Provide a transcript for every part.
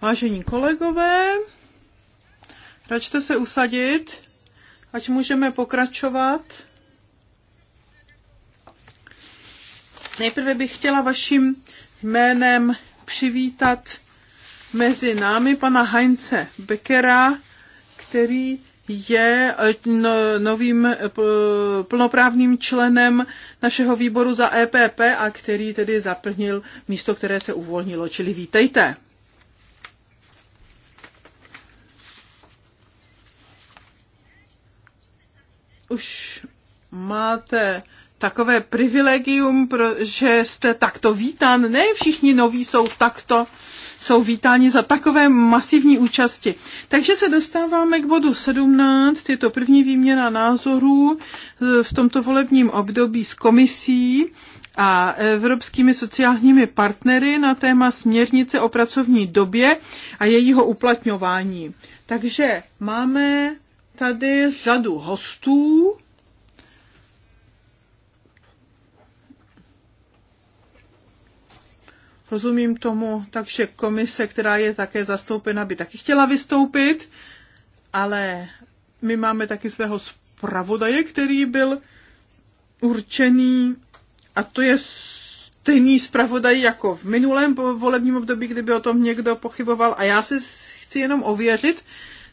Vážení kolegové, račte se usadit, ať můžeme pokračovat. Nejprve bych chtěla vaším jménem přivítat mezi námi pana Heinze Beckera, který je eh, no, novým eh, plnoprávným členem našeho výboru za EPP a který tedy zaplnil místo, které se uvolnilo. Čili vítejte. Už máte takové privilegium, že jste takto vítán. Ne všichni noví jsou takto jsou vítáni za takové masivní účasti. Takže se dostáváme k bodu 17, je to první výměna názorů eh, v tomto volebním období s komisí a evropskými sociálními partnery na téma směrnice o pracovní době a jejího uplatňování. Takže máme tady řadu hostů rozumím tomu, takže komise, která je také zastoupena, by taky chtěla vystoupit, ale my máme taky svého zpravodaje, který byl určený, a to je stejný zpravodaj jako v minulém volebním období, kdyby o tom někdo pochyboval. A já si chci jenom ověřit,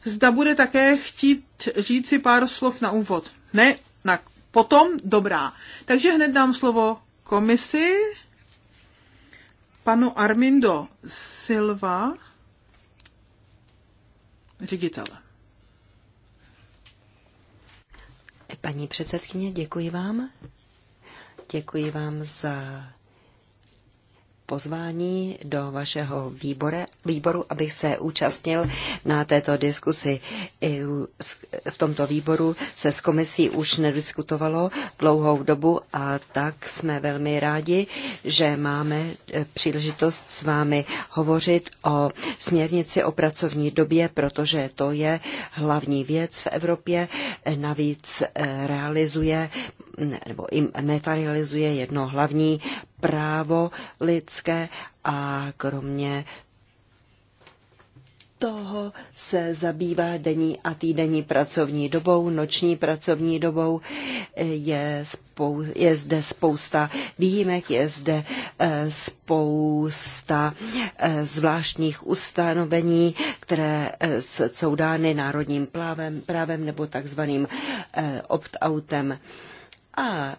zda bude také chtít říct si pár slov na úvod. Ne, na potom, dobrá. Takže hned dám slovo komisi panu Armindo Silva, ředitele. Paní předsedkyně, děkuji vám. Děkuji vám za pozvání do vašeho výbore, výboru, abych se účastnil na této diskusi. V tomto výboru se s komisí už nediskutovalo dlouhou dobu a tak jsme velmi rádi, že máme e, příležitost s vámi hovořit o směrnici o pracovní době, protože to je hlavní věc v Evropě. E, navíc e, realizuje nebo im materializuje jedno hlavní právo lidské a kromě toho se zabývá denní a týdenní pracovní dobou, noční pracovní dobou. Je, spou, je zde spousta výjimek, je zde eh, spousta eh, zvláštních ustanovení, které eh, jsou dány národním právem, právem nebo takzvaným opt-outem a e,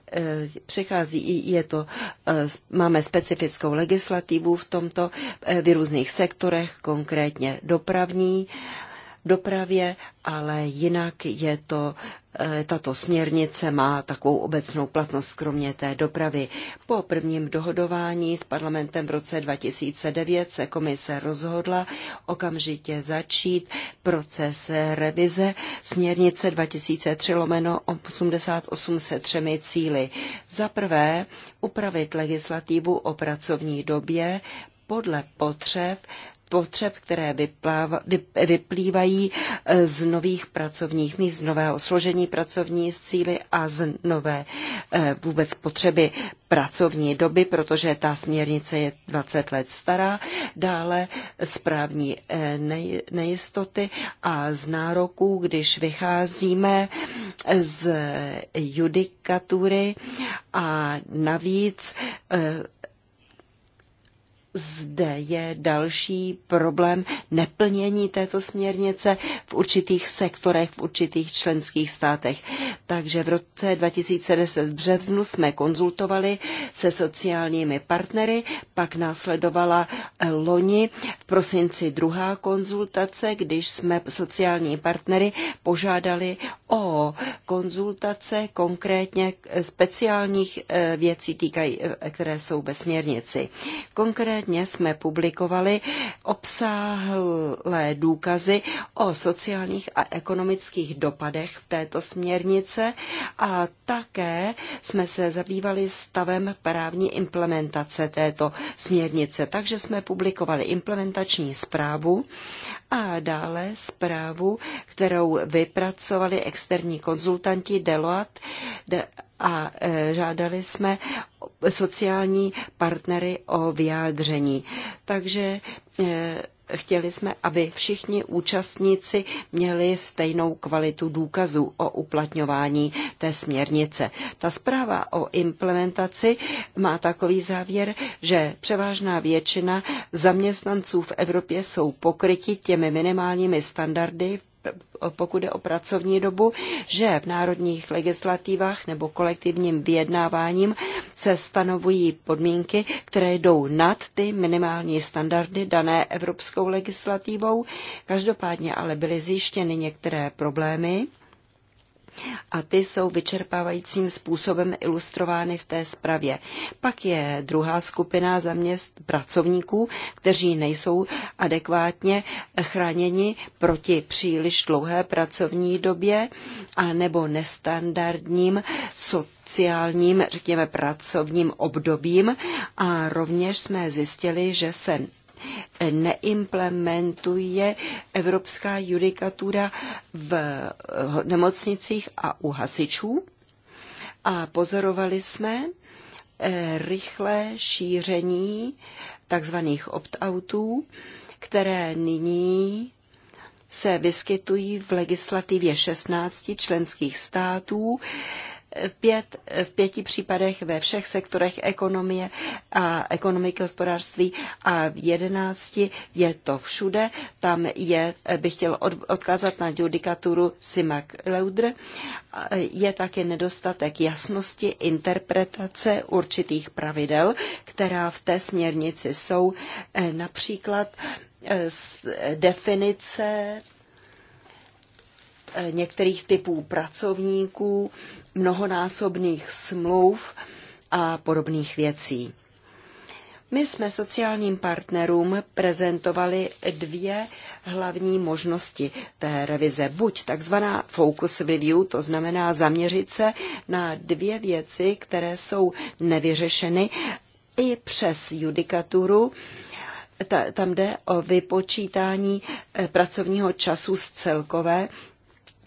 přichází, je to, e, máme specifickou legislativu v tomto e, v různých sektorech, konkrétně dopravní. E, dopravě, ale jinak je to, eh, tato směrnice má takovou obecnou platnost kromě té dopravy. Po prvním dohodování s parlamentem v roce 2009 se komise rozhodla okamžitě začít proces revize směrnice 2003 lomeno 88 se třemi cíly. Za prvé upravit legislativu o pracovní době podle potřeb potřeb, které vyplývají e, z nových pracovních míst, z nového složení pracovní síly a z nové e, vůbec potřeby pracovní doby, protože ta směrnice je 20 let stará, dále správní e, nejistoty a z nároků, když vycházíme z judikatury a navíc zde je další problém neplnění této směrnice v určitých sektorech, v určitých členských státech. Takže v roce 2010 v březnu jsme konzultovali se sociálními partnery, pak následovala eh, loni v prosinci druhá konzultace, když jsme sociální partnery požádali o konzultace konkrétně eh, speciálních eh, věcí, týkají, které jsou ve směrnici. Konkrétně Konkrétně jsme publikovali obsáhlé důkazy o sociálních a ekonomických dopadech této směrnice a také jsme se zabývali stavem právní implementace této směrnice. Takže jsme publikovali implementační zprávu a dále zprávu, kterou vypracovali externí konzultanti Deloitte, a e, žádali jsme sociální partnery o vyjádření. Takže e, chtěli jsme, aby všichni účastníci měli stejnou kvalitu důkazů o uplatňování té směrnice. Ta zpráva o implementaci má takový závěr, že převážná většina zaměstnanců v Evropě jsou pokryti těmi minimálními standardy v pokud jde o pracovní dobu, že v národních legislativách nebo kolektivním vyjednáváním se stanovují podmínky, které jdou nad ty minimální standardy dané evropskou legislativou. Každopádně ale byly zjištěny některé problémy a ty jsou vyčerpávajícím způsobem ilustrovány v té zprávě. Pak je druhá skupina zaměst pracovníků, kteří nejsou adekvátně chráněni proti příliš dlouhé pracovní době a nebo nestandardním sociálním, řekněme, pracovním obdobím a rovněž jsme zjistili, že se neimplementuje evropská judikatura v nemocnicích a u hasičů. A pozorovali jsme eh, rychlé šíření takzvaných opt-outů, které nyní se vyskytují v legislativě 16 členských států, pět, v pěti případech ve všech sektorech ekonomie a ekonomiky hospodářství a v jedenácti je to všude. Tam je, bych chtěl od, odkázat na judikaturu Simak Leudr. Je také nedostatek jasnosti interpretace určitých pravidel, která v té směrnici jsou eh, například eh, definice eh, některých typů pracovníků, mnohonásobných smluv a podobných věcí. My jsme sociálním partnerům prezentovali dvě hlavní možnosti té revize. Buď takzvaná focus review, to znamená zaměřit se na dvě věci, které jsou nevyřešeny i přes judikaturu. Tam jde o vypočítání eh, pracovního času z celkové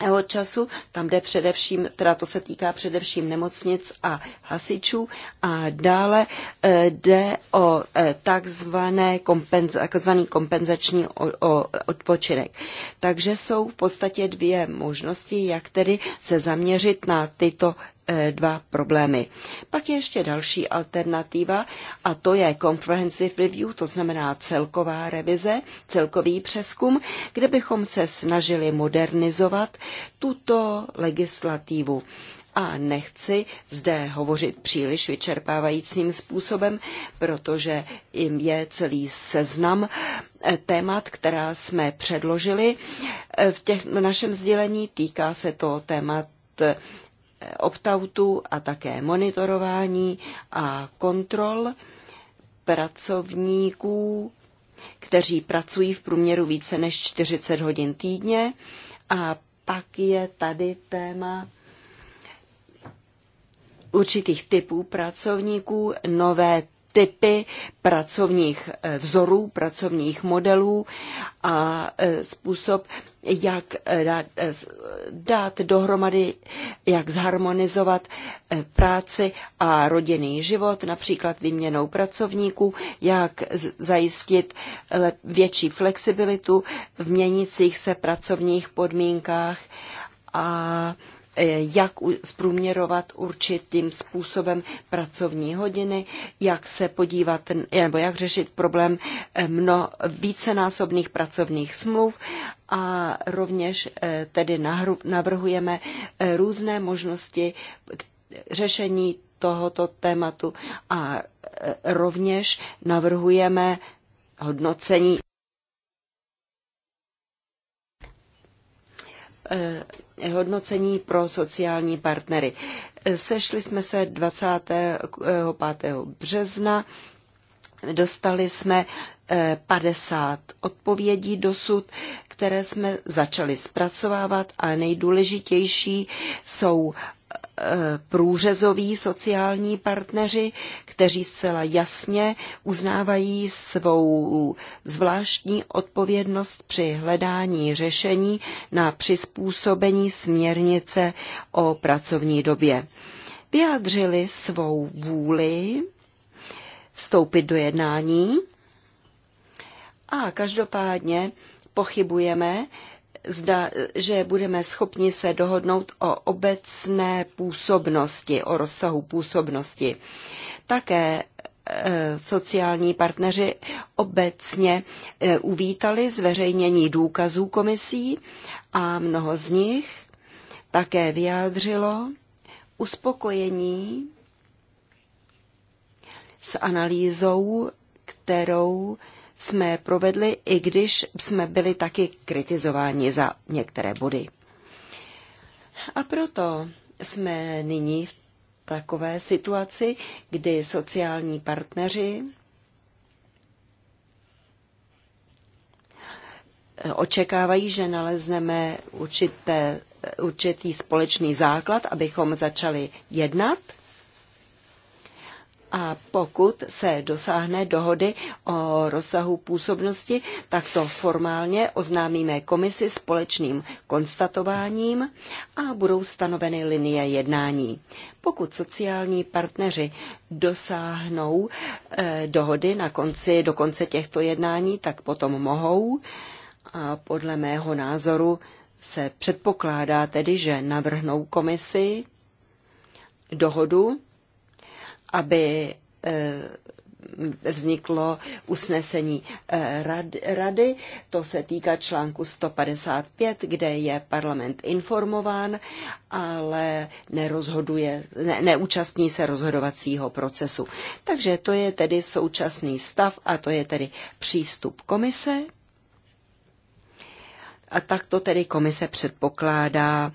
jeho času. Tam jde především, teda to se týká především nemocnic a hasičů. A dále eh, jde o eh, takzvané kompenza, takzvaný kompenzační odpočinek. Takže jsou v podstatě dvě možnosti, jak tedy se zaměřit na tyto Eh, dva problémy. Pak je ještě další alternativa a to je comprehensive review, to znamená celková revize, celkový přeskum, kde bychom se snažili modernizovat tuto legislativu a nechci zde hovořit příliš vyčerpávajícím způsobem, protože jim je celý seznam eh, témat, která jsme předložili. Eh, v, těch, v našem sdělení týká se to témat optautu a také monitorování a kontrol pracovníků, kteří pracují v průměru více než 40 hodin týdně. A pak je tady téma určitých typů pracovníků, nové typy pracovních eh, vzorů, pracovních modelů a eh, způsob jak eh, dát dohromady, jak zharmonizovat eh, práci a rodinný život, například výměnou pracovníků, jak zajistit větší flexibilitu v měnících se pracovních podmínkách a jak zprůměrovat určitým způsobem pracovní hodiny, jak se podívat, nebo jak řešit problém eh, mno, vícenásobných pracovních smluv a rovněž eh, tedy navrhujeme eh, různé možnosti řešení tohoto tématu a rovněž navrhujeme hodnocení Eh, hodnocení pro sociální partnery. Sešli jsme se 25. Eh, března, dostali jsme 50 eh, odpovědí dosud, které jsme začali zpracovávat a nejdůležitější jsou Eh, průřezoví sociální partneři, kteří zcela jasně uznávají svou zvláštní odpovědnost při hledání řešení na přizpůsobení směrnice o pracovní době. Vyjádřili svou vůli vstoupit do jednání a každopádně pochybujeme, zda, že budeme schopni se dohodnout o obecné působnosti, o rozsahu působnosti. Také e, sociální partneři obecně e, uvítali zveřejnění důkazů komisí a mnoho z nich také vyjádřilo uspokojení s analýzou, kterou jsme provedli, i když jsme byli taky kritizováni za některé body. A proto jsme nyní v takové situaci, kdy sociální partneři eh, očekávají, že nalezneme určité, eh, určitý společný základ, abychom začali jednat – a pokud se dosáhne dohody o rozsahu působnosti, tak to formálně oznámíme komisi společným konstatováním a budou stanoveny linie jednání. Pokud sociální partneři dosáhnou eh, dohody na konci, do konce těchto jednání, tak potom mohou a podle mého názoru se předpokládá tedy, že navrhnou komisi dohodu aby eh, vzniklo usnesení eh, rady. To se týká článku 155, kde je parlament informován, ale nerozhoduje, ne, neúčastní se rozhodovacího procesu. Takže to je tedy současný stav a to je tedy přístup komise. A tak to tedy komise předpokládá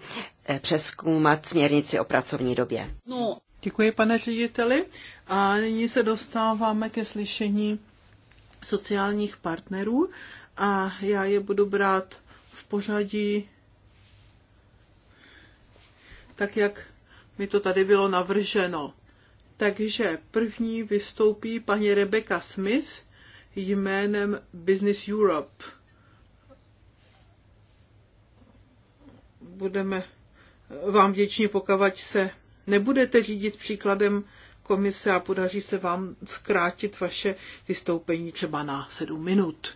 eh, přeskoumat směrnici o pracovní době. No. Děkuji, pane řediteli. A nyní se dostáváme ke slyšení sociálních partnerů a já je budu brát v pořadí tak, jak mi to tady bylo navrženo. Takže první vystoupí paní Rebecca Smith jménem Business Europe. Budeme vám vděční, pokavať se nebudete řídit příkladem komise a podaří se vám zkrátit vaše vystoupení třeba na sedm minut.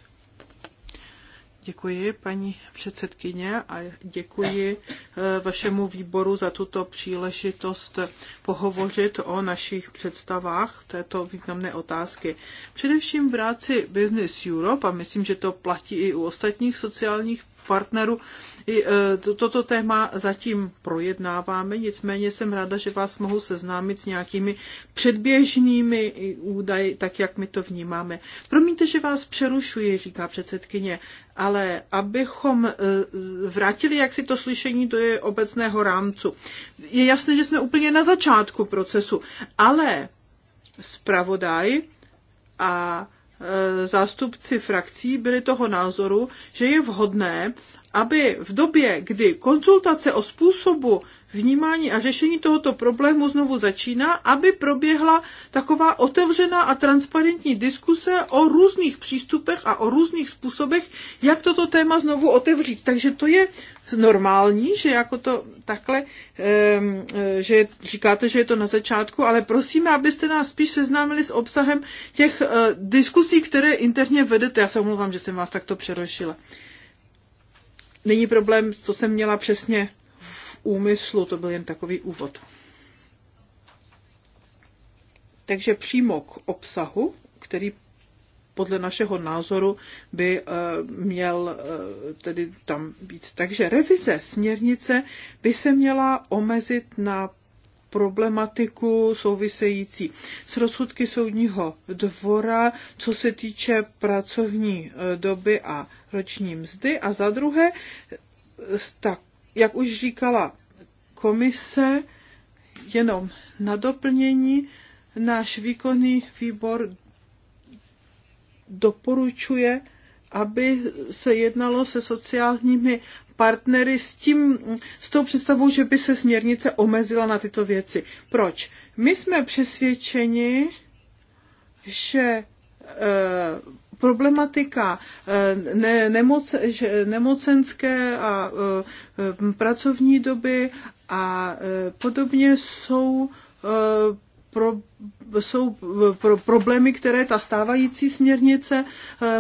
Děkuji, paní předsedkyně, a děkuji eh, vašemu výboru za tuto příležitost pohovořit o našich představách této významné otázky. Především v rámci Business Europe, a myslím, že to platí i u ostatních sociálních partnerů. E, toto téma zatím projednáváme, nicméně jsem ráda, že vás mohu seznámit s nějakými předběžnými údaji, tak jak my to vnímáme. Promiňte, že vás přerušuji, říká předsedkyně, ale abychom e, vrátili jak si to slyšení do je obecného rámcu. Je jasné, že jsme úplně na začátku procesu, ale zpravodaj a E, zástupci frakcí byli toho názoru, že je vhodné, aby v době, kdy konzultace o způsobu vnímání a řešení tohoto problému znovu začíná, aby proběhla taková otevřená a transparentní diskuse o různých přístupech a o různých způsobech, jak toto téma znovu otevřít. Takže to je normální, že jako to takhle, ehm, e, že říkáte, že je to na začátku, ale prosíme, abyste nás spíš seznámili s obsahem těch e, diskusí, které interně vedete. Já se omlouvám, že jsem vás takto přerošila. Není problém, to jsem měla přesně úmyslu. To byl jen takový úvod. Takže přímo k obsahu, který podle našeho názoru by eh, měl eh, tedy tam být. Takže revize směrnice by se měla omezit na problematiku související s rozsudky soudního dvora, co se týče pracovní eh, doby a roční mzdy. A za druhé, ta jak už říkala komise, jenom na doplnění, náš výkonný výbor doporučuje, aby se jednalo se sociálními partnery s, tím, s tou představou, že by se směrnice omezila na tyto věci. Proč? My jsme přesvědčeni, že eh, problematika eh, ne, nemoc, nemocenské a eh, pracovní doby a eh, podobně jsou pro, jsou pro problémy, které ta stávající směrnice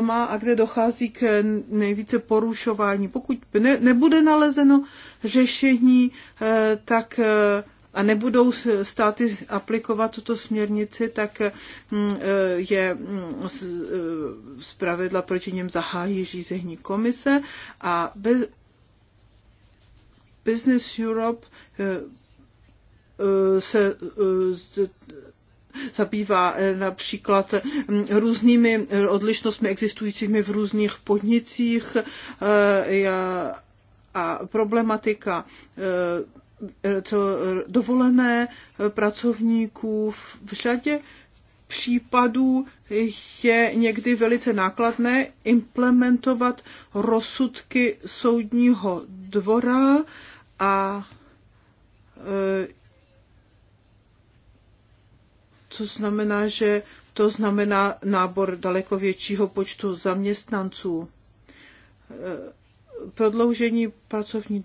má a kde dochází k nejvíce porušování. Pokud ne, nebude nalezeno řešení, tak a nebudou státy aplikovat tuto směrnici, tak mm, eh, je mm, eh, z pravidla proti něm zahájí řízení komise a Business Europe eh, se zabývá například mm, různými odlišnostmi existujícími v různých podnicích a problematika Eh, eh, dovolené eh, pracovníků v řadě případů je někdy velice nákladné implementovat rozsudky soudního dvora a co znamená, že to znamená nábor daleko většího počtu zaměstnanců. Prodloužení pracovní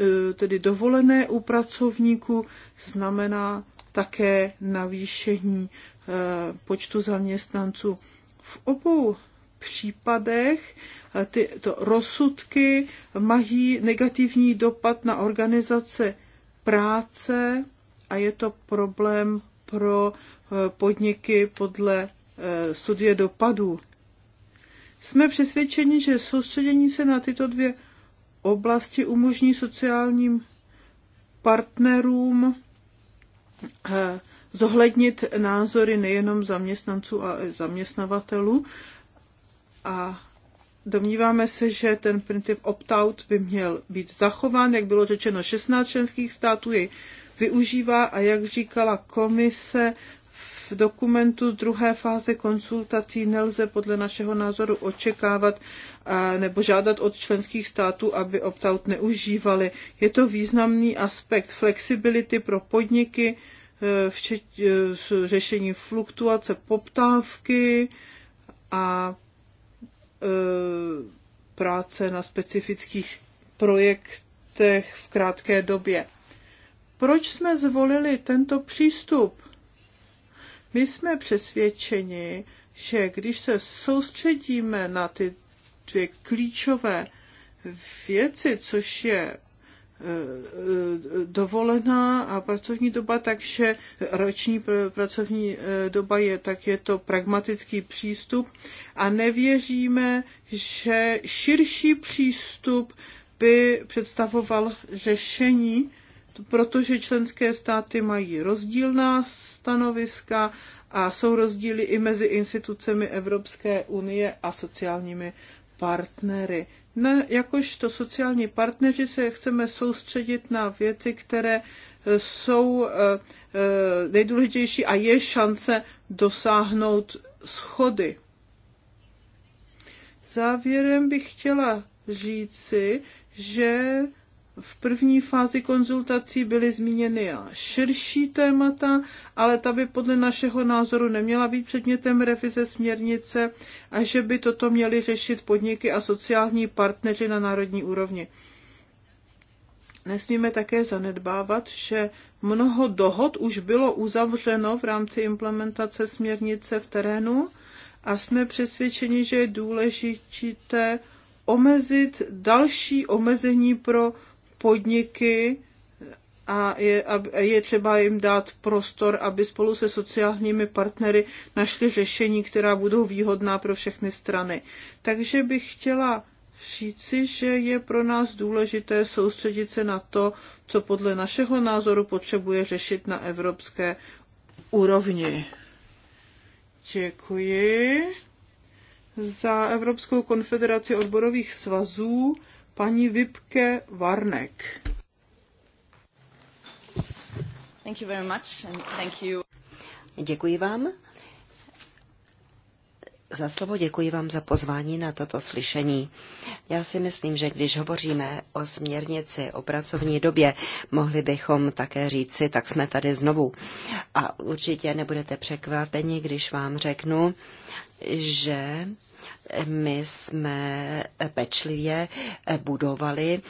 E, tedy dovolené u pracovníků znamená také navýšení e, počtu zaměstnanců. V obou případech e, tyto rozsudky mají negativní dopad na organizace práce a je to problém pro podniky podle studie dopadů. Jsme přesvědčeni, že soustředění se na tyto dvě oblasti umožní sociálním partnerům eh, zohlednit názory nejenom zaměstnanců a zaměstnavatelů. A domníváme se, že ten princip opt-out by měl být zachován. Jak bylo řečeno, 16 členských států jej využívá a jak říkala komise, v dokumentu druhé fáze konsultací nelze podle našeho názoru očekávat a, nebo žádat od členských států, aby opt-out neužívali. Je to významný aspekt flexibility pro podniky, e, včetně e, řešení fluktuace poptávky a e, práce na specifických projektech v krátké době. Proč jsme zvolili tento přístup? My jsme přesvědčeni, že když se soustředíme na ty dvě klíčové věci, což je e, e, dovolená a pracovní doba, takže roční pracovní e, doba je, tak je to pragmatický přístup a nevěříme, že širší přístup by představoval řešení protože členské státy mají rozdílná stanoviska a jsou rozdíly i mezi institucemi Evropské unie a sociálními partnery. Ne, jakožto sociální partneři se chceme soustředit na věci, které eh, jsou eh, eh, nejdůležitější a je šance dosáhnout schody. Závěrem bych chtěla říci, že v první fázi konzultací byly zmíněny širší témata, ale ta by podle našeho názoru neměla být předmětem revize směrnice a že by toto měly řešit podniky a sociální partneři na národní úrovni. Nesmíme také zanedbávat, že mnoho dohod už bylo uzavřeno v rámci implementace směrnice v terénu a jsme přesvědčeni, že je důležité omezit další omezení pro podniky a je, a je třeba jim dát prostor, aby spolu se sociálními partnery našli řešení, která budou výhodná pro všechny strany. Takže bych chtěla říci, že je pro nás důležité soustředit se na to, co podle našeho názoru potřebuje řešit na evropské úrovni. Děkuji za Evropskou konfederaci odborových svazů paní Vipke Varnek. Thank you very much and thank you. Děkuji vám za slovo, děkuji vám za pozvání na toto slyšení. Já si myslím, že když hovoříme o směrnici, o pracovní době, mohli bychom také říci, tak jsme tady znovu. A určitě nebudete překvapeni, když vám řeknu, že my jsme pečlivě budovali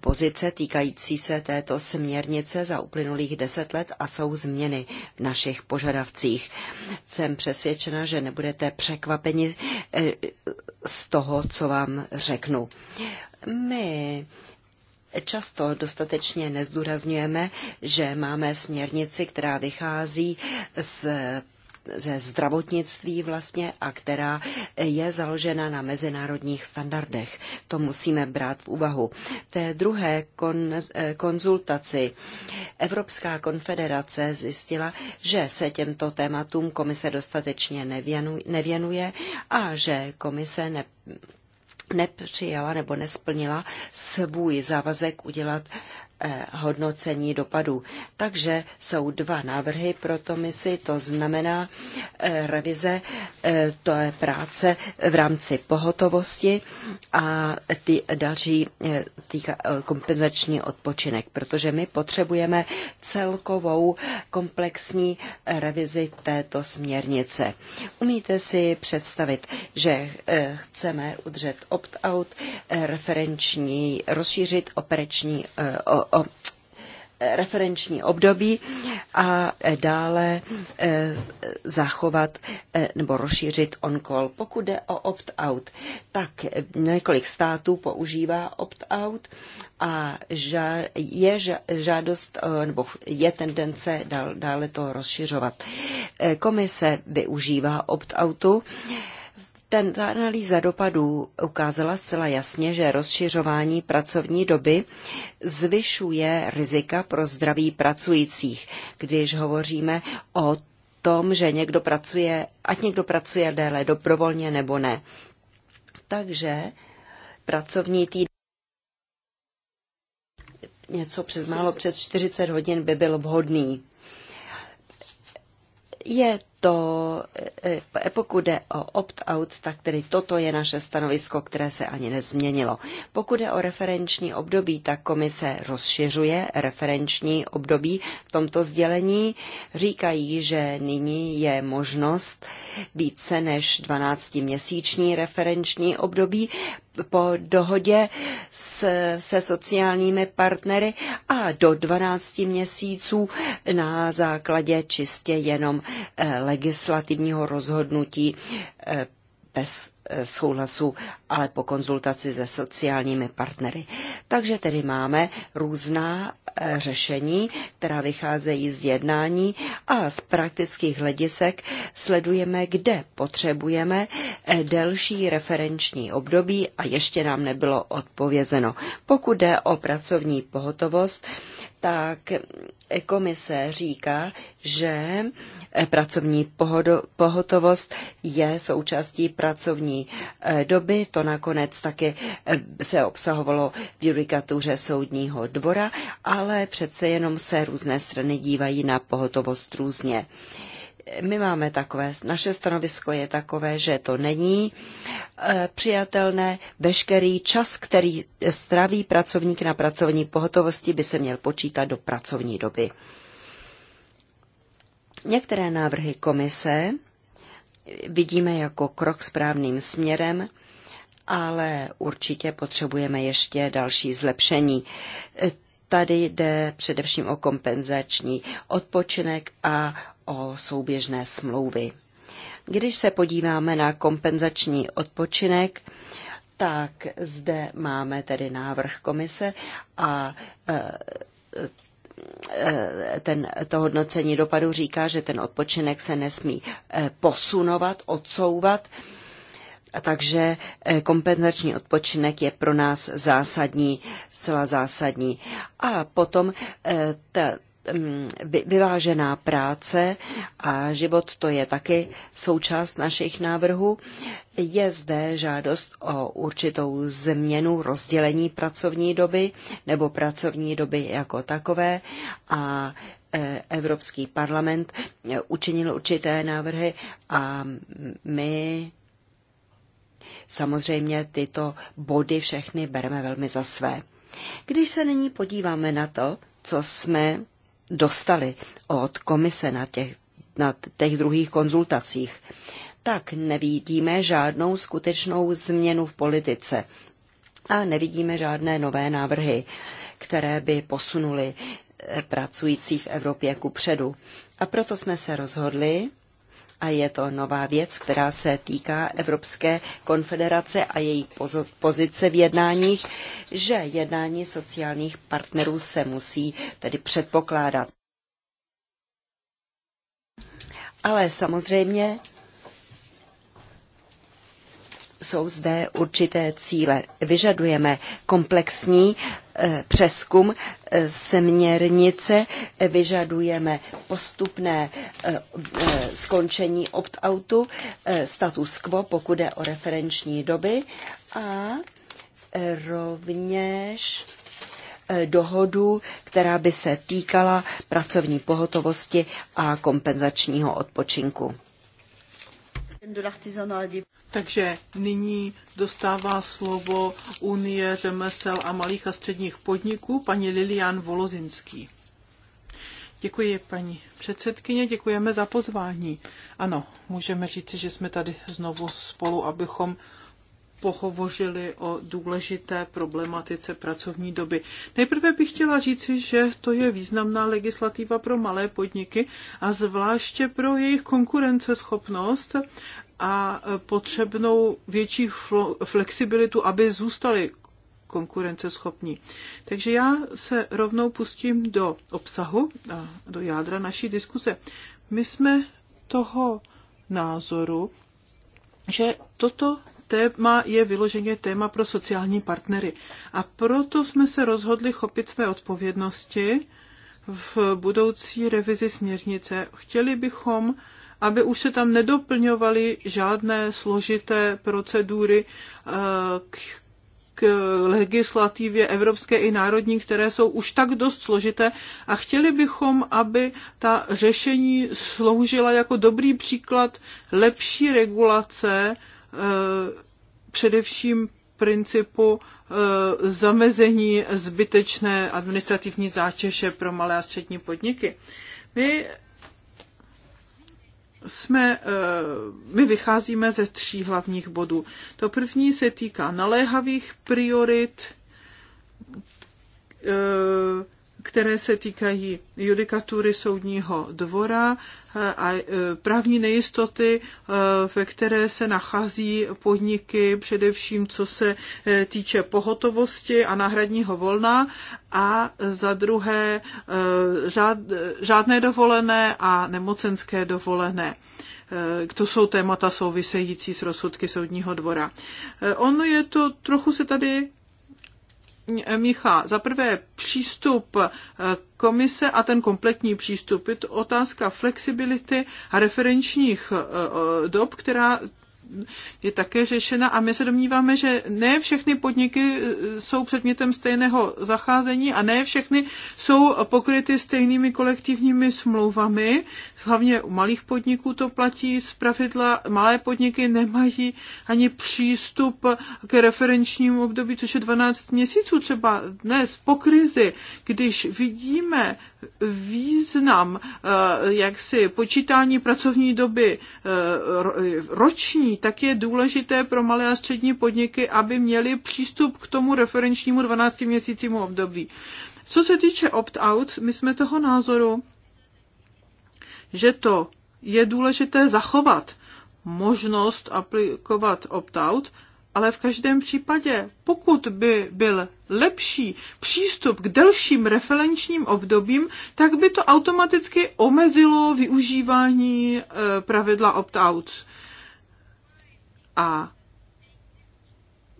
pozice týkající se této směrnice za uplynulých deset let a jsou změny v našich požadavcích. Jsem přesvědčena, že nebudete překvapeni eh, z toho, co vám řeknu. My často dostatečně nezdůrazňujeme, že máme směrnici, která vychází z ze zdravotnictví vlastně a která je založena na mezinárodních standardech. To musíme brát v úvahu. té druhé kon, eh, konzultaci Evropská konfederace zjistila, že se těmto tématům komise dostatečně nevěnuje a že komise ne nepřijala nebo nesplnila svůj závazek udělat Eh, hodnocení dopadů. Takže jsou dva návrhy pro komisi, to znamená eh, revize, eh, to je práce v rámci pohotovosti a ty další týka, kompenzační odpočinek, protože my potřebujeme celkovou komplexní revizi této směrnice. Umíte si představit, že chceme udržet opt-out, referenční, rozšířit operační o o referenční období a dále e, zachovat e, nebo rozšířit on-call. Pokud jde o opt-out, tak několik států používá opt-out a je žádost, e, nebo je tendence dále to rozšiřovat. Komise využívá opt-outu ten, ta analýza dopadů ukázala zcela jasně, že rozšiřování pracovní doby zvyšuje rizika pro zdraví pracujících, když hovoříme o tom, že někdo pracuje, ať někdo pracuje déle dobrovolně nebo ne. Takže pracovní týden něco přes málo přes 40 hodin by byl vhodný. Je to, e, e, pokud jde o opt-out, tak tedy toto je naše stanovisko, které se ani nezměnilo. Pokud jde o referenční období, tak komise rozšiřuje referenční období v tomto sdělení. Říkají, že nyní je možnost více než 12-měsíční referenční období po dohodě s, se sociálními partnery a do 12 měsíců na základě čistě jenom legislativy legislativního rozhodnutí eh, bez eh, souhlasu, ale po konzultaci se sociálními partnery. Takže tedy máme různá eh, řešení, která vycházejí z jednání a z praktických hledisek sledujeme, kde potřebujeme delší referenční období a ještě nám nebylo odpovězeno. Pokud jde o pracovní pohotovost, tak komise říká, že Pracovní pohodo, pohotovost je součástí pracovní eh, doby. To nakonec taky eh, se obsahovalo v judikatuře soudního dvora, ale přece jenom se různé strany dívají na pohotovost různě my máme takové, naše stanovisko je takové, že to není eh, přijatelné. Veškerý čas, který straví pracovník na pracovní pohotovosti, by se měl počítat do pracovní doby. Některé návrhy komise vidíme jako krok správným směrem, ale určitě potřebujeme ještě další zlepšení. Tady jde především o kompenzační odpočinek a o souběžné smlouvy. Když se podíváme na kompenzační odpočinek, tak zde máme tedy návrh komise a e, Eh, ten, to hodnocení dopadu říká, že ten odpočinek se nesmí eh, posunovat, odsouvat, takže eh, kompenzační odpočinek je pro nás zásadní, zcela zásadní. A potom ta, Mm, vyvážená práce a život to je taky součást našich návrhů. Je zde žádost o určitou změnu rozdělení pracovní doby nebo pracovní doby jako takové a e, Evropský parlament učinil určité návrhy a my samozřejmě tyto body všechny bereme velmi za své. Když se nyní podíváme na to, co jsme dostali od komise na těch, na těch druhých konzultacích, tak nevidíme žádnou skutečnou změnu v politice a nevidíme žádné nové návrhy, které by posunuly eh, pracující v Evropě ku předu. A proto jsme se rozhodli, a je to nová věc, která se týká Evropské konfederace a její pozice v jednáních, že jednání sociálních partnerů se musí tedy předpokládat. Ale samozřejmě jsou zde určité cíle. Vyžadujeme komplexní eh, přeskum eh, směrnice, vyžadujeme postupné eh, skončení opt-outu, status quo, pokud je o referenční doby a rovněž dohodu, která by se týkala pracovní pohotovosti a kompenzačního odpočinku. Takže nyní dostává slovo Unie řemesel a malých a středních podniků paní Lilian Volozinský. Děkuji, paní předsedkyně, děkujeme za pozvání. Ano, můžeme říci, že jsme tady znovu spolu, abychom pohovořili o důležité problematice pracovní doby. Nejprve bych chtěla říci, že to je významná legislativa pro malé podniky a zvláště pro jejich konkurenceschopnost a potřebnou větší flexibilitu, aby zůstali konkurenceschopní. Takže já se rovnou pustím do obsahu a do jádra naší diskuse. My jsme toho názoru, že toto téma je vyloženě téma pro sociální partnery. A proto jsme se rozhodli chopit své odpovědnosti v budoucí revizi směrnice. Chtěli bychom aby už se tam nedoplňovaly žádné složité procedury eh, k, k legislativě evropské i národní, které jsou už tak dost složité a chtěli bychom, aby ta řešení sloužila jako dobrý příklad lepší regulace eh, především principu eh, zamezení zbytečné administrativní zátěže pro malé a střední podniky. My jsme, eh, my vycházíme ze tří hlavních bodů. To první se týká naléhavých priorit, eh, které se týkají judikatury soudního dvora eh, a eh, právní nejistoty, eh, ve které se nachází podniky, především co se týče pohotovosti a náhradního volna a za druhé žádné dovolené a nemocenské dovolené. To jsou témata související s rozsudky soudního dvora. Ono je to, trochu se tady Micha, za prvé přístup eh, komise a ten kompletní přístup. Je to otázka flexibility a referenčních eh, eh, dob, která je také řešena a my se domníváme, že ne všechny podniky e, jsou předmětem stejného zacházení a ne všechny jsou pokryty stejnými kolektivními smlouvami. Hlavně u malých podniků to platí z pravidla. Malé podniky nemají ani přístup k referenčnímu období, což je 12 měsíců třeba dnes po krizi, když vidíme význam eh, jaksi počítání pracovní doby eh, roční, tak je důležité pro malé a střední podniky, aby měli přístup k tomu referenčnímu 12-měsícímu období. Co se týče opt-out, my jsme toho názoru, že to je důležité zachovat možnost aplikovat opt-out, ale v každém případě, pokud by byl lepší přístup k delším referenčním obdobím, tak by to automaticky omezilo využívání eh, pravidla opt-out. A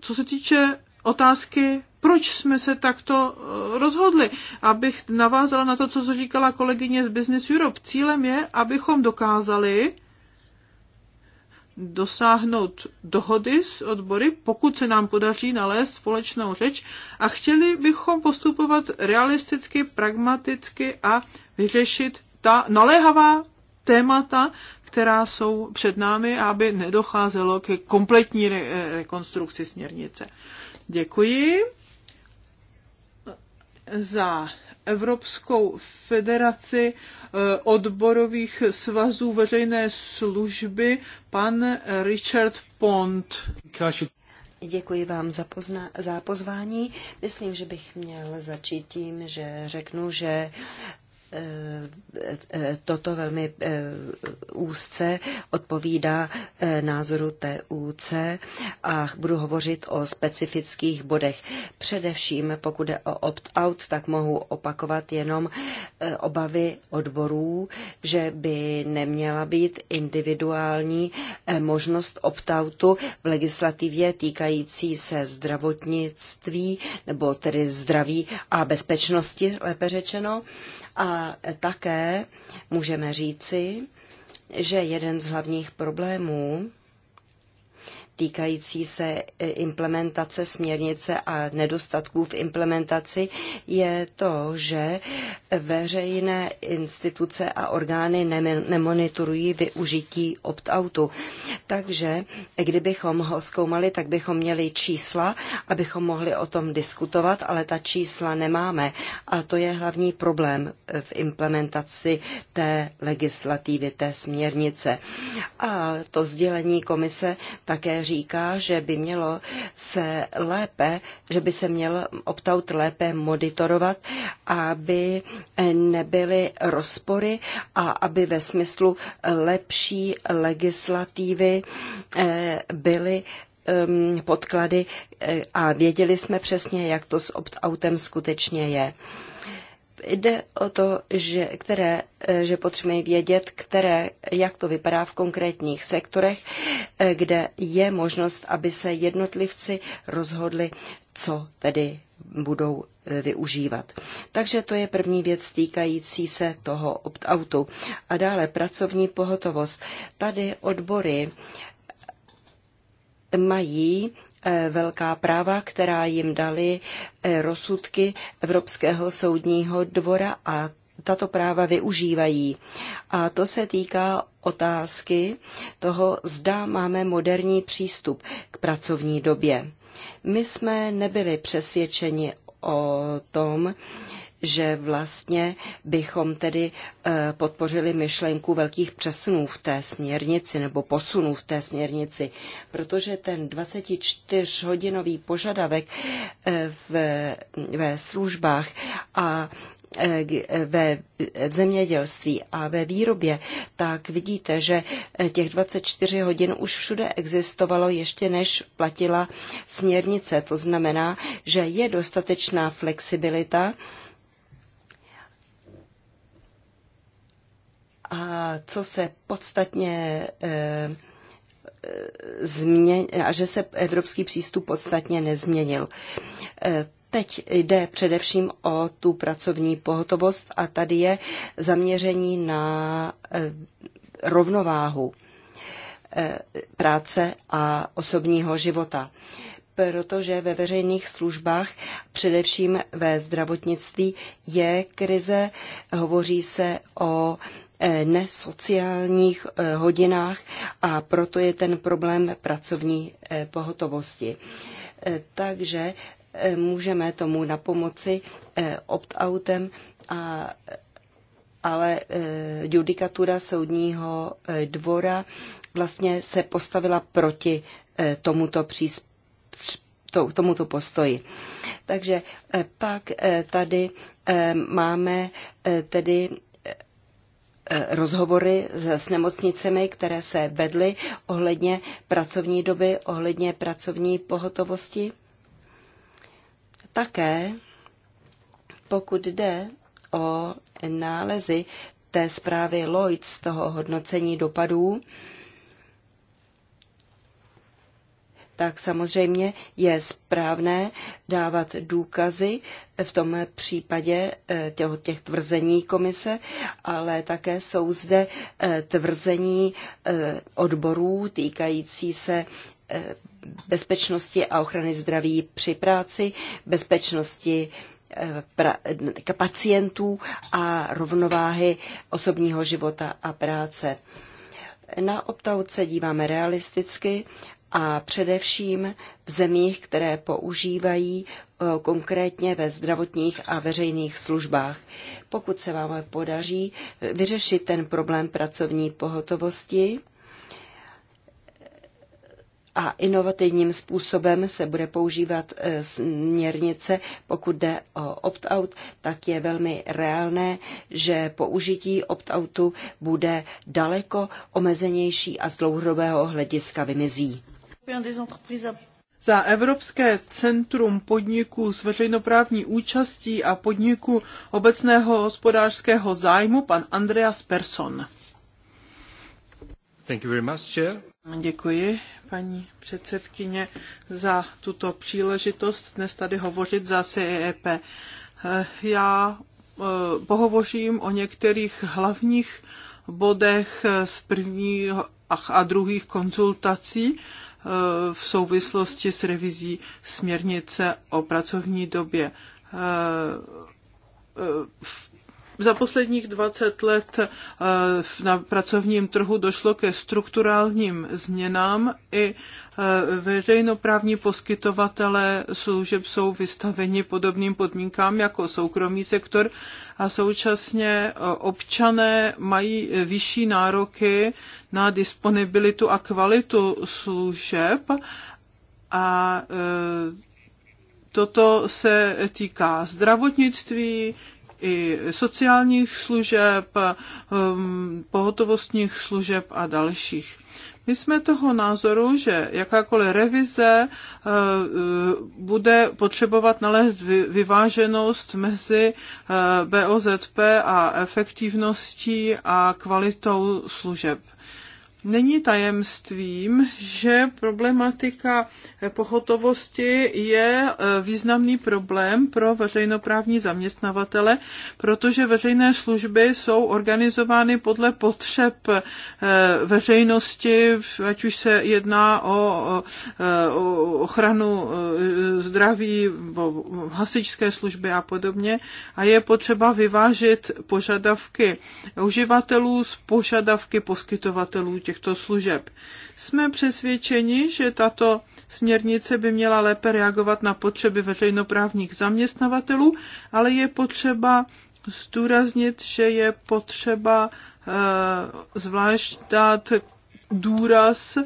co se týče otázky, proč jsme se takto eh, rozhodli. Abych navázala na to, co říkala kolegyně z Business Europe. Cílem je, abychom dokázali dosáhnout dohody s odbory, pokud se nám podaří nalézt společnou řeč a chtěli bychom postupovat realisticky, pragmaticky a vyřešit ta naléhavá témata, která jsou před námi, aby nedocházelo ke kompletní re- rekonstrukci směrnice. Děkuji za Evropskou federaci eh, odborových svazů veřejné služby, pan Richard Pont. Děkuji vám za, pozna- za pozvání. Myslím, že bych měl začít tím, že řeknu, že Eh, eh, toto velmi eh, úzce odpovídá názoru TUC a budu hovořit o specifických bodech. Především, pokud je o opt-out, tak mohu opakovat jenom obavy odborů, že by neměla být individuální možnost opt-outu v legislativě týkající se zdravotnictví, nebo tedy zdraví a bezpečnosti, lépe řečeno. A také můžeme říci, že jeden z hlavních problémů týkající se e, implementace směrnice a nedostatků v implementaci je to, že veřejné instituce a orgány nemonitorují využití opt-outu. Takže kdybychom ho zkoumali, tak bychom měli čísla, abychom mohli o tom diskutovat, ale ta čísla nemáme. A to je hlavní problém e, v implementaci té legislativy, té směrnice. A to sdělení komise také říká, že by mělo se lépe, že by se měl opt-out lépe monitorovat, aby nebyly rozpory a aby ve smyslu lepší legislativy eh, byly ehm, podklady eh, a věděli jsme přesně, jak to s opt-outem skutečně je. Jde o to, že, které, eh, že potřebují vědět, které, jak to vypadá v konkrétních sektorech, eh, kde je možnost, aby se jednotlivci rozhodli, co tedy budou eh, využívat. Takže to je první věc týkající se toho opt-outu. A dále pracovní pohotovost. Tady odbory mají E, velká práva, která jim dali e, rozsudky Evropského soudního dvora a tato práva využívají. A to se týká otázky toho, zda máme moderní přístup k pracovní době. My jsme nebyli přesvědčeni o tom, že vlastně bychom tedy eh, podpořili myšlenku velkých přesunů v té směrnici nebo posunů v té směrnici, protože ten 24-hodinový požadavek eh, v, ve službách a eh, ve, v zemědělství a ve výrobě, tak vidíte, že těch 24 hodin už všude existovalo ještě než platila směrnice. To znamená, že je dostatečná flexibilita, a co se podstatně eh, eh, změn, a že se evropský přístup podstatně nezměnil. Eh, teď jde především o tu pracovní pohotovost a tady je zaměření na rovnováhu práce a osobního života protože ve veřejných službách, především ve zdravotnictví, je krize. Hovoří se o Eh, nesociálních eh, hodinách a proto je ten problém pracovní eh, pohotovosti. Takže můžeme tomu pomoci opt-outem, a, ale judikatura soudního dvora vlastně se postavila proti tomuto příspěvku to, tomuto postoji. Takže pak tady máme tedy Eh, rozhovory s nemocnicemi, které se vedly ohledně pracovní doby, ohledně pracovní pohotovosti. Také pokud jde o nálezy té zprávy Lloyd z toho hodnocení dopadů, tak samozřejmě je správné dávat důkazy v tom případě eh, těch tvrzení komise, ale také jsou zde eh, tvrzení eh, odborů týkající se bezpečnosti a ochrany zdraví při práci, bezpečnosti pacientů a rovnováhy osobního života a práce. Na optout díváme realisticky a především v zemích, které používají e, konkrétně ve zdravotních a veřejných službách. Pokud se vám podaří vyřešit ten problém pracovní pohotovosti, a inovativním způsobem se bude používat e, směrnice, pokud jde o opt-out, tak je velmi reálné, že použití opt-outu bude daleko omezenější a z dlouhodobého hlediska vymizí za Evropské centrum podniků s veřejnoprávní účastí a podniků obecného hospodářského zájmu pan Andreas Persson. Thank you very much, chair. Děkuji, paní předsedkyně, za tuto příležitost dnes tady hovořit za CEP. E Já eh, pohovořím o některých hlavních bodech z prvních a druhých konzultací v souvislosti s revizí směrnice o pracovní době. Eh, eh, za posledních 20 let eh, na pracovním trhu došlo ke strukturálním změnám i Eh, veřejnoprávní poskytovatele služeb jsou vystaveni podobným podmínkám jako soukromý sektor a současně eh, občané mají eh, vyšší nároky na disponibilitu a kvalitu služeb a toto se týká zdravotnictví, i sociálních služeb, hm, pohotovostních služeb a dalších. My jsme toho názoru, že jakákoliv revize eh, eh, bude potřebovat nalézt vyváženost mezi eh, BOZP a efektivností a kvalitou služeb. Není tajemstvím, že problematika pohotovosti je e, významný problém pro veřejnoprávní zaměstnavatele, protože veřejné služby jsou organizovány podle potřeb e, veřejnosti, ať už se jedná o ochranu e, zdraví, hasičské služby a podobně. A je potřeba vyvážit požadavky uživatelů s požadavky poskytovatelů těch těchto služeb. Jsme přesvědčeni, že tato směrnice by měla lépe reagovat na potřeby veřejnoprávních zaměstnavatelů, ale je potřeba zdůraznit, že je potřeba eh, zvlášť dát důraz eh,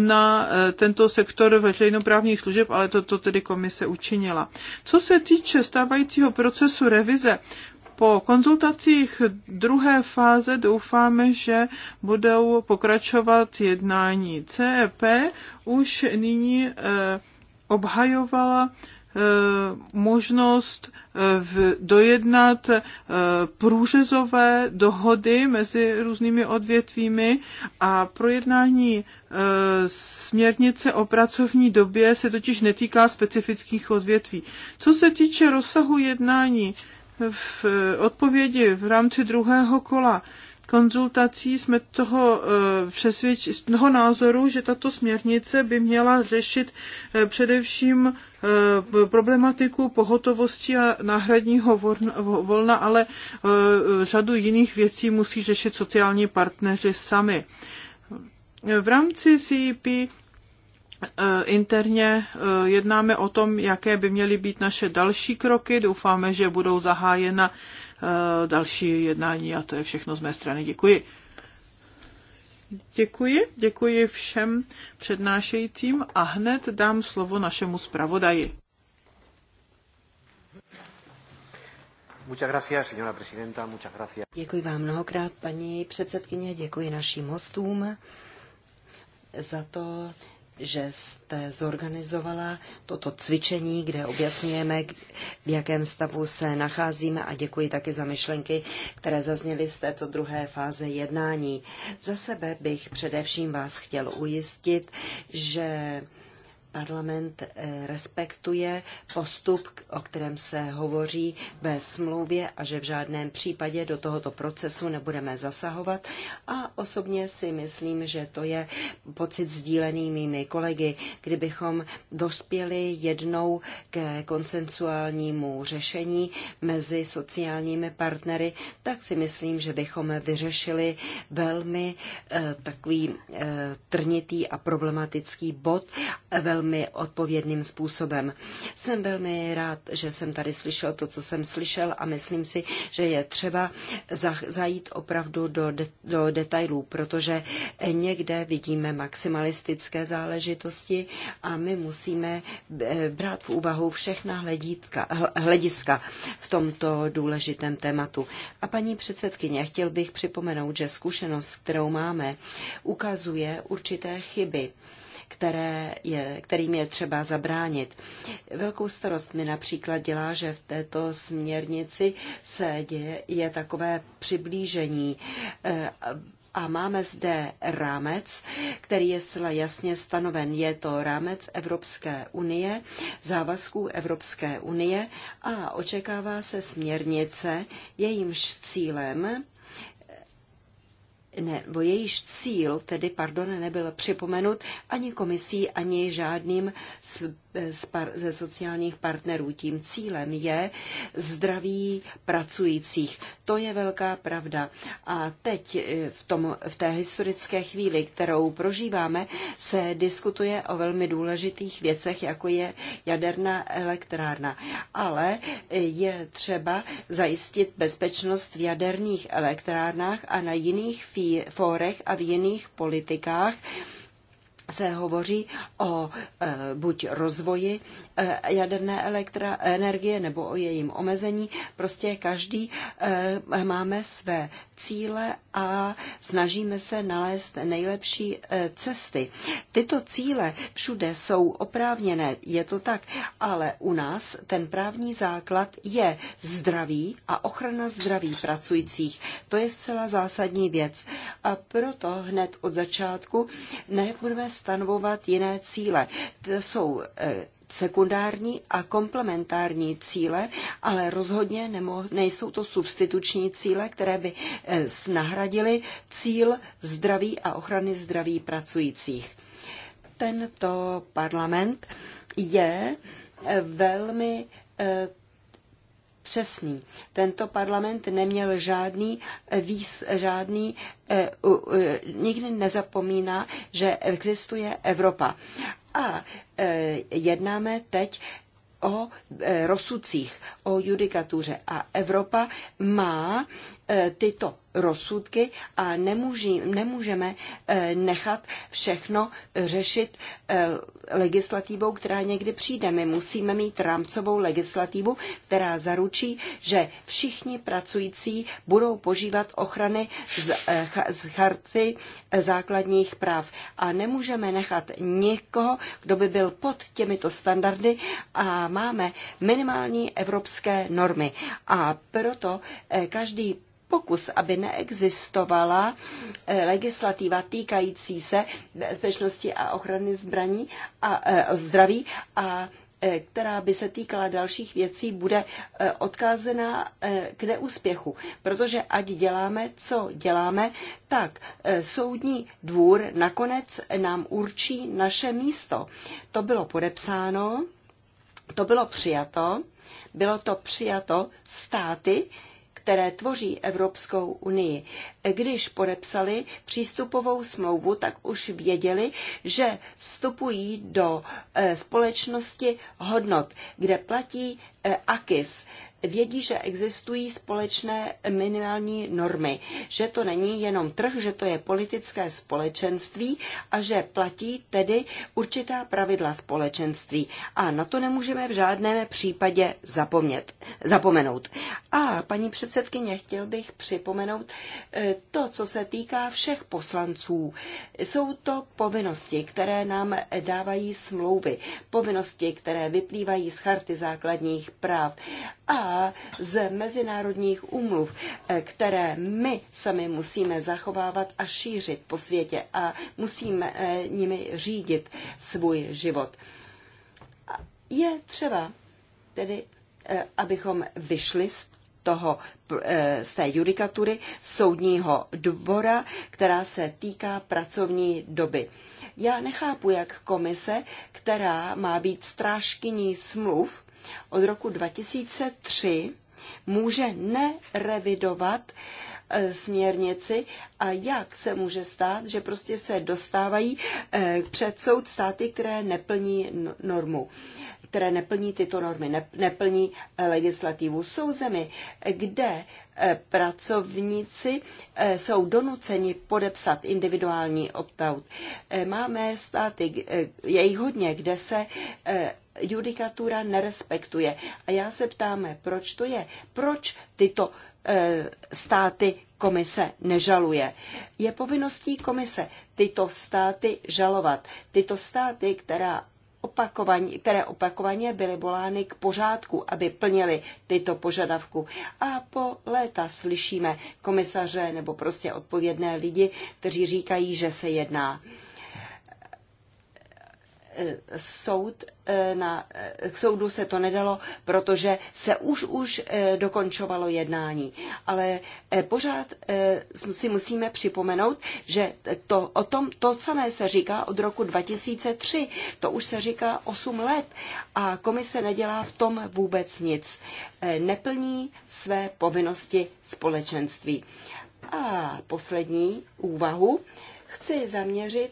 na eh, tento sektor veřejnoprávních služeb, ale toto to tedy komise učinila. Co se týče stávajícího procesu revize, po konzultacích druhé fáze doufáme, že budou pokračovat jednání. CEP už nyní eh, obhajovala eh, možnost eh, v, dojednat průřezové dohody mezi různými odvětvími a projednání směrnice o pracovní době se totiž netýká specifických odvětví. Co se týče rozsahu jednání, v eh, odpovědi v rámci druhého kola konzultací jsme toho, eh, přesvědč, toho názoru, že tato směrnice by měla řešit eh, především problematiku pohotovosti a náhradního volna, ale řadu jiných věcí musí řešit sociální partneři sami. V rámci CEP Eh, interně eh, jednáme o tom, jaké by měly být naše další kroky. Doufáme, že budou zahájena eh, další jednání a to je všechno z mé strany. Děkuji. Děkuji, děkuji všem přednášejícím a hned dám slovo našemu zpravodaji. Děkuji vám mnohokrát, paní předsedkyně, děkuji našim hostům za to, že jste zorganizovala toto cvičení, kde objasňujeme, v jakém stavu se nacházíme a děkuji taky za myšlenky, které zazněly z této druhé fáze jednání. Za sebe bych především vás chtěl ujistit, že parlament eh, respektuje postup, o kterém se hovoří ve smlouvě a že v žádném případě do tohoto procesu nebudeme zasahovat. A osobně si myslím, že to je pocit sdílený mými kolegy, kdybychom dospěli jednou ke konsensuálnímu řešení mezi sociálními partnery, tak si myslím, že bychom vyřešili velmi eh, takový eh, trnitý a problematický bod, eh, velmi velmi odpovědným způsobem. Jsem velmi rád, že jsem tady slyšel to, co jsem slyšel a myslím si, že je třeba zajít opravdu do, de- do detailů, protože někde vidíme maximalistické záležitosti a my musíme eh, brát v úvahu všechna hledítka, hlediska v tomto důležitém tématu. A paní předsedkyně, chtěl bych připomenout, že zkušenost, kterou máme, ukazuje určité chyby které je, kterým je třeba zabránit. Velkou starost mi například dělá, že v této směrnici se děje je takové přiblížení eh, a máme zde rámec, který je zcela jasně stanoven. Je to rámec Evropské unie, závazků Evropské unie a očekává se směrnice, jejímž cílem nebo jejíž cíl, tedy, pardon, nebyl připomenut ani komisí, ani žádným ze sociálních partnerů. Tím cílem je zdraví pracujících. To je velká pravda. A teď e, v, tom, v té historické chvíli, kterou prožíváme, se diskutuje o velmi důležitých věcech, jako je jaderná elektrárna. Ale e, je třeba zajistit bezpečnost v jaderných elektrárnách a na jiných fí, fórech a v jiných politikách, se hovoří o e, buď rozvoji e, jaderné elektra, energie nebo o jejím omezení. Prostě každý e, máme své cíle a snažíme se nalézt nejlepší eh, cesty. Tyto cíle všude jsou oprávněné, je to tak, ale u nás ten právní základ je zdraví a ochrana zdraví pracujících. To je zcela zásadní věc. A proto hned od začátku nebudeme stanovovat jiné cíle. To jsou eh, sekundární a komplementární cíle, ale rozhodně nejsou to substituční cíle, které by eh, nahradily cíl zdraví a ochrany zdraví pracujících. Tento parlament je eh, velmi eh, přesný. Tento parlament neměl žádný, výs, žádný nikdy nezapomíná, že existuje Evropa. A e, jednáme teď o e, rozsudcích, o judikatuře. A Evropa má e, tyto rozsudky a nemůži, nemůžeme eh, nechat všechno řešit eh, legislativou, která někdy přijde. My musíme mít rámcovou legislativu, která zaručí, že všichni pracující budou požívat ochrany z, eh, z charty základních práv. A nemůžeme nechat někoho, kdo by byl pod těmito standardy a máme minimální evropské normy. A proto každý pokus, aby neexistovala eh, legislativa týkající se bezpečnosti a ochrany zbraní a eh, zdraví a eh, která by se týkala dalších věcí, bude odkázená k neúspěchu. Protože ať děláme, co děláme, tak soudní dvůr nakonec nám určí naše místo. To bylo podepsáno, to bylo přijato, bylo to přijato státy, které tvoří Evropskou unii. Když podepsali přístupovou smlouvu, tak už věděli, že vstupují do eh, společnosti hodnot, kde platí eh, AKIS vědí, že existují společné minimální normy, že to není jenom trh, že to je politické společenství a že platí tedy určitá pravidla společenství. A na to nemůžeme v žádném případě zapomnět, zapomenout. A paní předsedkyně, chtěl bych připomenout eh, to, co se týká všech poslanců. Jsou to povinnosti, které nám dávají smlouvy, povinnosti, které vyplývají z charty základních práv. A z mezinárodních úmluv, eh, které my sami musíme zachovávat a šířit po světě a musíme eh, nimi řídit svůj život. Je třeba tedy, eh, abychom vyšli z toho, z té judikatury soudního dvora, která se týká pracovní doby. Já nechápu, jak komise, která má být strážkyní smluv, od roku 2003 může nerevidovat eh, směrnici a jak se může stát, že prostě se dostávají eh, před soud státy, které neplní normu které neplní tyto normy, neplní eh, legislativu. Jsou zemi, kde pracovníci jsou donuceni podepsat individuální opt-out. Máme státy, je jich hodně, kde se judikatura nerespektuje. A já se ptáme, proč to je? Proč tyto eh, státy komise nežaluje. Je povinností komise tyto státy žalovat. Tyto státy, která opakovaně, které opakovaně byly volány k pořádku, aby plnili tyto požadavku. A po léta slyšíme komisaře nebo prostě odpovědné lidi, kteří říkají, že se jedná. Eh, soud eh, na, eh, k soudu se to nedalo, protože se už už dokončovalo jednání. Ale pořád si musíme připomenout, že to, o tom to samé se říká od roku 2003. To už se říká 8 let a komise nedělá v tom vůbec nic. Neplní své povinnosti společenství. A poslední úvahu chci zaměřit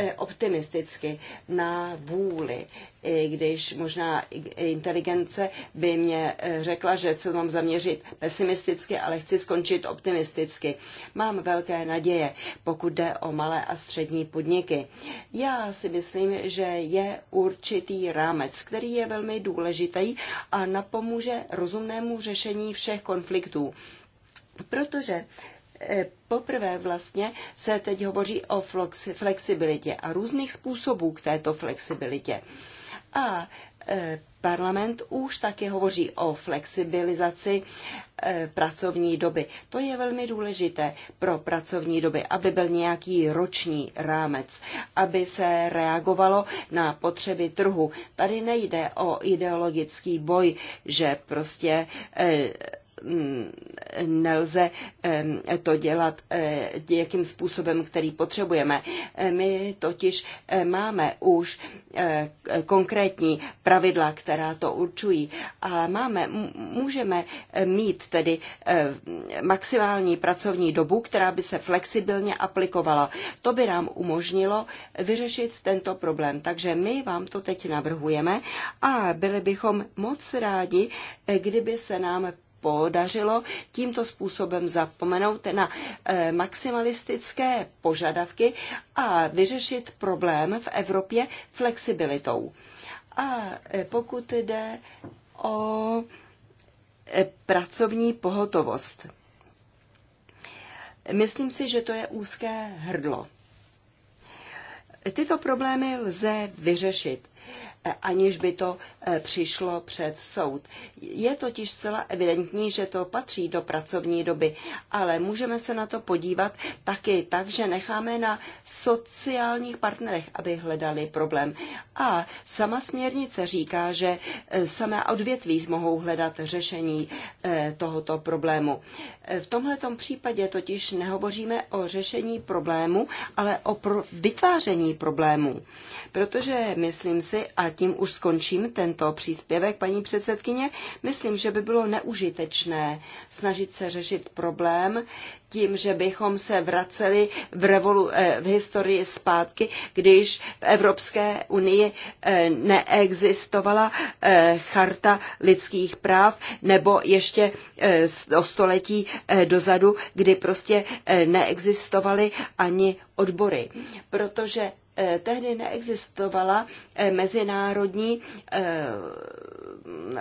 Eh, optimisticky na vůli, i když možná inteligence by mě eh, řekla, že se mám zaměřit pesimisticky, ale chci skončit optimisticky. Mám velké naděje, pokud jde o malé a střední podniky. Já si myslím, že je určitý rámec, který je velmi důležitý a napomůže rozumnému řešení všech konfliktů. Protože Poprvé vlastně se teď hovoří o flexibilitě a různých způsobů k této flexibilitě. A e, parlament už taky hovoří o flexibilizaci e, pracovní doby. To je velmi důležité pro pracovní doby, aby byl nějaký roční rámec, aby se reagovalo na potřeby trhu. Tady nejde o ideologický boj, že prostě e, Mm, nelze to dělat eh, jakým způsobem, který potřebujeme. Eh, my totiž eh, máme už konkrétní pravidla, která to určují a máme, můžeme mít tedy maximální pracovní dobu, která by se flexibilně aplikovala. To by nám umožnilo vyřešit tento problém. Takže my vám to teď navrhujeme a byli bychom moc rádi, kdyby se nám podařilo tímto způsobem zapomenout na eh, maximalistické požadavky a vyřešit problém v Evropě flexibilitou. A eh, pokud jde o eh, pracovní pohotovost, myslím si, že to je úzké hrdlo. Tyto problémy lze vyřešit Eh, aniž by to eh, přišlo před soud. Je totiž zcela evidentní, že to patří do pracovní doby, ale můžeme se na to podívat taky tak, že necháme na sociálních partnerech, aby hledali problém. A sama směrnice říká, že eh, samé odvětví mohou hledat řešení tohoto problému. V tomto případě totiž nehovoříme o řešení problému, ale o pro vytváření problému. Protože myslím si, si a tím už skončím tento příspěvek, paní předsedkyně. Myslím, že by bylo neužitečné snažit se řešit problém tím, že bychom se vraceli v, revolu- eh, v historii zpátky, když v Evropské unii eh, neexistovala eh, charta lidských práv nebo ještě o století dozadu, kdy prostě neexistovaly ani odbory. Protože Eh, tehdy neexistovala eh, mezinárodní eh,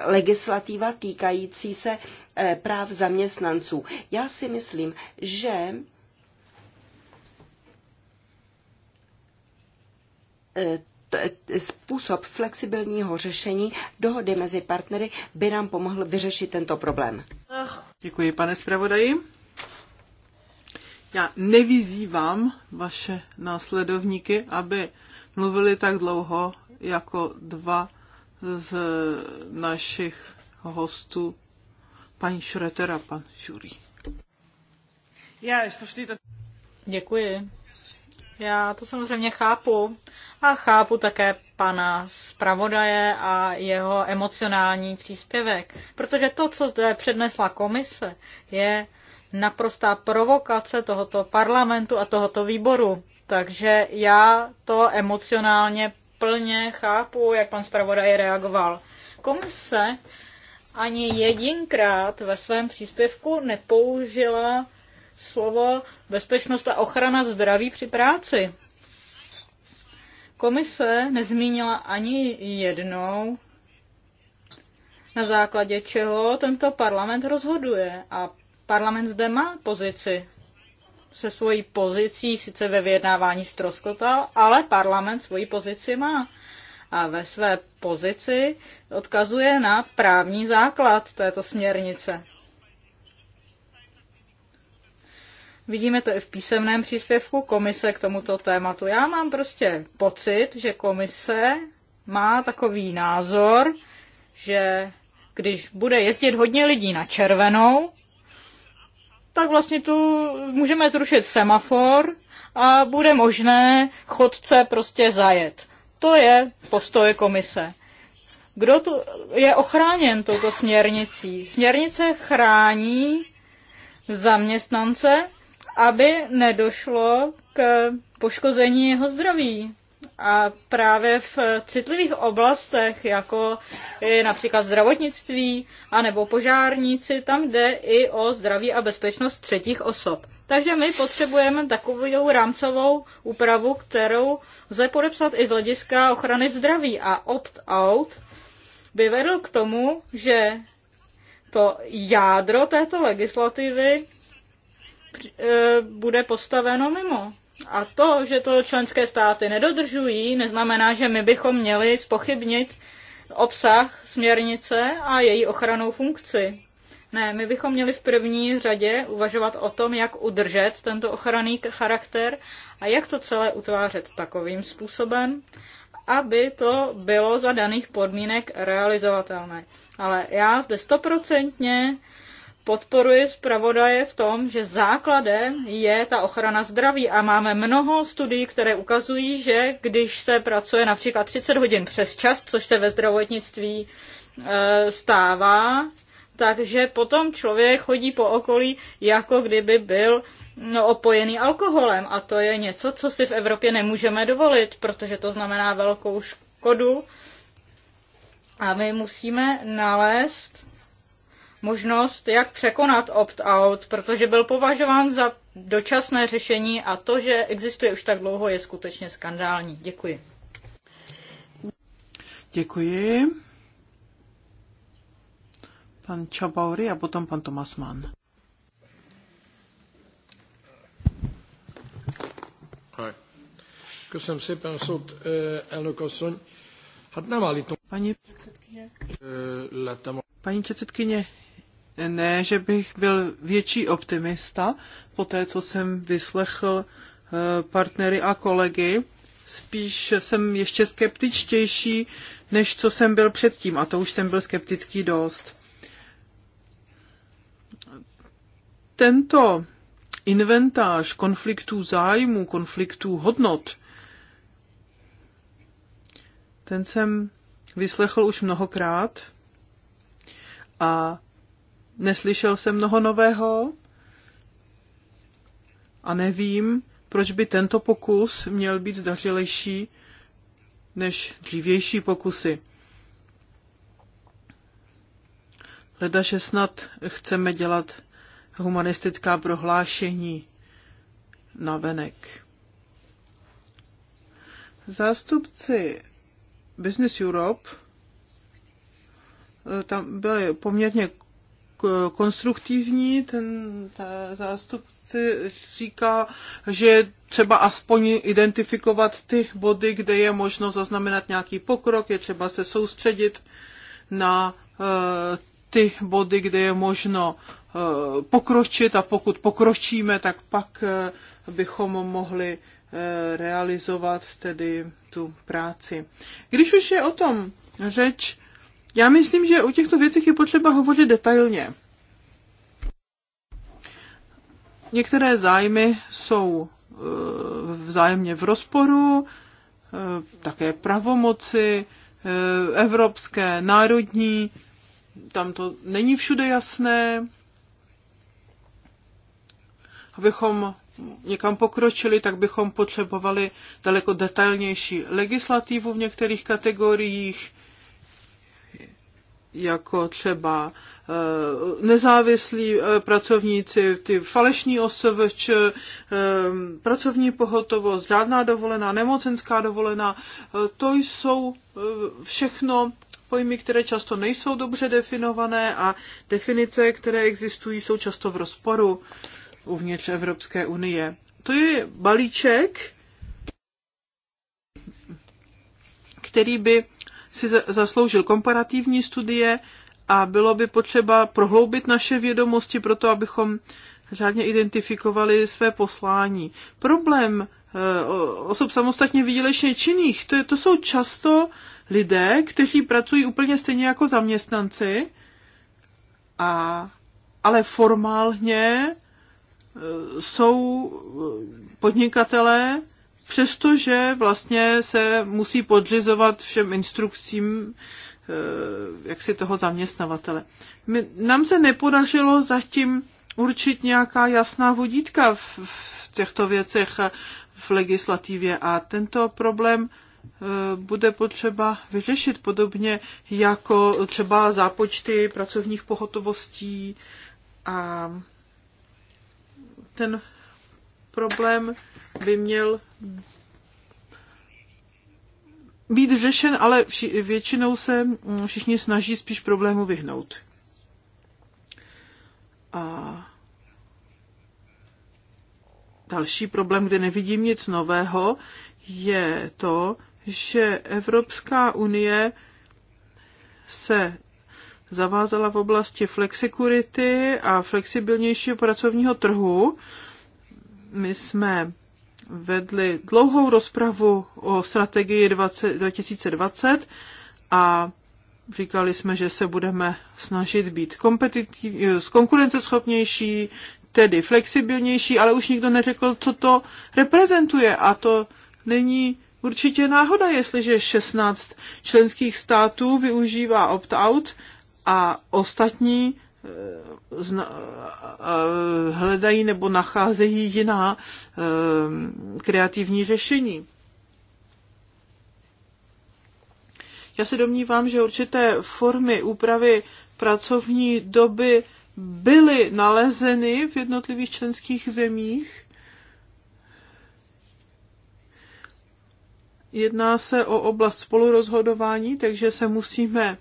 legislativa týkající se práv zaměstnanců. Já si myslím, že způsob flexibilního řešení dohody mezi partnery by nám pomohl vyřešit tento problém. Děkuji, pane zpravodaji. Já nevyzývám vaše následovníky, aby mluvili tak dlouho jako dva z našich hostů, paní Šreter a pan Žurý. Děkuji. Já to samozřejmě chápu a chápu také pana zpravodaje a jeho emocionální příspěvek, protože to, co zde přednesla komise, je naprostá provokace tohoto parlamentu a tohoto výboru. Takže já to emocionálně plně chápu, jak pan zpravodaj reagoval. Komise ani jedinkrát ve svém příspěvku nepoužila slovo bezpečnost a ochrana zdraví při práci. Komise nezmínila ani jednou, na základě čeho tento parlament rozhoduje. A Parlament zde má pozici. Se svojí pozicí sice ve vyjednávání stroskotal, ale parlament svoji pozici má. A ve své pozici odkazuje na právní základ této směrnice. Vidíme to i v písemném příspěvku komise k tomuto tématu. Já mám prostě pocit, že komise má takový názor, že když bude jezdit hodně lidí na červenou, tak vlastně tu můžeme zrušit semafor a bude možné chodce prostě zajet. To je postoj komise. Kdo tu je ochráněn touto směrnicí? Směrnice chrání zaměstnance, aby nedošlo k poškození jeho zdraví. A právě v citlivých oblastech, jako je například zdravotnictví anebo požárníci, tam jde i o zdraví a bezpečnost třetích osob. Takže my potřebujeme takovou rámcovou úpravu, kterou lze podepsat i z hlediska ochrany zdraví. A opt-out by vedl k tomu, že to jádro této legislativy eh, bude postaveno mimo. A to, že to členské státy nedodržují, neznamená, že my bychom měli spochybnit obsah směrnice a její ochranou funkci. Ne, my bychom měli v první řadě uvažovat o tom, jak udržet tento ochranný charakter a jak to celé utvářet takovým způsobem, aby to bylo za daných podmínek realizovatelné. Ale já zde stoprocentně podporuji zpravodaje v tom, že základem je ta ochrana zdraví a máme mnoho studií, které ukazují, že když se pracuje například 30 hodin přes čas, což se ve zdravotnictví e, stává, takže potom člověk chodí po okolí, jako kdyby byl no, opojený alkoholem. A to je něco, co si v Evropě nemůžeme dovolit, protože to znamená velkou škodu. A my musíme nalézt možnost, jak překonat opt-out, protože byl považován za dočasné řešení a to, že existuje už tak dlouho, je skutečně skandální. Děkuji. Děkuji. Pan Čabauri a potom pan Tomas Mann. Köszönöm szépen a szót, elnök asszony. Hát nem állítom. Pani předsedkyně. Paní předsedkyně, ne, že bych byl větší optimista po té, co jsem vyslechl eh, partnery a kolegy. Spíš jsem ještě skeptičtější, než co jsem byl předtím, a to už jsem byl skeptický dost. Tento inventář konfliktů zájmů, konfliktů hodnot, ten jsem vyslechl už mnohokrát a neslyšel jsem mnoho nového a nevím, proč by tento pokus měl být zdařilejší než dřívější pokusy. Hleda, že snad chceme dělat humanistická prohlášení na venek. Zástupci Business Europe eh, tam byli poměrně konstruktivní, ten ta zástupce říká, že třeba aspoň identifikovat ty body, kde je možno zaznamenat nějaký pokrok, je třeba se soustředit na eh, ty body, kde je možno eh, pokročit a pokud pokročíme, tak pak eh, bychom mohli realizovat tedy tu práci. Když už je o tom řeč, já myslím, že o těchto věcech je potřeba hovořit detailně. Některé zájmy jsou eh, vzájemně v rozporu, eh, také pravomoci eh, evropské, národní, tam to není všude jasné. Abychom někam pokročili, tak bychom potřebovali daleko detailnější legislativu v některých kategoriích, jako třeba eh, nezávislí eh, pracovníci, ty falešní osvč, eh, pracovní pohotovost, žádná dovolená, nemocenská dovolená, to jsou všechno pojmy, které často nejsou dobře definované a definice, které existují, jsou často v rozporu uvnitř Evropské unie. To je balíček, který by si zasloužil komparativní studie a bylo by potřeba prohloubit naše vědomosti pro to, abychom řádně identifikovali své poslání. Problém eh, osob samostatně výdělečně činných, to, je, to jsou často lidé, kteří pracují úplně stejně jako zaměstnanci, a, ale formálně eh, jsou eh, podnikatelé přestože vlastně se musí podřizovat všem instrukcím eh, jaksi toho zaměstnavatele. My, nám se nepodařilo zatím určit nějaká jasná vodítka v, v těchto věcech v legislativě a tento problém eh, bude potřeba vyřešit podobně jako třeba zápočty pracovních pohotovostí a ten problém by měl být řešen, ale většinou se mm, všichni snaží spíš problému vyhnout. A další problém, kde nevidím nic nového, je to, že Evropská unie se zavázala v oblasti flexikurity a flexibilnějšího pracovního trhu my jsme vedli dlouhou rozpravu o strategii 20, 2020 a říkali jsme, že se budeme snažit být eh, konkurenceschopnější, tedy flexibilnější, ale už nikdo neřekl, co to reprezentuje a to není určitě náhoda, jestliže 16 členských států využívá opt-out a ostatní hledají nebo nacházejí jiná e, kreativní řešení. Já se domnívám, že určité formy úpravy pracovní doby byly nalezeny v jednotlivých členských zemích. Jedná se o oblast spolurozhodování, takže se musíme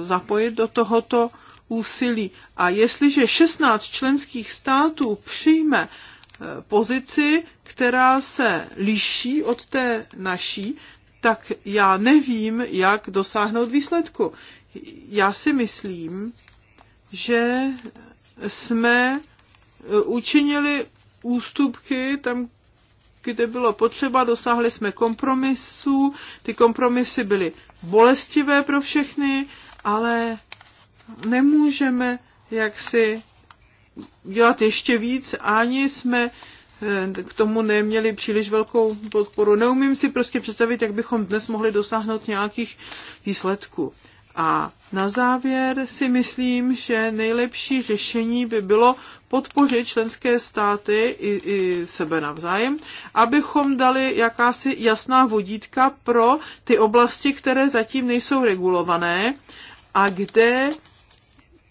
zapojit do tohoto úsilí. A jestliže 16 členských států přijme eh, pozici, která se liší od té naší, tak já nevím, jak dosáhnout výsledku. Já si myslím, že jsme eh, učinili ústupky tam, kde bylo potřeba, dosáhli jsme kompromisů, ty kompromisy byly bolestivé pro všechny, ale nemůžeme jaksi dělat ještě víc, ani jsme eh, k tomu neměli příliš velkou podporu. Neumím si prostě představit, jak bychom dnes mohli dosáhnout nějakých výsledků. A na závěr si myslím, že nejlepší řešení by bylo podpořit členské státy i, i sebe navzájem, abychom dali jakási jasná vodítka pro ty oblasti, které zatím nejsou regulované a kde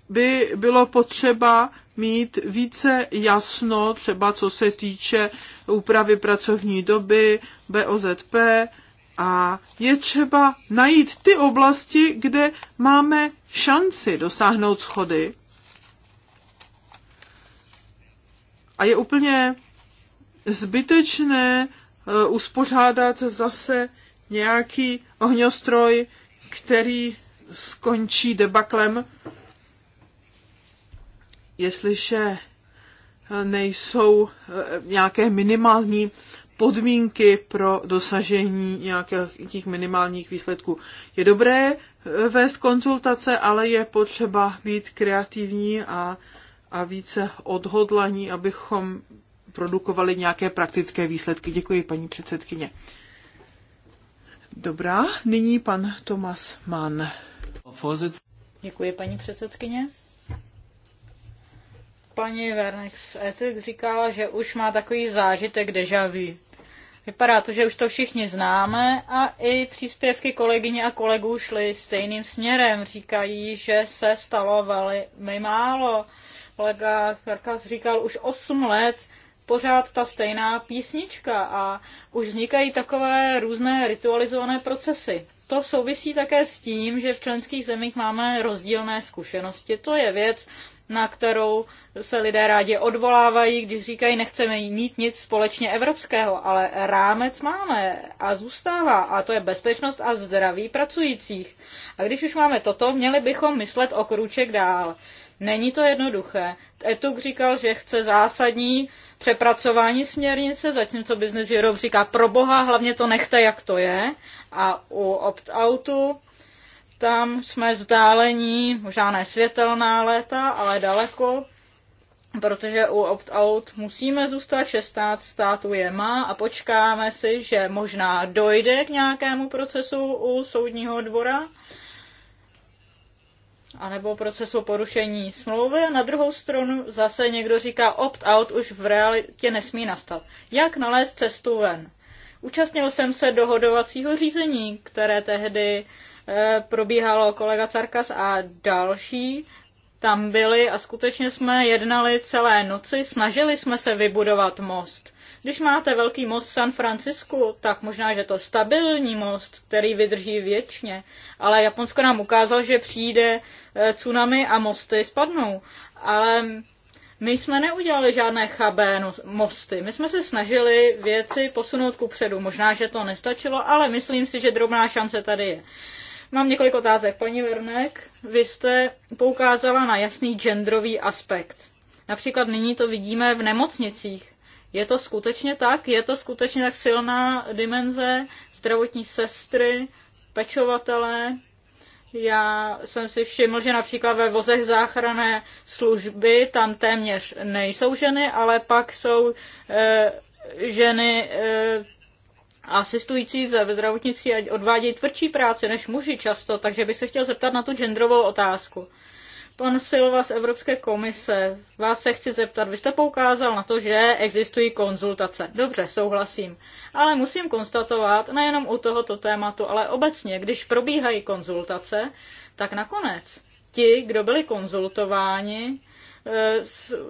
by bylo potřeba mít více jasno, třeba co se týče úpravy pracovní doby, BOZP, a je třeba najít ty oblasti, kde máme šanci dosáhnout schody. A je úplně zbytečné eh, uspořádat zase nějaký ohňostroj, který skončí debaklem, jestliže eh, nejsou eh, nějaké minimální podmínky pro dosažení nějakých minimálních výsledků. Je dobré eh, vést konzultace, ale je potřeba být kreativní a, a více odhodlaní, abychom produkovali nějaké praktické výsledky. Děkuji, paní předsedkyně. Dobrá, nyní pan Tomas Mann. Děkuji, paní předsedkyně paní Vernex Etik říkala, že už má takový zážitek deja vu. Vypadá to, že už to všichni známe a i příspěvky kolegyně a kolegů šly stejným směrem. Říkají, že se stalo velmi málo. Kolega Karkas říkal, už 8 let pořád ta stejná písnička a už vznikají takové různé ritualizované procesy. To souvisí také s tím, že v členských zemích máme rozdílné zkušenosti. To je věc, na kterou se lidé rádi odvolávají, když říkají, nechceme mít nic společně evropského, ale rámec máme a zůstává a to je bezpečnost a zdraví pracujících. A když už máme toto, měli bychom myslet o krůček dál. Není to jednoduché. Etuk říkal, že chce zásadní přepracování směrnice, zatímco Business Europe říká, pro boha, hlavně to nechte, jak to je. A u opt-outu tam jsme vzdálení, možná ne světelná léta, ale daleko, protože u opt-out musíme zůstat, 16 států je má a počkáme si, že možná dojde k nějakému procesu u soudního dvora, anebo procesu porušení smlouvy. A na druhou stranu zase někdo říká, opt-out už v realitě nesmí nastat. Jak nalézt cestu ven? Účastnil jsem se dohodovacího řízení, které tehdy Eh, probíhalo kolega Carkas a další. Tam byli a skutečně jsme jednali celé noci, snažili jsme se vybudovat most. Když máte velký most v San Francisku, tak možná, že to stabilní most, který vydrží věčně, ale Japonsko nám ukázalo, že přijde eh, tsunami a mosty spadnou. Ale my jsme neudělali žádné chabé mosty. My jsme se snažili věci posunout ku předu. Možná, že to nestačilo, ale myslím si, že drobná šance tady je. Mám několik otázek. Paní Vernek, vy jste poukázala na jasný genderový aspekt. Například nyní to vidíme v nemocnicích. Je to skutečně tak? Je to skutečně tak silná dimenze zdravotní sestry, pečovatele? Já jsem si všiml, že například ve vozech záchranné služby tam téměř nejsou ženy, ale pak jsou e, ženy e, asistující ve zdravotnictví odvádějí tvrdší práci než muži často, takže bych se chtěl zeptat na tu genderovou otázku. Pan Silva z Evropské komise, vás se chci zeptat, vy jste poukázal na to, že existují konzultace. Dobře, souhlasím. Ale musím konstatovat, nejenom u tohoto tématu, ale obecně, když probíhají konzultace, tak nakonec ti, kdo byli konzultováni,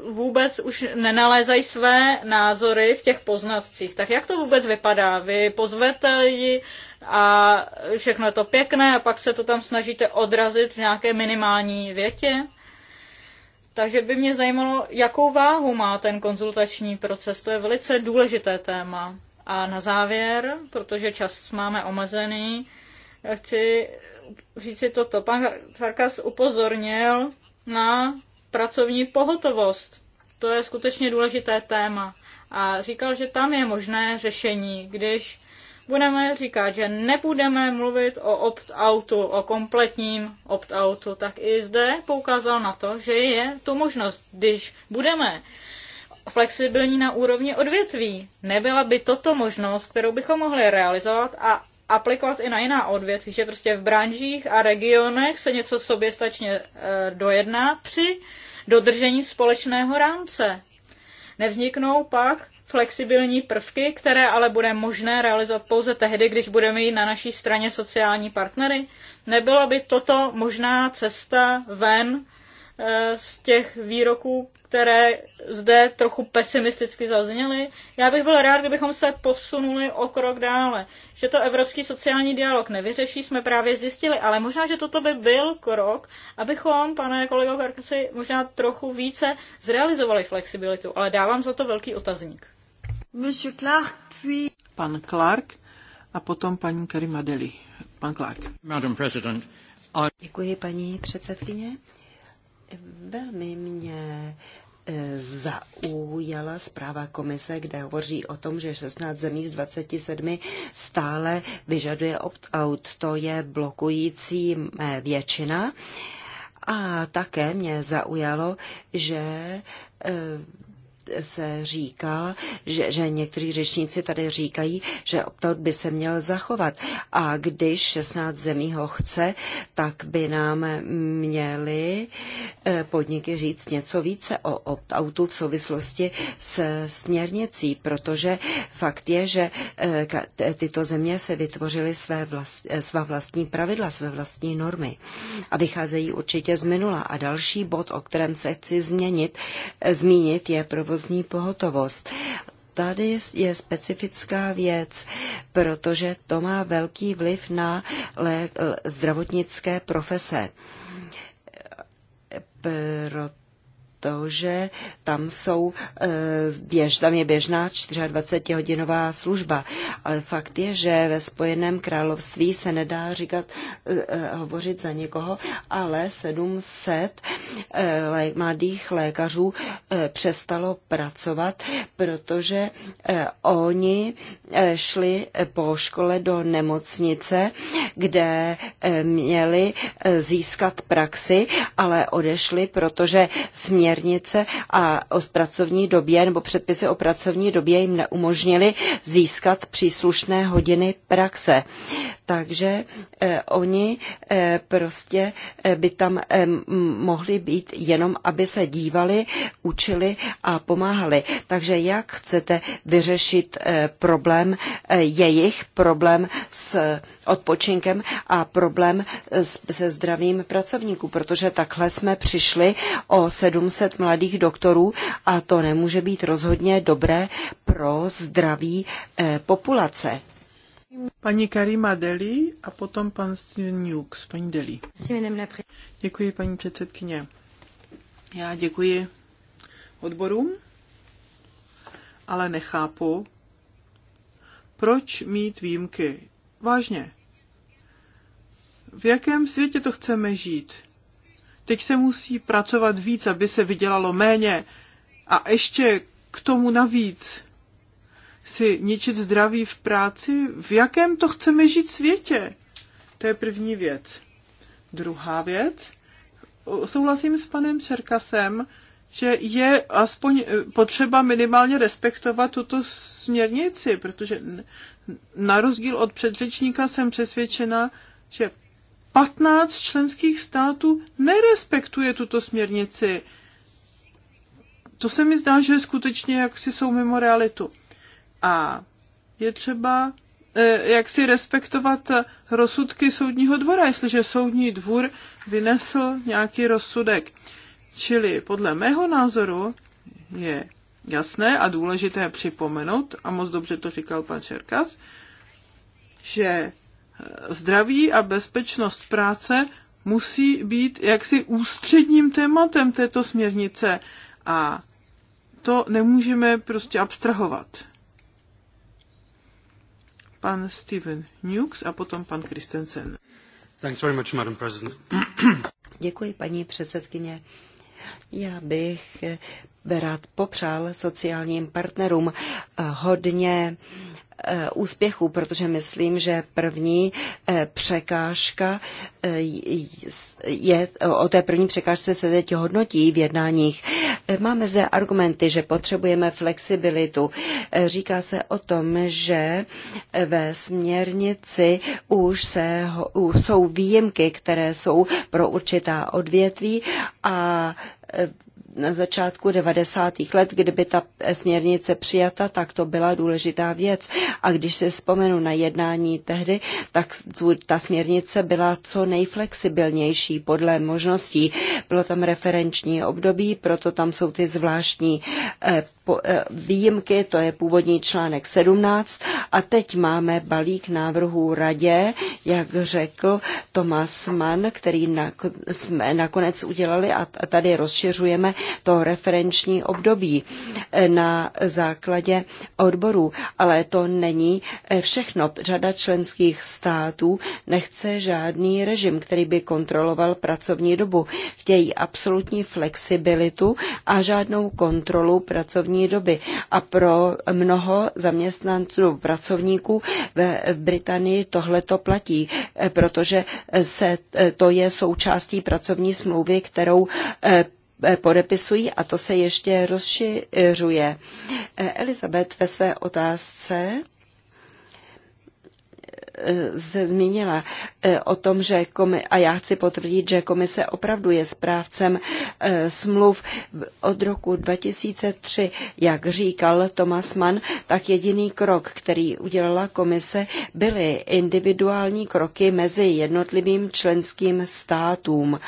vůbec už nenalézají své názory v těch poznatcích. Tak jak to vůbec vypadá? Vy pozvete ji a všechno je to pěkné a pak se to tam snažíte odrazit v nějaké minimální větě? Takže by mě zajímalo, jakou váhu má ten konzultační proces. To je velice důležité téma. A na závěr, protože čas máme omezený, chci říct si toto. Pan Sarkas upozornil na pracovní pohotovost. To je skutečně důležité téma. A říkal, že tam je možné řešení, když budeme říkat, že nebudeme mluvit o opt-outu, o kompletním opt-outu, tak i zde poukázal na to, že je tu možnost, když budeme flexibilní na úrovni odvětví. Nebyla by toto možnost, kterou bychom mohli realizovat a aplikovat i na jiná odvětví, že prostě v branžích a regionech se něco soběstačně eh, dojedná při dodržení společného rámce. Nevzniknou pak flexibilní prvky, které ale bude možné realizovat pouze tehdy, když budeme mít na naší straně sociální partnery? Nebyla by toto možná cesta ven z těch výroků, které zde trochu pesimisticky zazněly. Já bych byl rád, kdybychom se posunuli o krok dále. Že to evropský sociální dialog nevyřeší, jsme právě zjistili, ale možná, že toto by byl krok, abychom, pane kolego Karkasi, možná trochu více zrealizovali flexibilitu, ale dávám za to velký otazník. Monsieur Clark, puis... Pan Clark a potom paní Karimadeli. Pan Clark. Madam President, I... Děkuji, paní předsedkyně. Velmi mě e, zaujala zpráva komise, kde hovoří o tom, že 16 zemí z 27 stále vyžaduje opt-out. To je blokující e, většina. A také mě zaujalo, že e, se říká, že, že někteří řečníci tady říkají, že opt-out by se měl zachovat. A když 16 zemí ho chce, tak by nám měli eh, podniky říct něco více o opt-outu v souvislosti s směrnicí, protože fakt je, že eh, tyto země se vytvořily své vlast, eh, svá vlastní pravidla, své vlastní normy a vycházejí určitě z minula. A další bod, o kterém se chci změnit, zmínit, je provoz provozní pohotovost tady je specifická věc, protože to má velký vliv na zdravotnické profese. Proto protože tam, jsou, e, běž, tam je běžná 24-hodinová služba. Ale fakt je, že ve Spojeném království se nedá říkat, e, e, hovořit za někoho, ale 700 mladých lékařů přestalo pracovat, protože oni šli po škole do nemocnice, kde měli získat praxi, ale odešli, protože směli směrnice a o pracovní době nebo předpisy o pracovní době jim neumožnily získat příslušné hodiny praxe. Takže eh, oni eh, prostě eh, by tam mohli být jenom, aby se dívali, učili a pomáhali. Takže jak chcete vyřešit problém jejich, problém s odpočinkem a problém se zdravím pracovníků, protože takhle jsme přišli o 700 mladých doktorů a to nemůže být rozhodně dobré pro zdraví populace. Paní Karima Deli a potom pan Nukes, paní Deli. Děkuji, paní předsedkyně. Já děkuji odborům, ale nechápu, proč mít výjimky. Vážně. V jakém světě to chceme žít? Teď se musí pracovat víc, aby se vydělalo méně. A ještě k tomu navíc si ničit zdraví v práci, v jakém to chceme žít světě? To je první věc. Druhá věc, souhlasím s panem Čerkasem, že je aspoň e, potřeba minimálně respektovat tuto směrnici, protože na rozdíl od předřečníka jsem přesvědčena, že 15 členských států nerespektuje tuto směrnici. To se mi zdá, že skutečně jak si jsou mimo realitu. A je třeba eh, jak si respektovat rozsudky soudního dvora, jestliže soudní dvůr vynesl nějaký rozsudek. Čili podle mého názoru je jasné a důležité připomenout, a moc dobře to říkal pan Čerkas, že eh, zdraví a bezpečnost práce musí být jaksi ústředním tématem této směrnice a to nemůžeme prostě abstrahovat pan Steven Nukes a potom pan Christensen. Thanks very much, Madam President. Děkuji, paní předsedkyně. Já bych rád popřál sociálním partnerům hodně Eh, úspěchů, protože myslím, že první eh, překážka eh, je, o té první překážce se teď hodnotí v jednáních. Máme zde argumenty, že potřebujeme flexibilitu. Říká se o tom, že ve směrnici už se, už jsou výjimky, které jsou pro určitá odvětví a na začátku 90. let, kdyby ta směrnice přijata, tak to byla důležitá věc. A když se vzpomenu na jednání tehdy, tak ta směrnice byla co nejflexibilnější podle možností. Bylo tam referenční období, proto tam jsou ty zvláštní eh, eh, výjimky, to je původní článek 17. A teď máme balík návrhů radě, jak řekl Thomas Mann, který na, jsme nakonec udělali a tady rozšiřujeme to referenční období e, na základě odborů. Ale to není e, všechno. Řada členských států nechce žádný režim, který by kontroloval pracovní dobu. Chtějí absolutní flexibilitu a žádnou kontrolu pracovní doby. A pro mnoho zaměstnanců, pracovníků v Británii tohle to platí, e, protože se, to je součástí pracovní smlouvy, kterou Eh, podepisují a to se ještě rozšiřuje. Eh, Elizabeth ve své otázce eh, se zmínila o tom, že komi- a já chci potvrdit, že komise opravdu je správcem smluv od roku 2003. Jak říkal Thomas Mann, tak jediný krok, který udělala komise, byly individuální kroky mezi jednotlivým členským státům.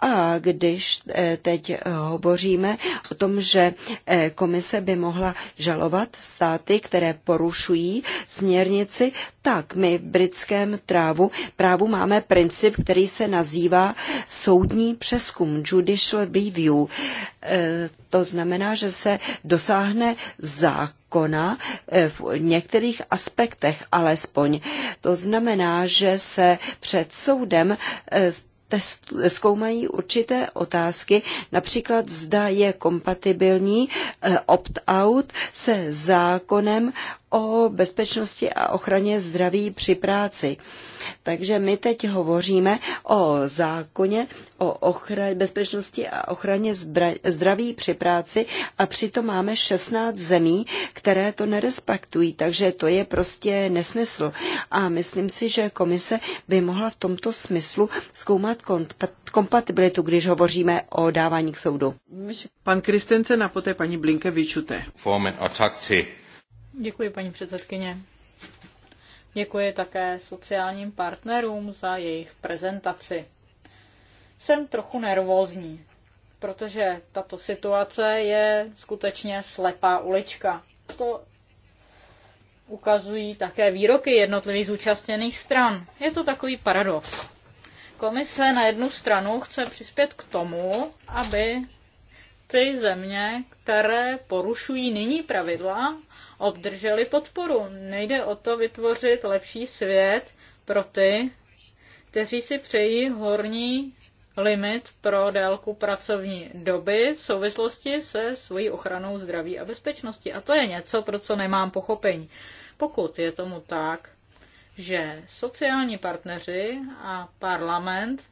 A když eh, teď eh, hovoříme o tom, že eh, komise by mohla žalovat státy, které porušují směrnici, tak my v britském trávu, právu máme princip, který se nazývá soudní přeskum, judicial review. To znamená, že se dosáhne zákona v některých aspektech alespoň. To znamená, že se před soudem test, zkoumají určité otázky, například zda je kompatibilní eh, opt-out se zákonem o bezpečnosti a ochraně zdraví při práci. Takže my teď hovoříme o zákoně o ochra- bezpečnosti a ochraně zdraví při práci a přitom máme 16 zemí, které to nerespektují, takže to je prostě nesmysl. A myslím si, že komise by mohla v tomto smyslu zkoumat kompatibilitu, když hovoříme o dávání k soudu. Pan Kristence, napoté poté paní Blinkevičute. Formen Děkuji, paní předsedkyně. Děkuji také sociálním partnerům za jejich prezentaci. Jsem trochu nervózní, protože tato situace je skutečně slepá ulička. To ukazují také výroky jednotlivých zúčastněných stran. Je to takový paradox. Komise na jednu stranu chce přispět k tomu, aby ty země, které porušují nyní pravidla, obdrželi podporu. Nejde o to vytvořit lepší svět pro ty, kteří si přejí horní limit pro délku pracovní doby v souvislosti se svojí ochranou zdraví a bezpečnosti. A to je něco, pro co nemám pochopení. Pokud je tomu tak, že sociální partneři a parlament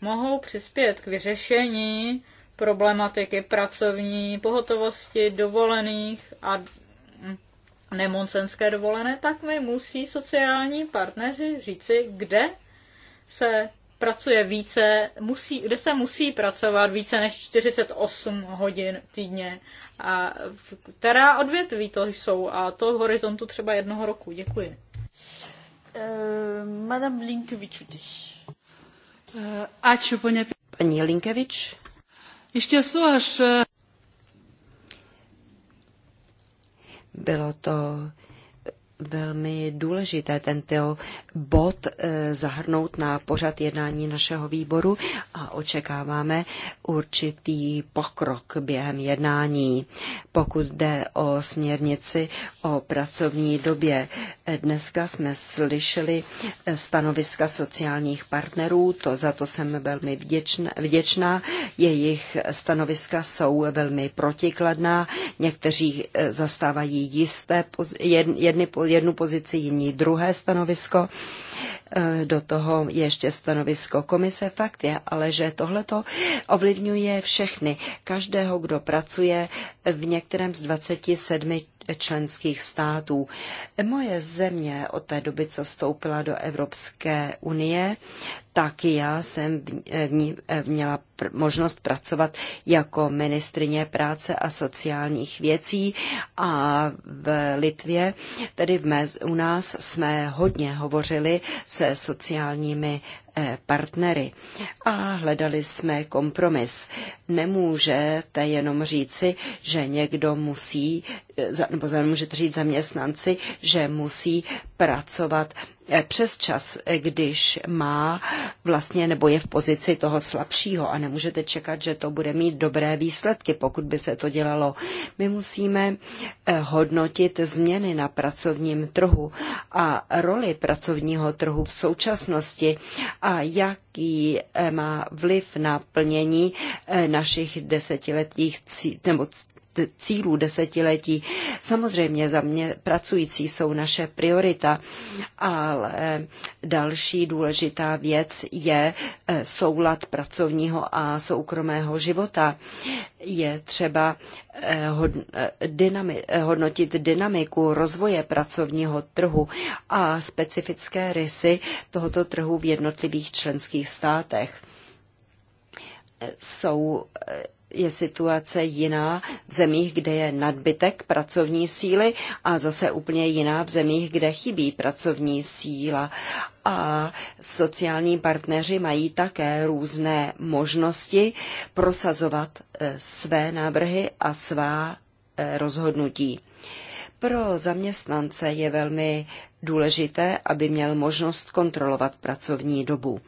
mohou přispět k vyřešení problematiky pracovní, pohotovosti, dovolených a nemonsenské dovolené, tak mi musí sociální partneři říci, kde se pracuje více, musí, kde se musí pracovat více než 48 hodin týdně. A která odvětví to jsou a to v horizontu třeba jednoho roku. Děkuji. Uh, Madame Linkovič, uh, eh, Ačiū, ponia. Paní Linkevič. Ještě tiesų, aš eh, Bylo to velmi důležité tento bod eh, zahrnout na pořad jednání našeho výboru a očekáváme určitý pokrok během jednání. Pokud jde o směrnici o pracovní době, eh, dneska jsme slyšeli eh, stanoviska sociálních partnerů, to za to jsem velmi vděčná. Jejich stanoviska jsou velmi protikladná, někteří zastávají jisté, jedny, jedny jednu pozici, jiní druhé stanovisko. E, do toho je ještě stanovisko komise. Fakt je, ale že tohleto ovlivňuje všechny, každého, kdo pracuje v některém z 27 členských států. Moje země od té doby, co vstoupila do Evropské unie, tak já jsem v ní eh, měla možnost pracovat jako ministrině práce a sociálních věcí a v Litvě, tedy v mé, u nás jsme hodně hovořili se sociálními partnery a hledali jsme kompromis. Nemůžete jenom říci, že někdo musí, nebo nemůžete říct zaměstnanci, že musí pracovat Eh, přes čas, eh, když má vlastně nebo je v pozici toho slabšího a nemůžete čekat, že to bude mít dobré výsledky, pokud by se to dělalo. My musíme eh, hodnotit změny na pracovním trhu a roli pracovního trhu v současnosti a jaký má vliv na plnění našich desetiletých cí, nebo cílů desetiletí. Samozřejmě za mě pracující jsou naše priorita, ale další důležitá věc je eh, soulad pracovního a soukromého života. Je třeba eh, eh, hodnotit dynamiku rozvoje pracovního trhu a specifické rysy tohoto trhu v jednotlivých členských státech. Jsou je situace jiná v zemích, kde je nadbytek pracovní síly a zase úplně jiná v zemích, kde chybí pracovní síla. A sociální partneři mají také různé možnosti prosazovat eh, své návrhy a svá eh, rozhodnutí. Pro zaměstnance je velmi důležité, aby měl možnost kontrolovat pracovní dobu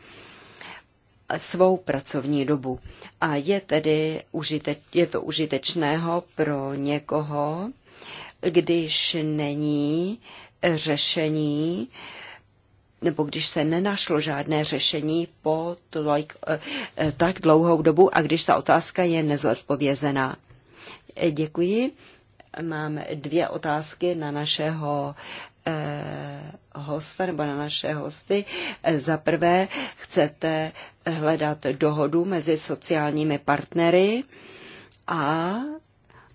svou pracovní dobu. A je tedy užiteč, je to užitečného pro někoho, když není řešení nebo když se nenašlo žádné řešení po tlojk, eh, eh, tak dlouhou dobu a když ta otázka je nezodpovězená. Eh, děkuji. Mám dvě otázky na našeho Eh, hosta nebo na naše hosty. Eh, za prvé chcete hledat dohodu mezi sociálními partnery a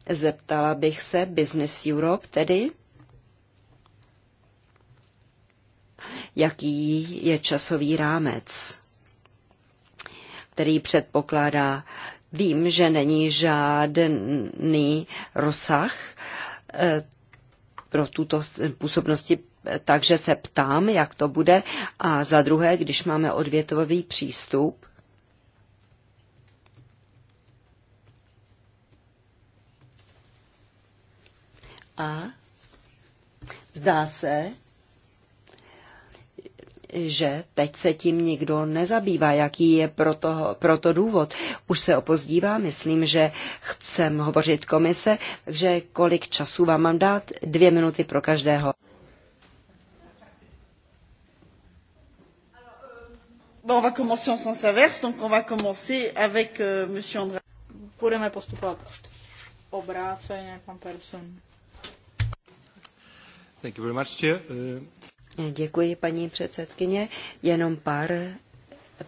zeptala bych se Business Europe tedy, jaký je časový rámec, který předpokládá. Vím, že není žádný rozsah eh, pro tuto působnosti takže se ptám, jak to bude. A za druhé, když máme odvětový přístup, A zdá se, že teď se tím nikdo nezabývá. Jaký je proto, proto důvod? Už se opozdívá, myslím, že chcem hovořit komise, takže kolik času vám mám dát? Dvě minuty pro každého. on euh, Budeme postupovat obráceně, pan Persson. Thank you very much, Chair. Uh... Děkuji, paní předsedkyně. Jenom pár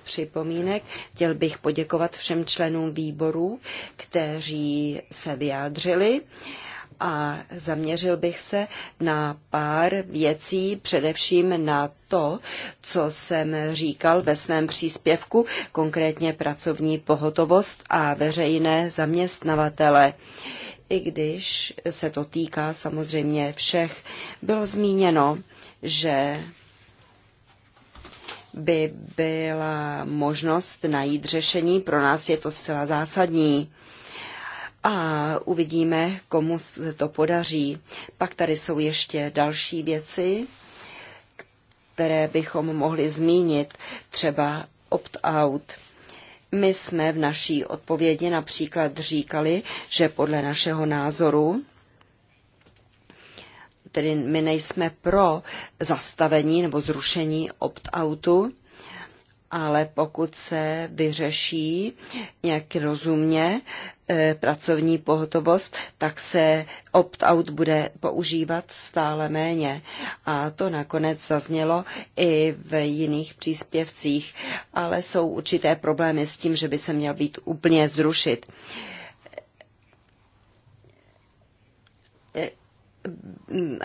připomínek. Chtěl bych poděkovat všem členům výboru, kteří se vyjádřili a zaměřil bych se na pár věcí, především na to, co jsem říkal ve svém příspěvku, konkrétně pracovní pohotovost a veřejné zaměstnavatele. I když se to týká samozřejmě všech, bylo zmíněno, že by byla možnost najít řešení. Pro nás je to zcela zásadní. A uvidíme, komu se to podaří. Pak tady jsou ještě další věci, které bychom mohli zmínit, třeba opt-out. My jsme v naší odpovědi například říkali, že podle našeho názoru tedy my nejsme pro zastavení nebo zrušení opt-outu, ale pokud se vyřeší nějak rozumně eh, pracovní pohotovost, tak se opt-out bude používat stále méně. A to nakonec zaznělo i v jiných příspěvcích, ale jsou určité problémy s tím, že by se měl být úplně zrušit eh,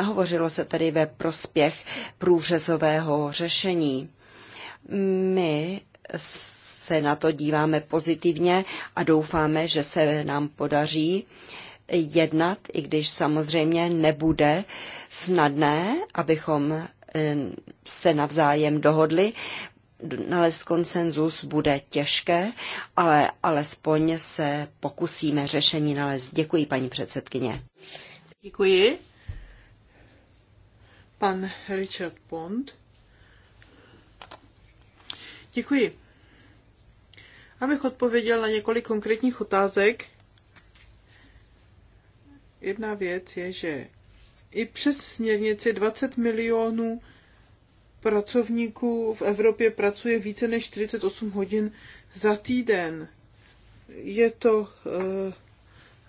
hovořilo se tedy ve prospěch průřezového řešení. My se na to díváme pozitivně a doufáme, že se nám podaří jednat, i když samozřejmě nebude snadné, abychom eh, se navzájem dohodli. Nalézt konsenzus bude těžké, ale alespoň se pokusíme řešení nalézt. Děkuji, paní předsedkyně. Děkuji pan Richard Pond. Děkuji. Abych odpověděl na několik konkrétních otázek. Jedna věc je, že i přes směrnici 20 milionů pracovníků v Evropě pracuje více než 48 hodin za týden. Je to eh,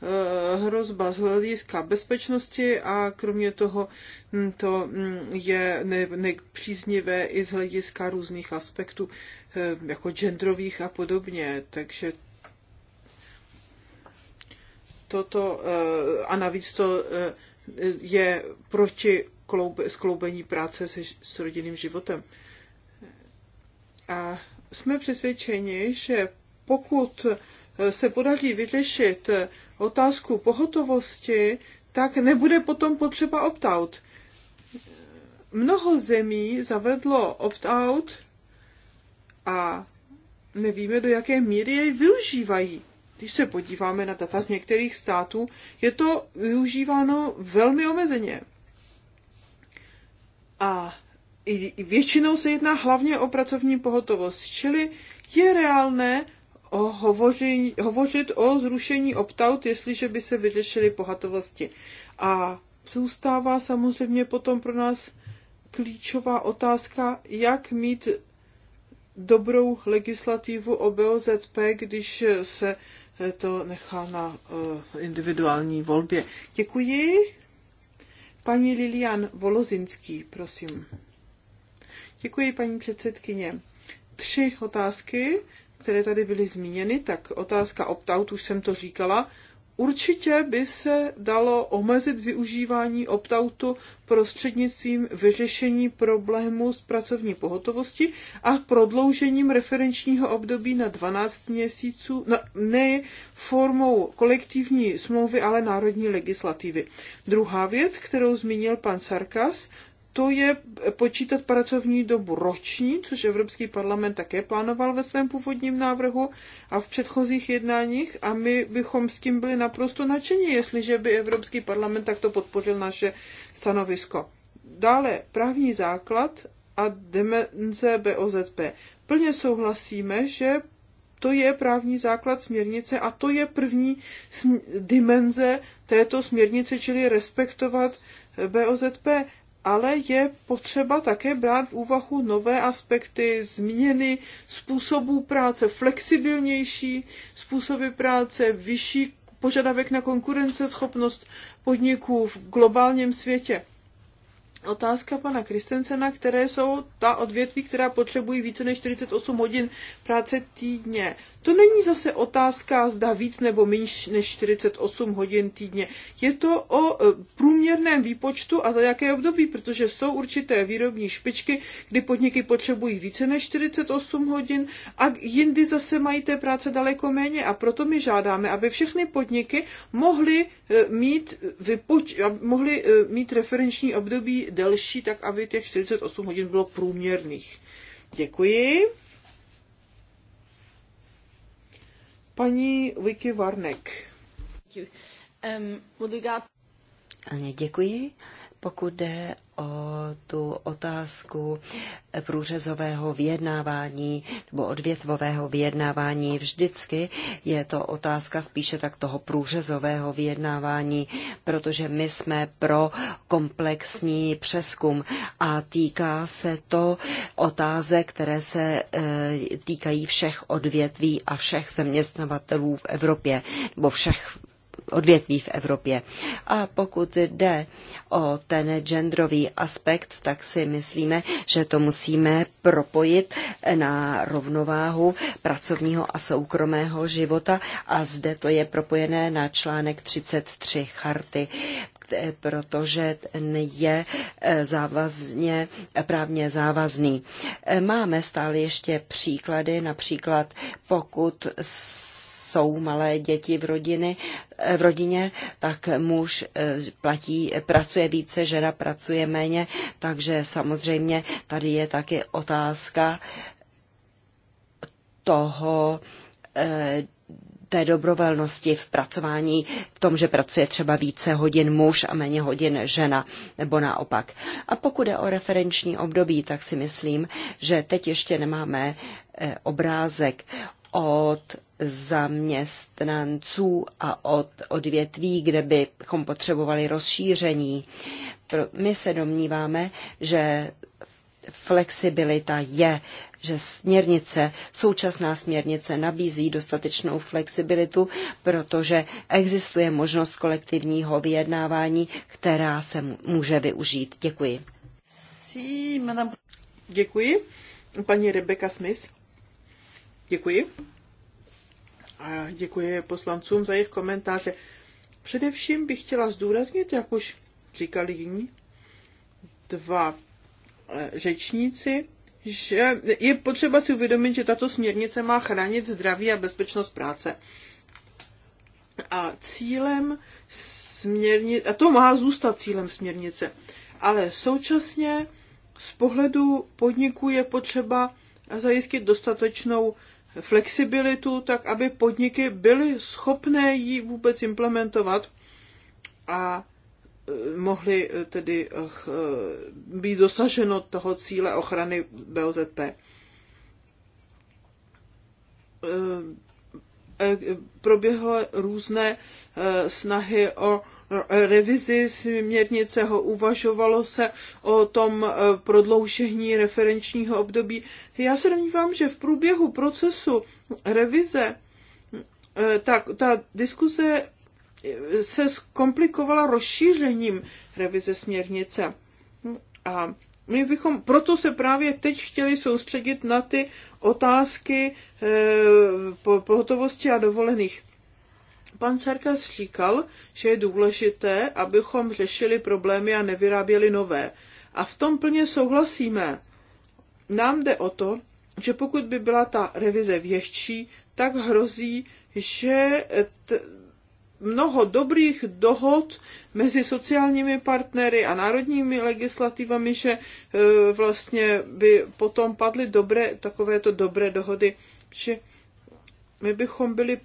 Eh, hrozba z hlediska bezpečnosti a kromě toho hm, to hm, je nepříznivé i z hlediska různých aspektů, eh, jako genderových a podobně. Takže toto eh, a navíc to je proti skloubení práce se, s rodinným životem. A jsme přesvědčeni, že pokud se podaří vyřešit otázku pohotovosti, tak nebude potom potřeba opt-out. Mnoho zemí zavedlo opt-out a nevíme, do jaké míry jej využívají. Když se podíváme na data z některých států, je to využíváno velmi omezeně. A většinou se jedná hlavně o pracovní pohotovost, čili je reálné, o hovoři, hovořit o zrušení opt-out, jestliže by se vyřešily pohatovosti. A zůstává samozřejmě potom pro nás klíčová otázka, jak mít dobrou legislativu o BOZP, když se to nechá na eh, individuální volbě. Děkuji. Paní Lilian Volozinský, prosím. Děkuji, paní předsedkyně. Tři otázky které tady byly zmíněny, tak otázka opt-out, už jsem to říkala, Určitě by se dalo omezit využívání opt-outu prostřednictvím vyřešení problému s pracovní pohotovostí a prodloužením referenčního období na 12 měsíců, na, ne formou kolektivní smlouvy, ale národní legislativy. Druhá věc, kterou zmínil pan Sarkas, to je počítat pracovní dobu roční, což Evropský parlament také plánoval ve svém původním návrhu a v předchozích jednáních a my bychom s tím byli naprosto nadšení, jestliže by Evropský parlament takto podpořil naše stanovisko. Dále právní základ a demenze BOZP. Plně souhlasíme, že to je právní základ směrnice a to je první dimenze této směrnice, čili respektovat BOZP ale je potřeba také brát v úvahu nové aspekty, změny způsobů práce, flexibilnější způsoby práce, vyšší požadavek na konkurenceschopnost podniků v globálním světě. Otázka pana Kristensena, které jsou ta odvětví, která potřebují více než 48 hodin práce týdně. To není zase otázka, zda víc nebo méně než 48 hodin týdně. Je to o e, průměrném výpočtu a za jaké období, protože jsou určité výrobní špičky, kdy podniky potřebují více než 48 hodin a jindy zase mají té práce daleko méně. A proto my žádáme, aby všechny podniky mohly e, mít, vypoč- mohly e, mít referenční období delší, tak aby těch 48 hodin bylo průměrných. Děkuji. Paní Vicky Varnek. Um, děkuji. Um, děkuji. Pokud jde o tu otázku průřezového vyjednávání nebo odvětvového vyjednávání, vždycky je to otázka spíše tak toho průřezového vyjednávání, protože my jsme pro komplexní přeskum a týká se to otázek, které se e, týkají všech odvětví a všech zaměstnavatelů v Evropě nebo všech odvětví v Evropě. A pokud jde o ten genderový aspekt, tak si myslíme, že to musíme propojit na rovnováhu pracovního a soukromého života a zde to je propojené na článek 33 charty protože je eh, závazně, právně závazný. Eh, máme stále ještě příklady, například pokud jsou malé děti v, rodiny, eh, v rodině, tak muž eh, platí, pracuje více, žena pracuje méně, takže samozřejmě tady je taky otázka toho, eh, té dobrovolnosti v pracování, v tom, že pracuje třeba více hodin muž a méně hodin žena, nebo naopak. A pokud je o referenční období, tak si myslím, že teď ještě nemáme obrázek od zaměstnanců a od odvětví, kde bychom potřebovali rozšíření. My se domníváme, že flexibilita je, že směrnice, současná směrnice nabízí dostatečnou flexibilitu, protože existuje možnost kolektivního vyjednávání, která se může využít. Děkuji. Děkuji. Paní Rebecca Smith. Děkuji. A děkuji poslancům za jejich komentáře. Především bych chtěla zdůraznit, jak už říkali jiní dva eh, řečníci, že je potřeba si uvědomit, že tato směrnice má chránit zdraví a bezpečnost práce. A cílem směrnice, a to má zůstat cílem směrnice, ale současně z pohledu podniku je potřeba zajistit dostatečnou flexibilitu, tak aby podniky byly schopné ji vůbec implementovat a e, mohly e, tedy e, být dosaženo toho cíle ochrany BOZP proběhly různé snahy o revizi směrnice ho uvažovalo se o tom eh, prodloužení referenčního období. Já se domnívám, že v průběhu procesu revize eh, tak ta diskuze eh, se zkomplikovala rozšířením revize směrnice. A my bychom proto se právě teď chtěli soustředit na ty otázky e, pohotovosti a dovolených. Pan Sarkas říkal, že je důležité, abychom řešili problémy a nevyráběli nové. A v tom plně souhlasíme. Nám jde o to, že pokud by byla ta revize větší, tak hrozí, že mnoho dobrých dohod mezi sociálními partnery a národními legislativami, že e, vlastně by potom padly dobré, takovéto dobré dohody, že my bychom byli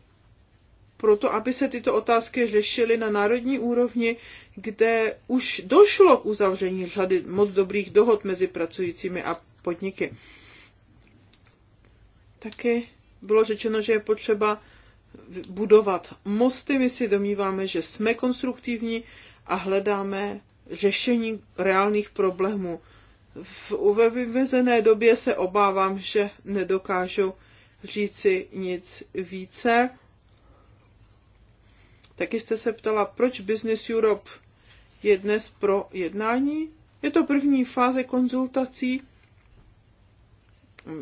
pro to, aby se tyto otázky řešily na národní úrovni, kde už došlo k uzavření řady moc dobrých dohod mezi pracujícími a podniky. Taky bylo řečeno, že je potřeba budovat mosty. My si domníváme, že jsme konstruktivní a hledáme řešení reálných problémů. V, vyvezené době se obávám, že nedokážu říci nic více. Taky jste se ptala, proč Business Europe je dnes pro jednání. Je to první fáze konzultací.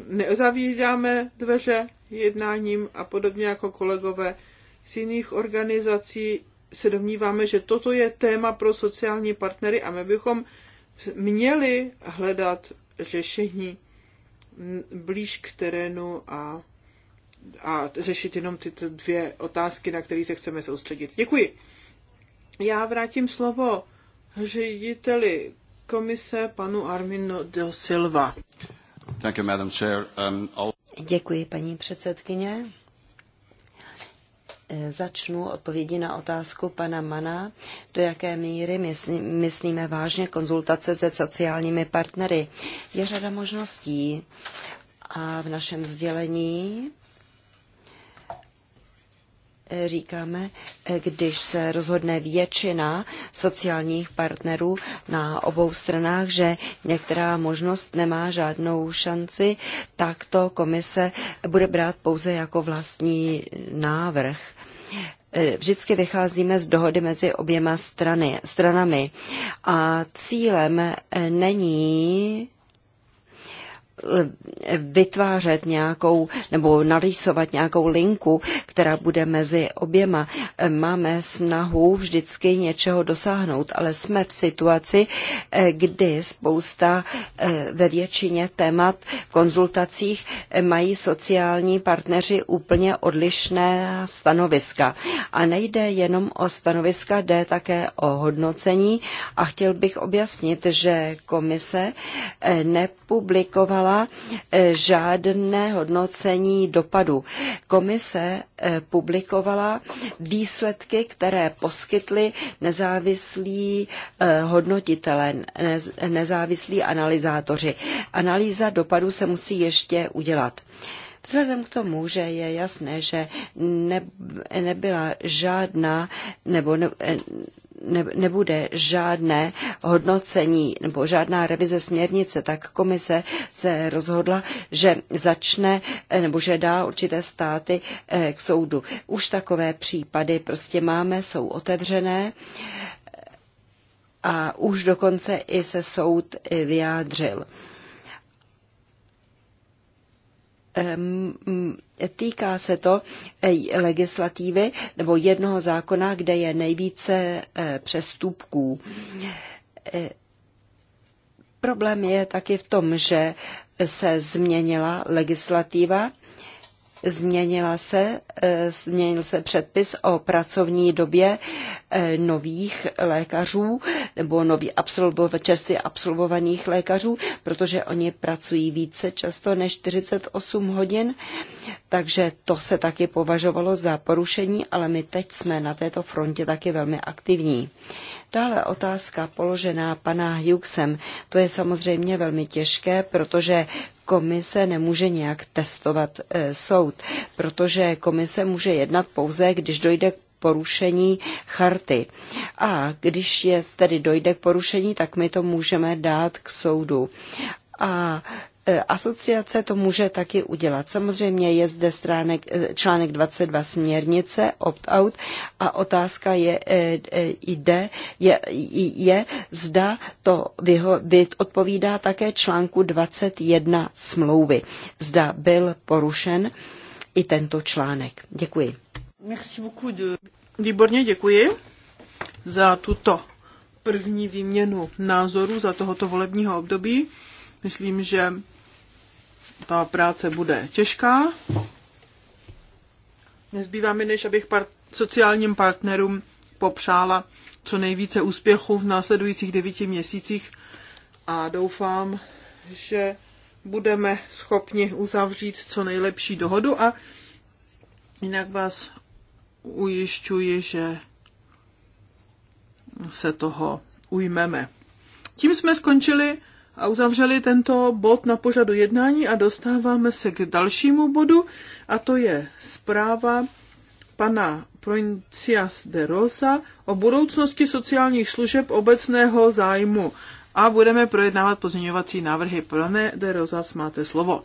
Nezavíráme dveře jednáním a podobně jako kolegové z jiných organizací se domníváme, že toto je téma pro sociální partnery a my bychom měli hledat řešení blíž k terénu a a řešit jenom tyto dvě otázky, na které se chceme soustředit. Děkuji. Já vrátím slovo řediteli komise panu Armino de Silva. Thank you, Madam Chair. Um, all... Děkuji, paní předsedkyně. Začnu odpovědi na otázku pana Mana, do jaké míry myslí, myslíme vážně konzultace se sociálními partnery. Je řada možností a v našem sdělení říkáme, eh, když se rozhodne většina sociálních partnerů na obou stranách, že některá možnost nemá žádnou šanci, tak to komise bude brát pouze jako vlastní návrh. Eh, vždycky vycházíme z dohody mezi oběma strany, stranami a cílem eh, není vytvářet nějakou nebo narýsovat nějakou linku, která bude mezi oběma. Máme snahu vždycky něčeho dosáhnout, ale jsme v situaci, eh, kdy spousta eh, ve většině témat v konzultacích eh, mají sociální partneři úplně odlišné stanoviska. A nejde jenom o stanoviska, jde také o hodnocení a chtěl bych objasnit, že komise nepublikovala nedala eh, žádné hodnocení dopadu. Komise eh, publikovala výsledky, které poskytly nezávislí eh, hodnotitelé, nezávislí analyzátoři. Analýza dopadu se musí ještě udělat. Vzhledem k tomu, že je jasné, že ne, nebyla žádná nebo ne, ne, nebude žádné hodnocení nebo žádná revize směrnice, tak komise se rozhodla, že začne eh, nebo že dá určité státy eh, k soudu. Už takové případy prostě máme, jsou otevřené eh, a už dokonce i se soud vyjádřil. Mm, týká se to e, legislativy nebo jednoho zákona, kde je nejvíce e, přestupků. E, problém je taky v tom, že se změnila legislativa Změnila se, e, změnil se předpis o pracovní době e, nových lékařů nebo nový absolvov, čerstvě absolvovaných lékařů, protože oni pracují více často než 48 hodin, takže to se taky považovalo za porušení, ale my teď jsme na této frontě taky velmi aktivní. Dále otázka položená pana Hughesem. To je samozřejmě velmi těžké, protože komise nemůže nějak testovat eh, soud, protože komise může jednat pouze, když dojde k porušení charty. A když je tedy dojde k porušení, tak my to můžeme dát k soudu. A E, asociace to může taky udělat. Samozřejmě je zde stránek, e, článek 22 směrnice, opt-out a otázka je, e, jde, je, je zda to vyho, odpovídá také článku 21 smlouvy. Zda byl porušen i tento článek. Děkuji. Merci beaucoup de... Výborně děkuji za tuto první výměnu názorů za tohoto volebního období. Myslím, že ta práce bude těžká. Nezbývá mi, než abych part- sociálním partnerům popřála co nejvíce úspěchů v následujících devíti měsících a doufám, že budeme schopni uzavřít co nejlepší dohodu a jinak vás ujišťuji, že se toho ujmeme. Tím jsme skončili a uzavřeli tento bod na pořadu jednání a dostáváme se k dalšímu bodu a to je zpráva pana Proincias de Rosa o budoucnosti sociálních služeb obecného zájmu a budeme projednávat pozměňovací návrhy. Pane de Rosas, máte slovo.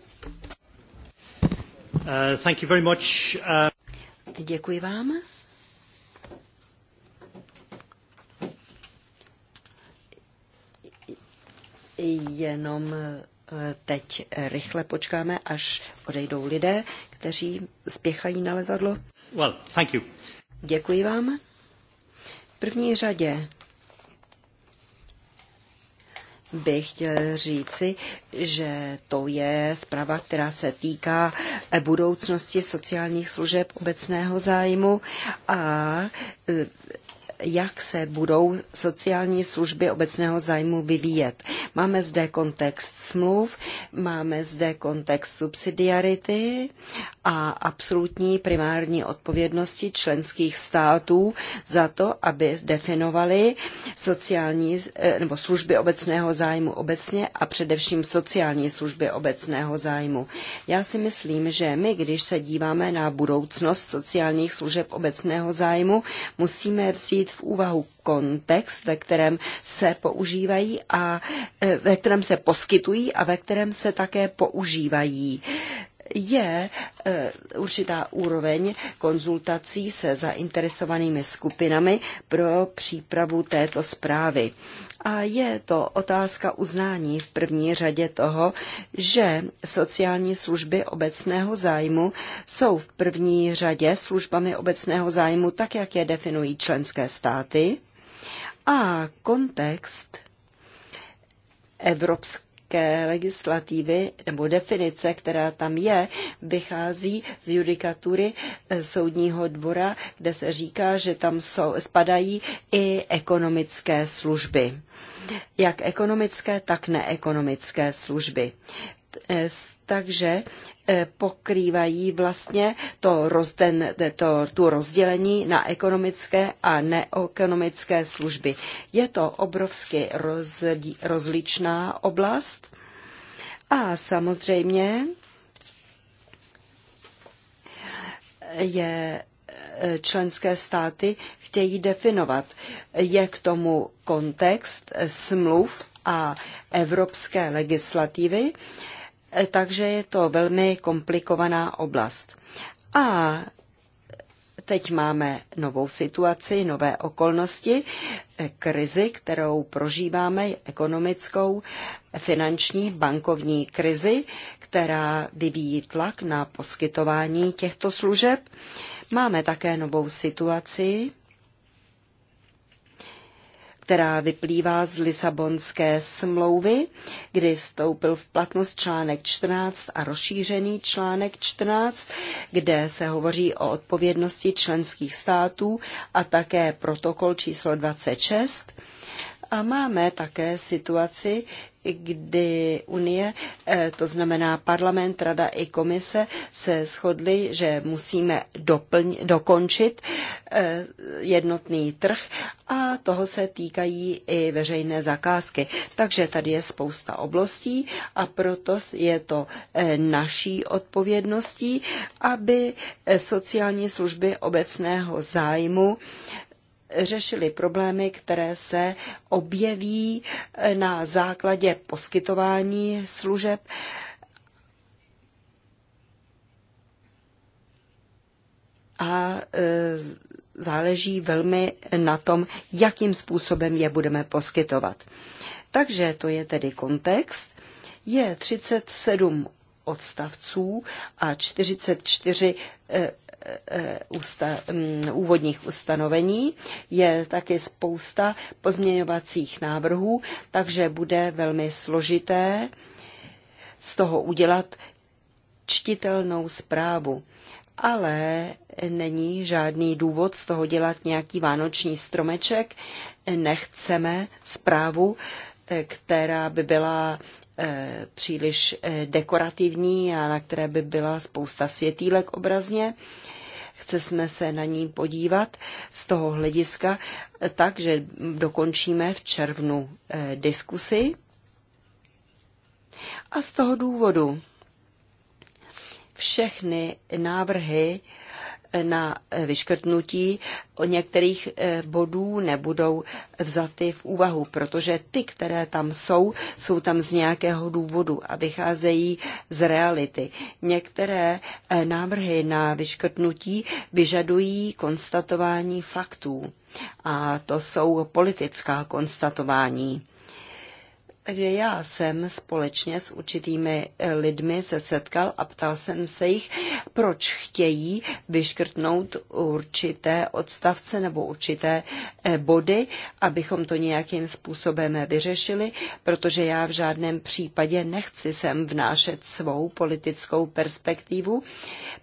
Uh, thank you very much. Uh... Děkuji vám. jenom e, teď rychle počkáme, až odejdou lidé, kteří spěchají na letadlo. Well, thank you. Děkuji vám. V první řadě bych chtěl říci, že to je zpráva, která se týká budoucnosti sociálních služeb obecného zájmu a e, jak se budou sociální služby obecného zájmu vyvíjet. Máme zde kontext smluv, máme zde kontext subsidiarity a absolutní primární odpovědnosti členských států za to, aby definovali sociální eh, nebo služby obecného zájmu obecně a především sociální služby obecného zájmu. Já si myslím, že my, když se díváme na budoucnost sociálních služeb obecného zájmu, musíme vzít vzít v úvahu kontext, ve kterém se používají a e, ve kterém se poskytují a ve kterém se také používají je e, určitá úroveň konzultací se zainteresovanými skupinami pro přípravu této zprávy. A je to otázka uznání v první řadě toho, že sociální služby obecného zájmu jsou v první řadě službami obecného zájmu tak, jak je definují členské státy. A kontext evropské legislativy nebo definice, která tam je, vychází z judikatury eh, soudního dvora, kde se říká, že tam jsou, spadají i ekonomické služby. Jak ekonomické, tak neekonomické služby takže e, pokrývají vlastně to, rozden, e, to, tu rozdělení na ekonomické a neekonomické služby. Je to obrovsky roz, rozličná oblast a samozřejmě je e, členské státy chtějí definovat. Je k tomu kontext smluv a evropské legislativy, Eh, takže je to velmi komplikovaná oblast. A teď máme novou situaci, nové okolnosti, eh, krizi, kterou prožíváme, ekonomickou, finanční, bankovní krizi, která vyvíjí tlak na poskytování těchto služeb. Máme také novou situaci, která vyplývá z Lisabonské smlouvy, kdy vstoupil v platnost článek 14 a rozšířený článek 14, kde se hovoří o odpovědnosti členských států a také protokol číslo 26. A máme také situaci, kdy Unie, eh, to znamená parlament, rada i komise, se shodly, že musíme doplň, dokončit eh, jednotný trh a toho se týkají i veřejné zakázky. Takže tady je spousta oblastí a proto je to eh, naší odpovědností, aby sociální služby obecného zájmu řešili problémy, které se objeví eh, na základě poskytování služeb. A eh, záleží velmi na tom, jakým způsobem je budeme poskytovat. Takže to je tedy kontext. Je 37 odstavců a 44 E, mm, úvodních ustanovení. Je taky spousta pozměňovacích návrhů, takže bude velmi složité z toho udělat čtitelnou zprávu. Ale není žádný důvod z toho dělat nějaký vánoční stromeček. Nechceme zprávu, e, která by byla Eh, příliš eh, dekorativní a na které by byla spousta světílek obrazně. Chceme se na ní podívat z toho hlediska, takže dokončíme v červnu eh, diskusi. A z toho důvodu všechny návrhy na vyškrtnutí o některých eh, bodů nebudou vzaty v úvahu, protože ty, které tam jsou, jsou tam z nějakého důvodu a vycházejí z reality. Některé eh, návrhy na vyškrtnutí vyžadují konstatování faktů a to jsou politická konstatování. Takže já jsem společně s určitými eh, lidmi se setkal a ptal jsem se jich, proč chtějí vyškrtnout určité odstavce nebo určité eh, body, abychom to nějakým způsobem vyřešili, protože já v žádném případě nechci sem vnášet svou politickou perspektivu,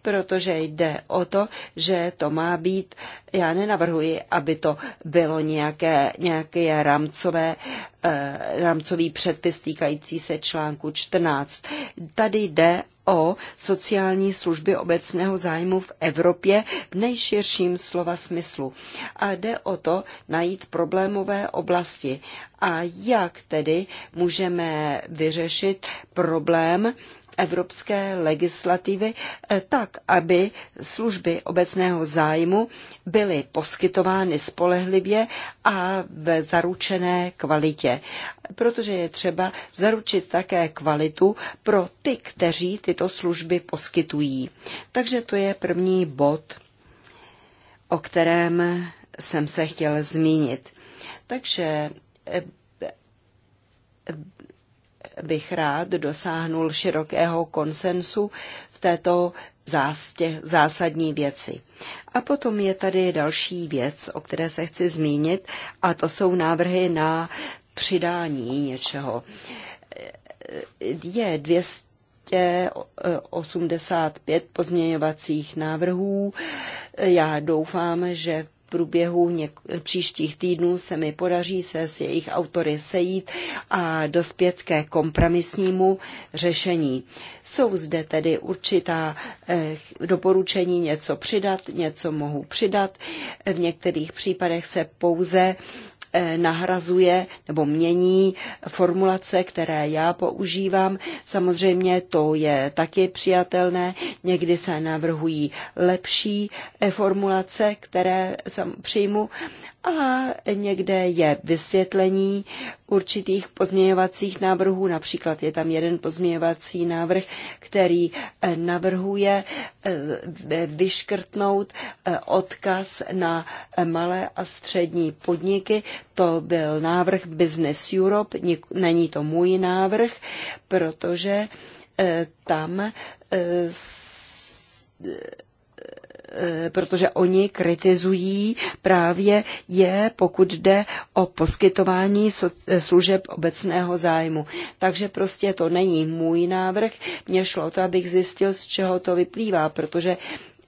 protože jde o to, že to má být já nenavrhuji, aby to bylo nějaké, nějaké rámcové, eh, rámcový předpis týkající se článku 14. Tady jde o sociální služby obecného zájmu v Evropě v nejširším slova smyslu. A jde o to najít problémové oblasti. A jak tedy můžeme vyřešit problém evropské legislativy eh, tak, aby služby obecného zájmu byly poskytovány spolehlivě a v zaručené kvalitě. Protože je třeba zaručit také kvalitu pro ty, kteří tyto služby poskytují. Takže to je první bod, o kterém jsem se chtěl zmínit. Takže eh, bych rád dosáhnul širokého konsensu v této zástě, zásadní věci. A potom je tady další věc, o které se chci zmínit, a to jsou návrhy na přidání něčeho. Je 285 pozměňovacích návrhů. Já doufám, že průběhu něk- příštích týdnů se mi podaří se s jejich autory sejít a dospět ke kompromisnímu řešení. Jsou zde tedy určitá eh, doporučení něco přidat, něco mohu přidat. V některých případech se pouze Eh, nahrazuje nebo mění formulace, které já používám. Samozřejmě to je taky přijatelné. Někdy se navrhují lepší eh, formulace, které jsem přijmu a někde je vysvětlení určitých pozměňovacích návrhů. Například je tam jeden pozměňovací návrh, který eh, navrhuje eh, vyškrtnout eh, odkaz na malé a střední podniky. To byl návrh Business Europe, není to můj návrh, protože tam Eh, protože oni kritizují právě je, pokud jde o poskytování eh, služeb obecného zájmu. Takže prostě to není můj návrh. Mně šlo to, abych zjistil, z čeho to vyplývá, protože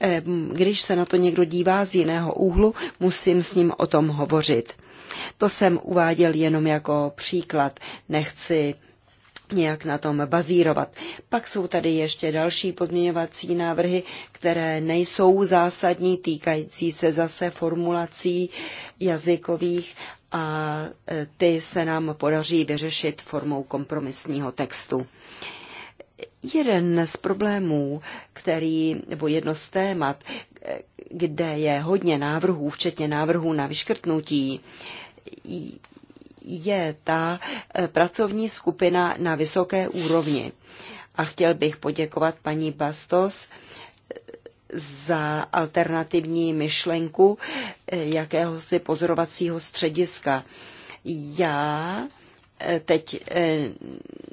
eh, když se na to někdo dívá z jiného úhlu, musím s ním o tom hovořit. To jsem uváděl jenom jako příklad. Nechci nějak na tom bazírovat. Pak jsou tady ještě další pozměňovací návrhy, které nejsou zásadní, týkající se zase formulací jazykových a e, ty se nám podaří vyřešit formou kompromisního textu. Jeden z problémů, který, nebo jedno z témat, e, kde je hodně návrhů, včetně návrhů na vyškrtnutí, je ta eh, pracovní skupina na vysoké úrovni. A chtěl bych poděkovat paní Bastos eh, za alternativní myšlenku eh, jakéhosi pozorovacího střediska. Já teď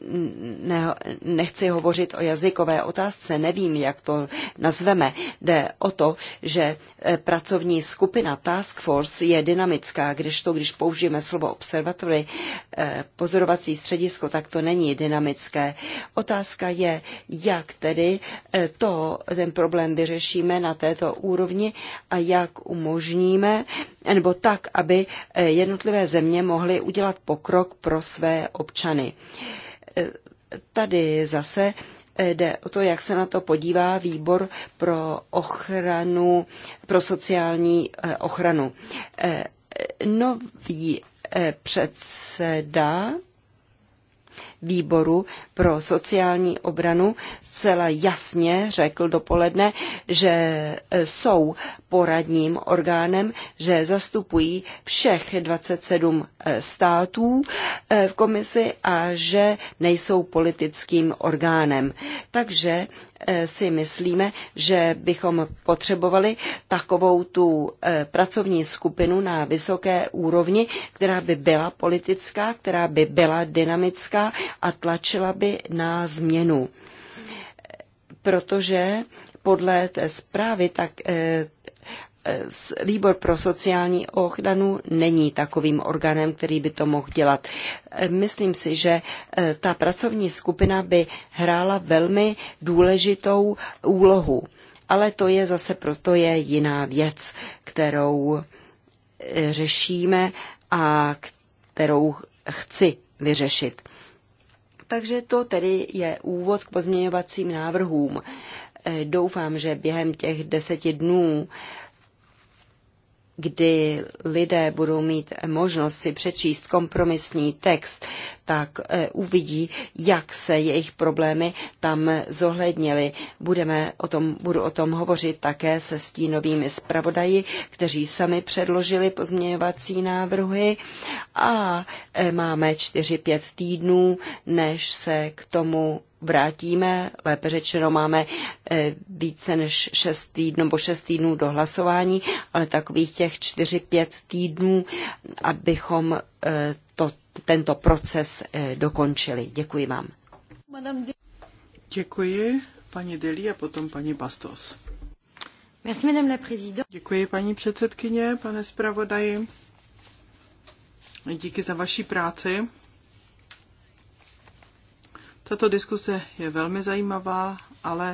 ne, nechci hovořit o jazykové otázce, nevím, jak to nazveme. Jde o to, že e, pracovní skupina Task Force je dynamická, když to, když použijeme slovo observatory, e, pozorovací středisko, tak to není dynamické. Otázka je, jak tedy e, to, ten problém vyřešíme na této úrovni a jak umožníme, nebo tak, aby jednotlivé země mohly udělat pokrok pro své občany. Uh, Tady zase eh, jde o to, jak se na to podívá výbor pro ochranu, pro sociální eh, ochranu. Eh, nový předseda výboru pro sociální obranu zcela jasně řekl dopoledne, že e, jsou poradním orgánem, že zastupují všech 27 e, států e, v komisi a že nejsou politickým orgánem. Takže Eh, si myslíme, že bychom potřebovali takovou tu eh, pracovní skupinu na vysoké úrovni, která by byla politická, která by byla dynamická a tlačila by na změnu. Eh, protože podle té zprávy, tak Výbor pro sociální ochranu není takovým orgánem, který by to mohl dělat. Myslím si, že eh, ta pracovní skupina by hrála velmi důležitou úlohu. Ale to je zase proto je jiná věc, kterou eh, řešíme a kterou chci vyřešit. Takže to tedy je úvod k pozměňovacím návrhům. Eh, doufám, že během těch deseti dnů eh, kdy lidé budou mít možnost si přečíst kompromisní text, tak eh, uvidí, jak se jejich problémy tam zohlednily. Budeme o tom, budu o tom hovořit také se stínovými zpravodaji, kteří sami předložili pozměňovací návrhy a eh, máme 4-5 týdnů, než se k tomu vrátíme, lépe řečeno máme eh, více než 6 týdnů nebo 6 týdnů do hlasování, ale takových těch 4-5 týdnů, abychom tento proces eh, dokončili. Děkuji vám. Děkuji, paní Deli a potom paní Bastos. Merci, madame la Děkuji, paní předsedkyně, pane zpravodaji. Díky za vaši práci. Tato diskuse je velmi zajímavá, ale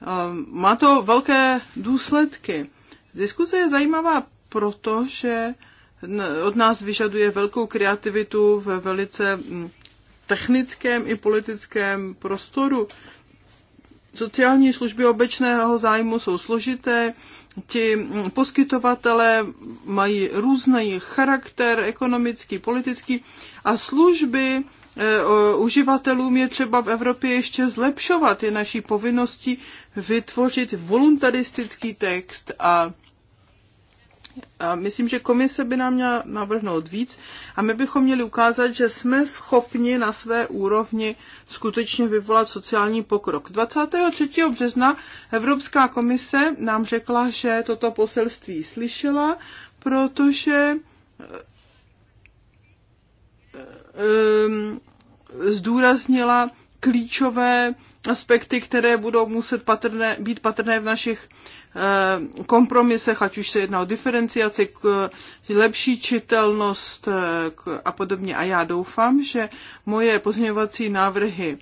ehm, má to velké důsledky. Diskuse je zajímavá proto, že od nás vyžaduje velkou kreativitu ve velice mm, technickém i politickém prostoru. Sociální služby obecného zájmu jsou složité, ti mm, poskytovatelé mají různý charakter ekonomický, politický a služby e, uživatelům je třeba v Evropě ještě zlepšovat. Je naší povinností vytvořit voluntaristický text a a myslím, že komise by nám měla navrhnout víc a my bychom měli ukázat, že jsme schopni na své úrovni skutečně vyvolat sociální pokrok. 23. března Evropská komise nám řekla, že toto poselství slyšela, protože eh, eh, zdůraznila klíčové aspekty, které budou muset patrné, být patrné v našich Eh, kompromisech, ať už se jedná o diferenciaci, k eh, lepší čitelnost eh, a podobně. A já doufám, že moje pozměňovací návrhy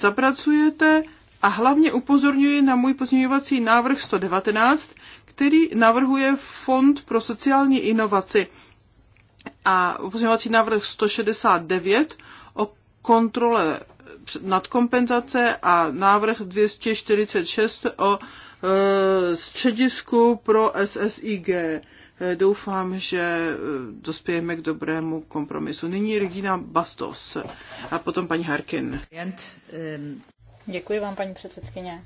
zapracujete a hlavně upozorňuji na můj pozměňovací návrh 119, který navrhuje Fond pro sociální inovaci a pozměňovací návrh 169 o kontrole nadkompenzace a návrh 246 o Eh, středisku pro SSIG. Eh, doufám, že eh, dospějeme k dobrému kompromisu. Nyní Regina Bastos a potom paní Harkin. Ehm, Děkuji vám, paní předsedkyně.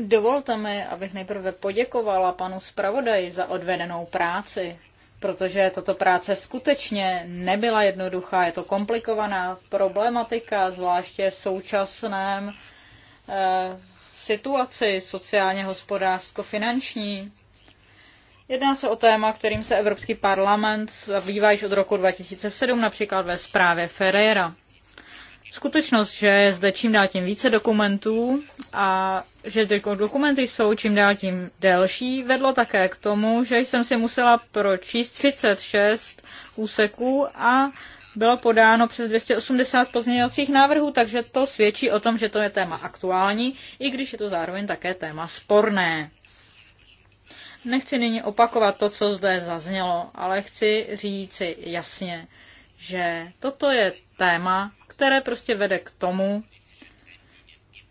Dovolte mi, abych nejprve poděkovala panu zpravodaji za odvedenou práci protože tato práce skutečně nebyla jednoduchá, je to komplikovaná problematika, zvláště v současném eh, situaci sociálně, hospodářsko-finanční. Jedná se o téma, kterým se Evropský parlament zabývá již od roku 2007, například ve zprávě Ferreira skutečnost, že je zde čím dál tím více dokumentů a že ty dokumenty jsou čím dál tím delší, vedlo také k tomu, že jsem si musela pročíst 36 úseků a bylo podáno přes 280 pozměňovacích návrhů, takže to svědčí o tom, že to je téma aktuální, i když je to zároveň také téma sporné. Nechci nyní opakovat to, co zde zaznělo, ale chci říci jasně, že toto je téma, které prostě vede k tomu,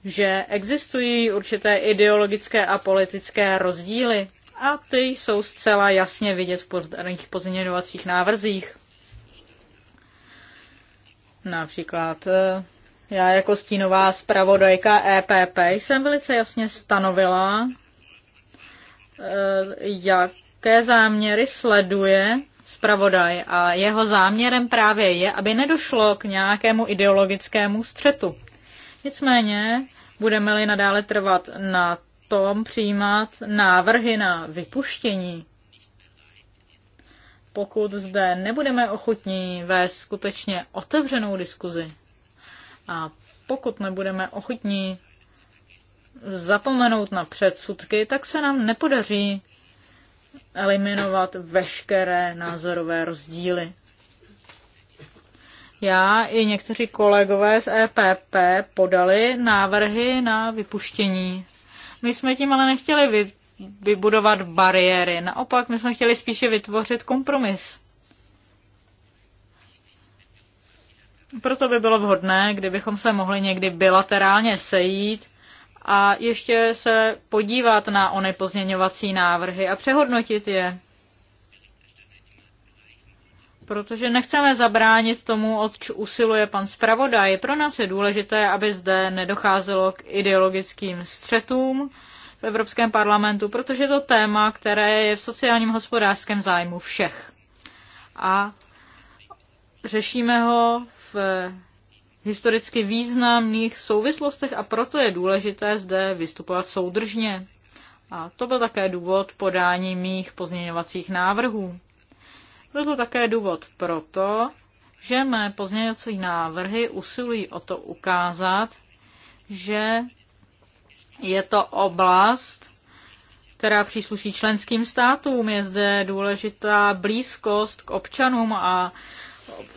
že existují určité ideologické a politické rozdíly a ty jsou zcela jasně vidět v podaných pozměňovacích návrzích. Například eh, já jako stínová zpravodajka EPP jsem velice jasně stanovila, eh, jaké záměry sleduje zpravodaj a jeho záměrem právě je, aby nedošlo k nějakému ideologickému střetu. Nicméně budeme-li nadále trvat na tom přijímat návrhy na vypuštění, pokud zde nebudeme ochotní vést skutečně otevřenou diskuzi a pokud nebudeme ochotní zapomenout na předsudky, tak se nám nepodaří eliminovat veškeré názorové rozdíly. Já i někteří kolegové z EPP podali návrhy na vypuštění. My jsme tím ale nechtěli vy, vybudovat bariéry. Naopak, my jsme chtěli spíše vytvořit kompromis. Proto by bylo vhodné, kdybychom se mohli někdy bilaterálně sejít a ještě se podívat na ony pozměňovací návrhy a přehodnotit je. Protože nechceme zabránit tomu, od č usiluje pan zpravodaj. Pro nás je důležité, aby zde nedocházelo k ideologickým střetům v Evropském parlamentu, protože je to téma, které je v sociálním hospodářském zájmu všech. A řešíme ho v historicky významných souvislostech a proto je důležité zde vystupovat soudržně. A to byl také důvod podání mých pozměňovacích návrhů. Byl to také důvod proto, že mé pozměňovací návrhy usilují o to ukázat, že je to oblast, která přísluší členským státům. Je zde důležitá blízkost k občanům a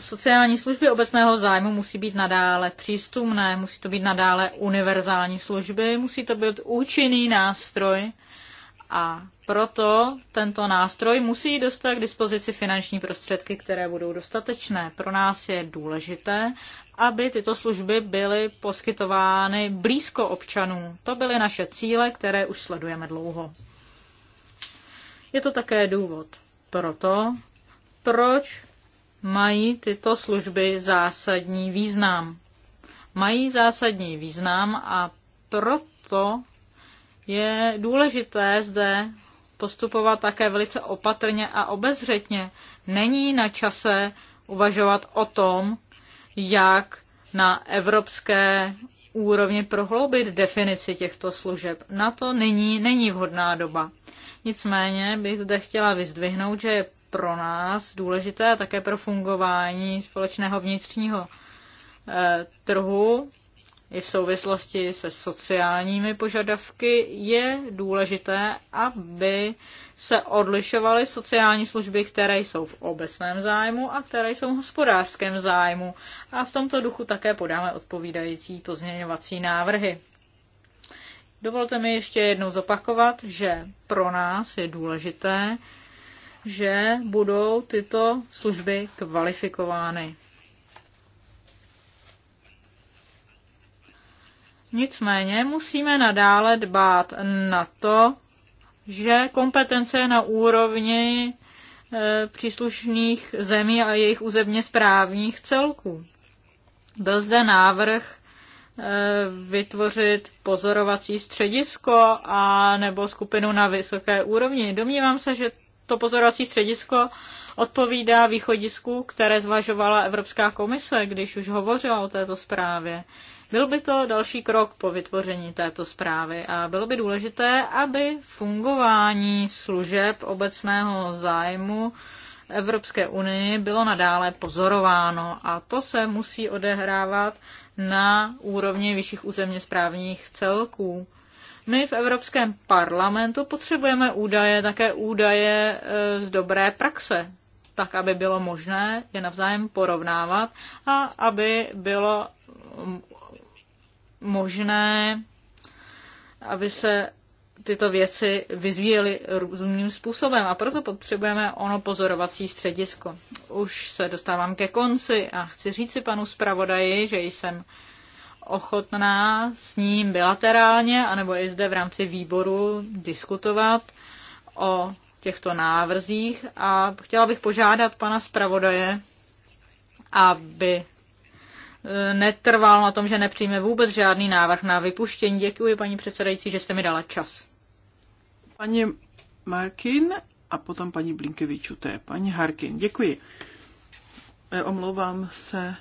sociální služby obecného zájmu musí být nadále přístupné, musí to být nadále univerzální služby, musí to být účinný nástroj a proto tento nástroj musí dostat k dispozici finanční prostředky, které budou dostatečné. Pro nás je důležité, aby tyto služby byly poskytovány blízko občanů. To byly naše cíle, které už sledujeme dlouho. Je to také důvod proto, proč mají tyto služby zásadní význam. Mají zásadní význam a proto je důležité zde postupovat také velice opatrně a obezřetně. Není na čase uvažovat o tom, jak na evropské úrovni prohloubit definici těchto služeb. Na to nyní není vhodná doba. Nicméně bych zde chtěla vyzdvihnout, že je pro nás důležité a také pro fungování společného vnitřního eh, trhu i v souvislosti se sociálními požadavky je důležité, aby se odlišovaly sociální služby, které jsou v obecném zájmu a které jsou v hospodářském zájmu. A v tomto duchu také podáme odpovídající pozměňovací návrhy. Dovolte mi ještě jednou zopakovat, že pro nás je důležité, že budou tyto služby kvalifikovány. Nicméně musíme nadále dbát na to, že kompetence na úrovni eh, příslušných zemí a jejich územně správních celků. Byl zde návrh eh, vytvořit pozorovací středisko a nebo skupinu na vysoké úrovni. Domnívám se, že to pozorovací středisko odpovídá východisku, které zvažovala Evropská komise, když už hovořila o této zprávě. Byl by to další krok po vytvoření této zprávy a bylo by důležité, aby fungování služeb obecného zájmu Evropské unii bylo nadále pozorováno a to se musí odehrávat na úrovni vyšších územně správních celků. My v Evropském parlamentu potřebujeme údaje, také údaje e, z dobré praxe, tak aby bylo možné je navzájem porovnávat a aby bylo možné, aby se tyto věci vyzvíjely různým způsobem a proto potřebujeme ono pozorovací středisko. Už se dostávám ke konci a chci říci panu zpravodaji, že jsem ochotná s ním bilaterálně, anebo i zde v rámci výboru diskutovat o těchto návrzích a chtěla bych požádat pana zpravodaje, aby e, netrval na tom, že nepřijme vůbec žádný návrh na vypuštění. Děkuji, paní předsedající, že jste mi dala čas. Paní Markin a potom paní Blinkevičuté. Paní Harkin, děkuji. E, omlouvám se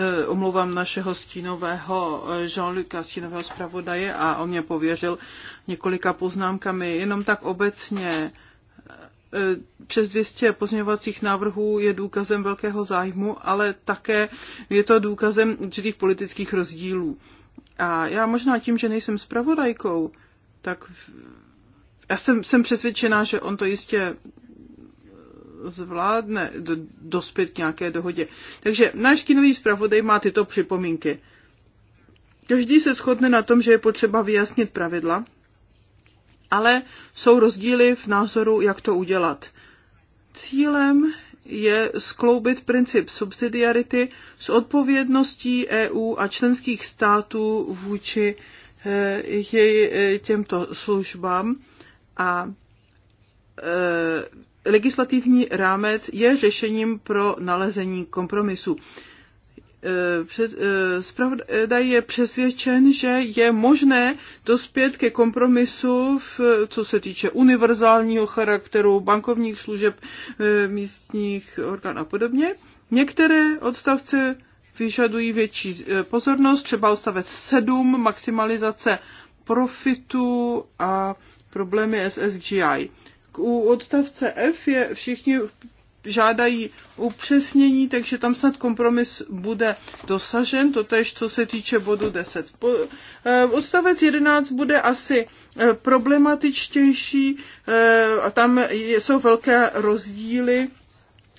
E, omluvám našeho stínového e, Jean-Luca, stínového zpravodaje a on mě pověřil několika poznámkami. Jenom tak obecně e, přes 200 pozměňovacích návrhů je důkazem velkého zájmu, ale také je to důkazem určitých politických rozdílů. A já možná tím, že nejsem zpravodajkou, tak já jsem, jsem přesvědčená, že on to jistě zvládne dospět k nějaké dohodě. Takže náš kinový zpravodaj má tyto připomínky. Každý se shodne na tom, že je potřeba vyjasnit pravidla, ale jsou rozdíly v názoru, jak to udělat. Cílem je skloubit princip subsidiarity s odpovědností EU a členských států vůči eh, eh, těmto službám a eh, legislativní rámec je řešením pro nalezení kompromisu. E, e, zpravodaj je přesvědčen, že je možné dospět ke kompromisu, v, co se týče univerzálního charakteru, bankovních služeb, e, místních orgán a podobně. Některé odstavce vyžadují větší pozornost, třeba odstavec 7, maximalizace profitu a problémy SSGI u odstavce F je všichni žádají upřesnění, takže tam snad kompromis bude dosažen, totež co se týče bodu 10. Eh, odstavec 11 bude asi eh, problematičtější eh, a tam jsou velké rozdíly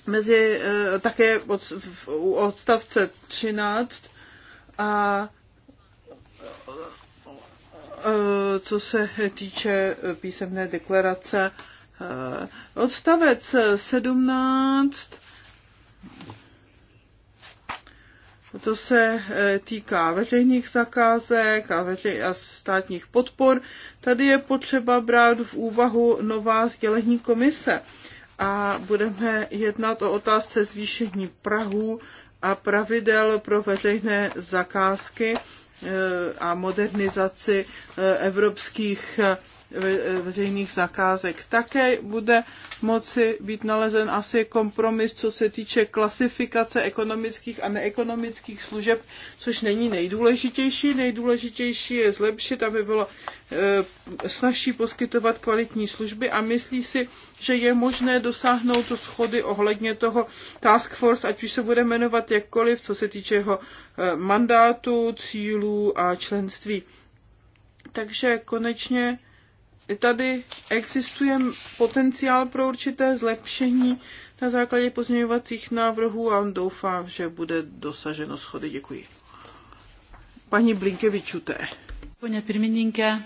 mezi také u odstavce 13 a co se týče písemné deklarace Eh, odstavec 17 To se eh, týká veřejných zakázek a, veřej, a státních podpor. Tady je potřeba brát v úvahu nová sdělení komise a budeme jednat o otázce zvýšení Prahu a pravidel pro veřejné zakázky eh, a modernizaci evropských E, veřejných zakázek. Také bude moci být nalezen asi kompromis, co se týče klasifikace ekonomických a neekonomických služeb, což není nejdůležitější. Nejdůležitější je zlepšit, aby bylo e, snažší poskytovat kvalitní služby a myslí si, že je možné dosáhnout to schody ohledně toho task force, ať už se bude jmenovat jakkoliv, co se týče jeho e, mandátu, cílů a členství. Takže konečně tady existuje potenciál pro určité zlepšení na základě pozměňovacích návrhů a doufám, že bude dosaženo schody. Děkuji. Paní Blinkevičuté. Pane pirmininke,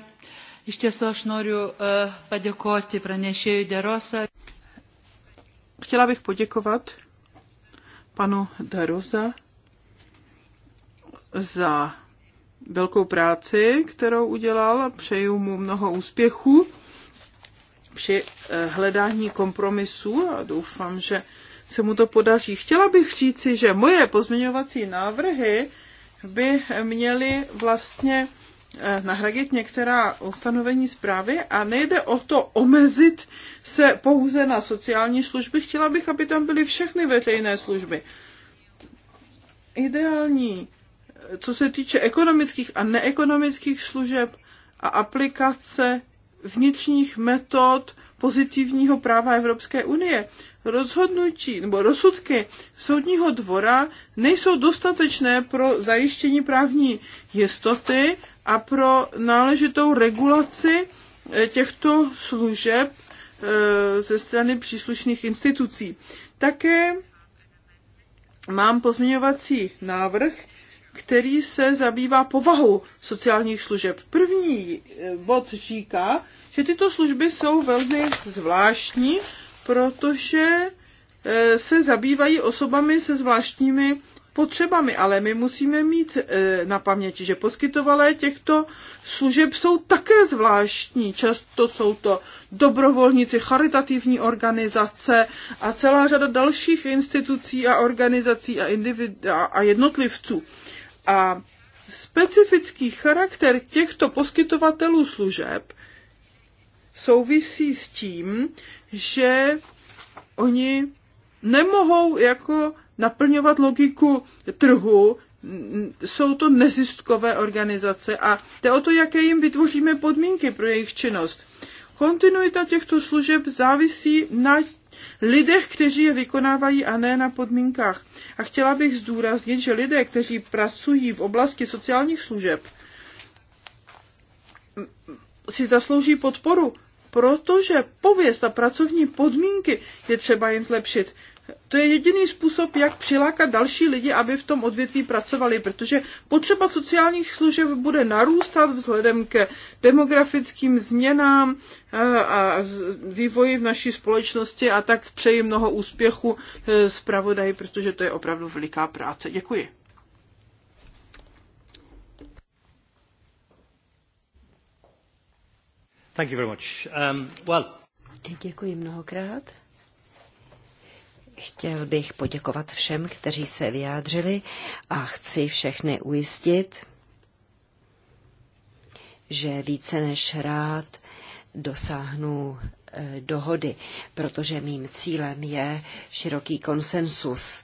iš tiesų aš noriu uh, eh, padėkoti pranešėjui Derosa. Chtěla bych poděkovat panu Darosa za velkou práci, kterou udělal a přeju mu mnoho úspěchů při eh, hledání kompromisu a doufám, že se mu to podaří. Chtěla bych říci, že moje pozměňovací návrhy by měly vlastně eh, nahradit některá ustanovení zprávy a nejde o to omezit se pouze na sociální služby. Chtěla bych, aby tam byly všechny veřejné služby. Ideální co se týče ekonomických a neekonomických služeb a aplikace vnitřních metod pozitivního práva Evropské unie. Rozhodnutí nebo rozsudky soudního dvora nejsou dostatečné pro zajištění právní jistoty a pro náležitou regulaci eh, těchto služeb eh, ze strany příslušných institucí. Také mám pozměňovací návrh, který se zabývá povahou sociálních služeb. První eh, bod říká, že tyto služby jsou velmi zvláštní, protože eh, se zabývají osobami se zvláštními potřebami, ale my musíme mít eh, na paměti, že poskytovalé těchto služeb jsou také zvláštní. Často jsou to dobrovolníci, charitativní organizace a celá řada dalších institucí a organizací a, individu- a jednotlivců. A specifický charakter těchto poskytovatelů služeb souvisí s tím, že oni nemohou jako naplňovat logiku trhu, jsou to neziskové organizace a jde o to, jaké jim vytvoříme podmínky pro jejich činnost. Kontinuita těchto služeb závisí na lidech, kteří je vykonávají a ne na podmínkách. A chtěla bych zdůraznit, že lidé, kteří pracují v oblasti sociálních služeb, si zaslouží podporu, protože pověst a pracovní podmínky je třeba jim zlepšit. To je jediný způsob, jak přilákat další lidi, aby v tom odvětví pracovali, protože potřeba sociálních služeb bude narůstat vzhledem ke demografickým změnám eh, a vývoji v naší společnosti a tak přeji mnoho úspěchu eh, zpravodaji, protože to je opravdu veliká práce. Děkuji. Thank you very much. Um, well. Děkuji mnohokrát. Chtěl bych poděkovat všem, kteří se vyjádřili a chci všechny ujistit, že více než rád dosáhnu eh, dohody, protože mým cílem je široký konsensus.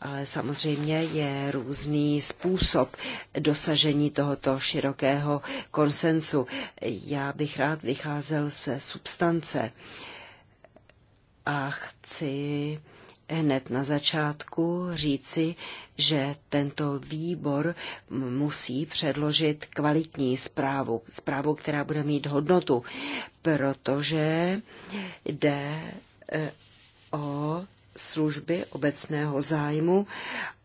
Ale samozřejmě je různý způsob dosažení tohoto širokého konsensu. Já bych rád vycházel se substance a chci hned na začátku říci, že tento výbor musí předložit kvalitní zprávu, zprávu, která bude mít hodnotu, protože jde eh, o služby obecného zájmu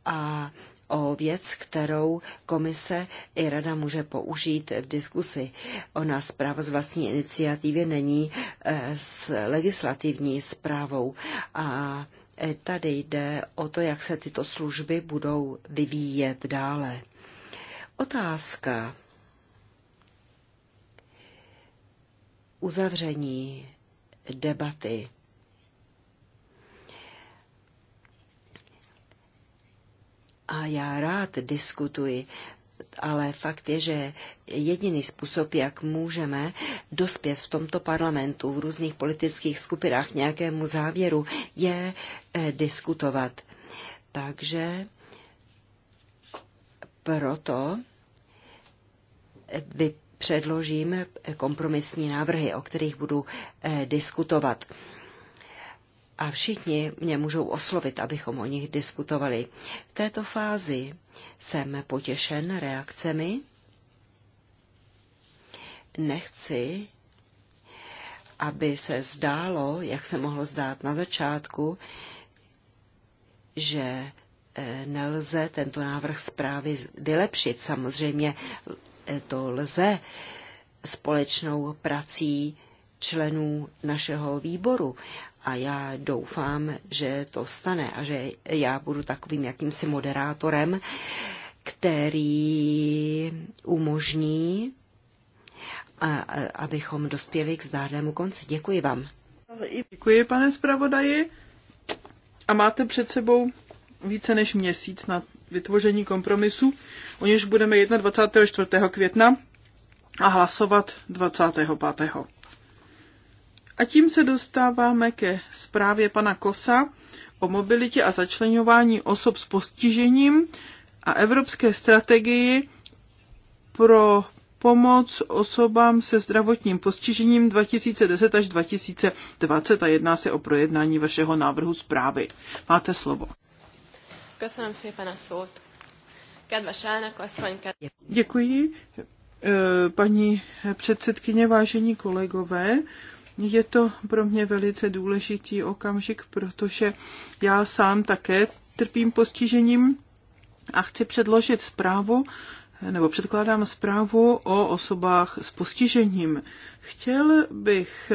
a o věc, kterou komise i rada může použít v diskusi. Ona zpráva z vlastní iniciativy není eh, s legislativní zprávou a eh, tady jde o to, jak se tyto služby budou vyvíjet dále. Otázka uzavření debaty a já rád diskutuji, ale fakt je, že jediný způsob, jak můžeme dospět v tomto parlamentu, v různých politických skupinách nějakému závěru, je eh, diskutovat. Takže proto eh, vy předložím eh, kompromisní návrhy, o kterých budu diskutovat a všichni mě můžou oslovit, abychom o nich diskutovali. V této fázi jsem potěšen reakcemi. Nechci, aby se zdálo, jak se mohlo zdát na začátku, že eh, nelze tento návrh zprávy vylepšit. Samozřejmě eh, to lze společnou prací členů našeho výboru, a já doufám, že to stane a že já budu takovým jakýmsi moderátorem, který umožní, a, a, abychom dospěli k zdárnému konci. Děkuji vám. Děkuji, pane zpravodaji. A máte před sebou více než měsíc na vytvoření kompromisu, o něž budeme 21. 24. května a hlasovat 25. A tím se dostáváme ke zprávě pana Kosa o mobilitě a začlenování osob s postižením a evropské strategii pro pomoc osobám se zdravotním postižením 2010 až 2020 a jedná se o projednání vašeho návrhu zprávy. Máte slovo. Děkuji, e, paní předsedkyně, vážení kolegové. Je to pro mě velice důležitý okamžik, protože já sám také trpím postižením a chci předložit zprávu, nebo předkládám zprávu o osobách s postižením. Chtěl bych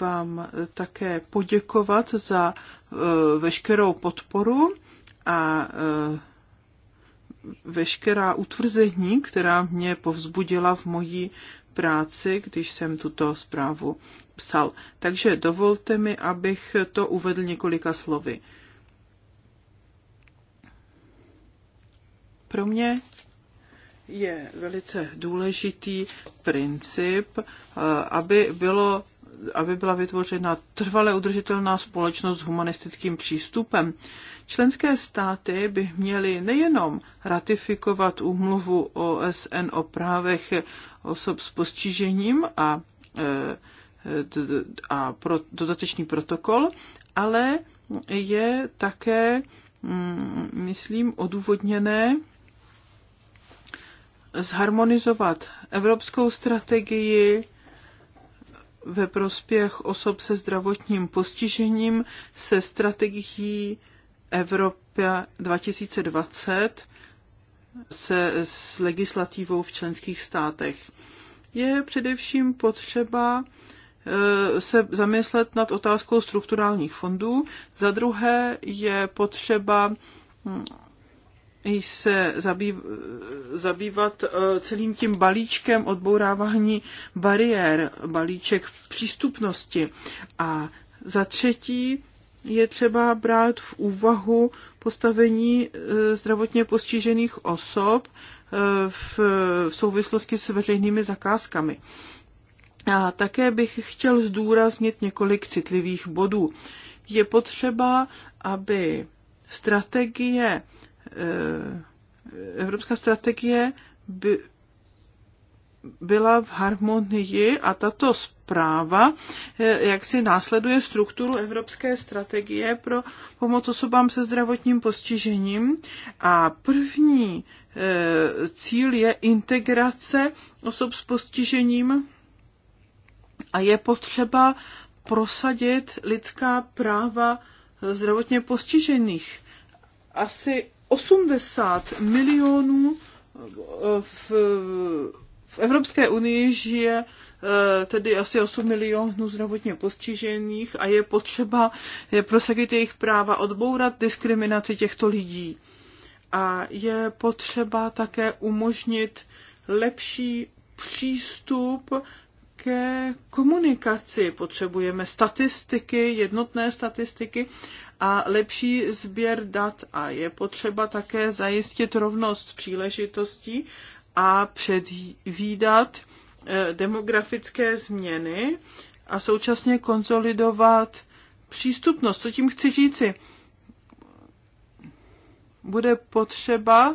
vám také poděkovat za e, veškerou podporu a e, veškerá utvrzení, která mě povzbudila v mojí práci, když jsem tuto zprávu psal. Takže dovolte mi, abych to uvedl několika slovy. Pro mě je velice důležitý princip, eh, aby, bylo, aby byla vytvořena trvale udržitelná společnost s humanistickým přístupem. Členské státy by měly nejenom ratifikovat úmluvu OSN o právech osob s postižením a e, a pro, dodatečný protokol, ale je také, mm, myslím, odůvodněné zharmonizovat evropskou strategii ve prospěch osob se zdravotním postižením se strategií Evropa 2020 se s legislativou v členských státech. Je především potřeba Eh, se zamyslet nad otázkou strukturálních fondů. Za druhé je potřeba hm, se zabývat eh, celým tím balíčkem odbourávání bariér, balíček přístupnosti. A za třetí je třeba brát v úvahu postavení eh, zdravotně postižených osob v souvislosti s veřejnými zakázkami. A také bych chtěl zdůraznit několik citlivých bodů. Je potřeba, aby strategie, e, evropská strategie by byla v harmonii a tato zpráva e, jak si následuje strukturu Evropské strategie pro pomoc osobám se zdravotním postižením a první e, cíl je integrace osob s postižením a je potřeba prosadit lidská práva zdravotně postižených. Asi 80 milionů eh, v, v Evropské unii žije eh, tedy asi 8 milionů zdravotně postižených a je potřeba je prosadit jejich práva, odbourat diskriminaci těchto lidí. A je potřeba také umožnit lepší přístup také komunikaci. Potřebujeme statistiky, jednotné statistiky a lepší sběr dat a je potřeba také zajistit rovnost příležitostí a předvídat eh, demografické změny a současně konsolidovat přístupnost. Co tím chci říci? Bude potřeba,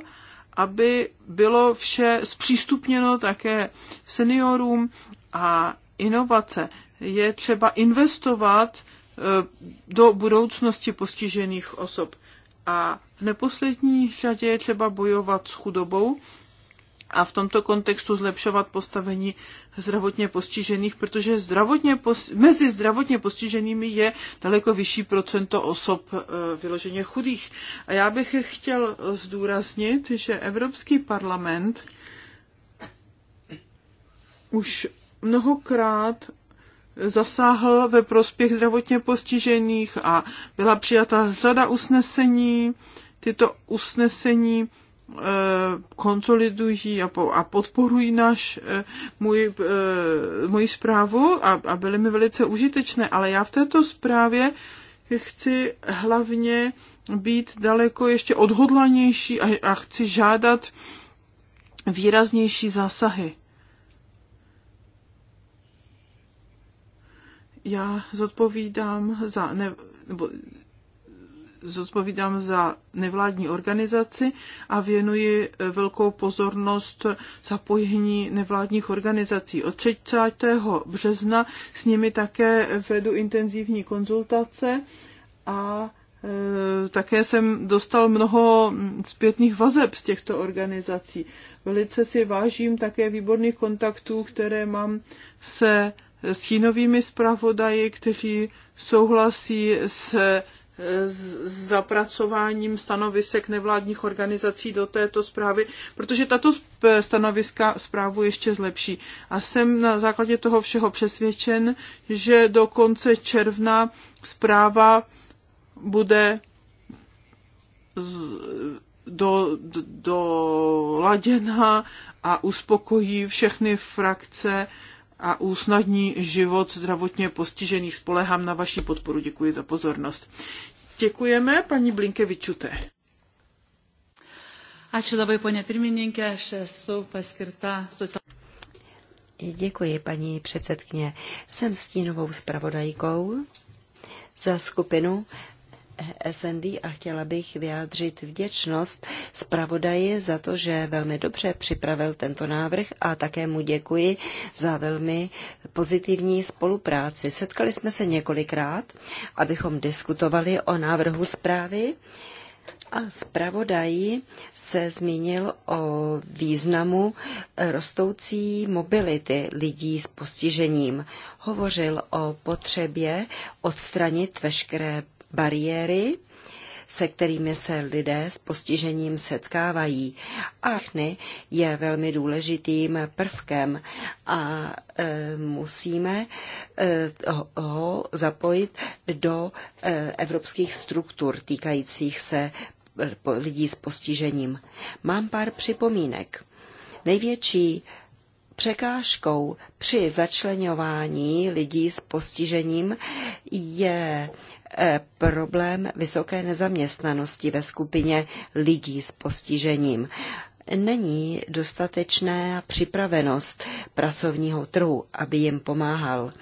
aby bylo vše zpřístupněno také seniorům a inovace. Je třeba investovat eh, do budoucnosti postižených osob. A v neposlední řadě je třeba bojovat s chudobou a v tomto kontextu zlepšovat postavení zdravotně postižených, protože zdravotně pos- mezi zdravotně postiženými je daleko vyšší procento osob eh, vyloženě chudých. A já bych chtěl zdůraznit, že Evropský parlament už mnohokrát zasáhl ve prospěch zdravotně postižených a byla přijata řada usnesení. Tyto usnesení eh, konsolidují a podporují náš, eh, můj, eh, můj zprávu a, a byly mi velice užitečné, ale já v této zprávě chci hlavně být daleko ještě odhodlanější a, a chci žádat výraznější zásahy. já zodpovídám za, ne, nebo zodpovídám za nevládní organizaci a věnuji eh, velkou pozornost zapojení nevládních organizací. Od 30. března s nimi také vedu intenzivní konzultace a eh, také jsem dostal mnoho hm, zpětných vazeb z těchto organizací. Velice si vážím také výborných kontaktů, které mám se stínovými zpravodaji, kteří souhlasí s, s zapracováním stanovisek nevládních organizací do této zprávy, protože tato stanoviska zprávu ještě zlepší. A jsem na základě toho všeho přesvědčen, že do konce června zpráva bude z, do, do, a uspokojí všechny frakce a usnadní život zdravotně postižených. Spolehám na vaši podporu. Děkuji za pozornost. Děkujeme, paní Blinkevičuté. Ačiū labai, ponia pirmininkė, aš esu paskirta Děkuji, paní předsedkyně. Jsem stínovou zpravodajkou za skupinu SND a chtěla bych vyjádřit vděčnost zpravodaji za to, že velmi dobře připravil tento návrh a také mu děkuji za velmi pozitivní spolupráci. Setkali jsme se několikrát, abychom diskutovali o návrhu zprávy. A zpravodaj se zmínil o významu rostoucí mobility lidí s postižením. Hovořil o potřebě odstranit veškeré bariéry, se kterými se lidé s postižením setkávají. Achny je velmi důležitým prvkem a e, musíme e, ho, ho zapojit do e, evropských struktur týkajících se e, lidí s postižením. Mám pár připomínek. Největší překážkou při začlenování lidí s postižením je Eh, problém vysoké nezaměstnanosti ve skupině lidí s postižením. Není dostatečná připravenost pracovního trhu, aby jim pomáhal.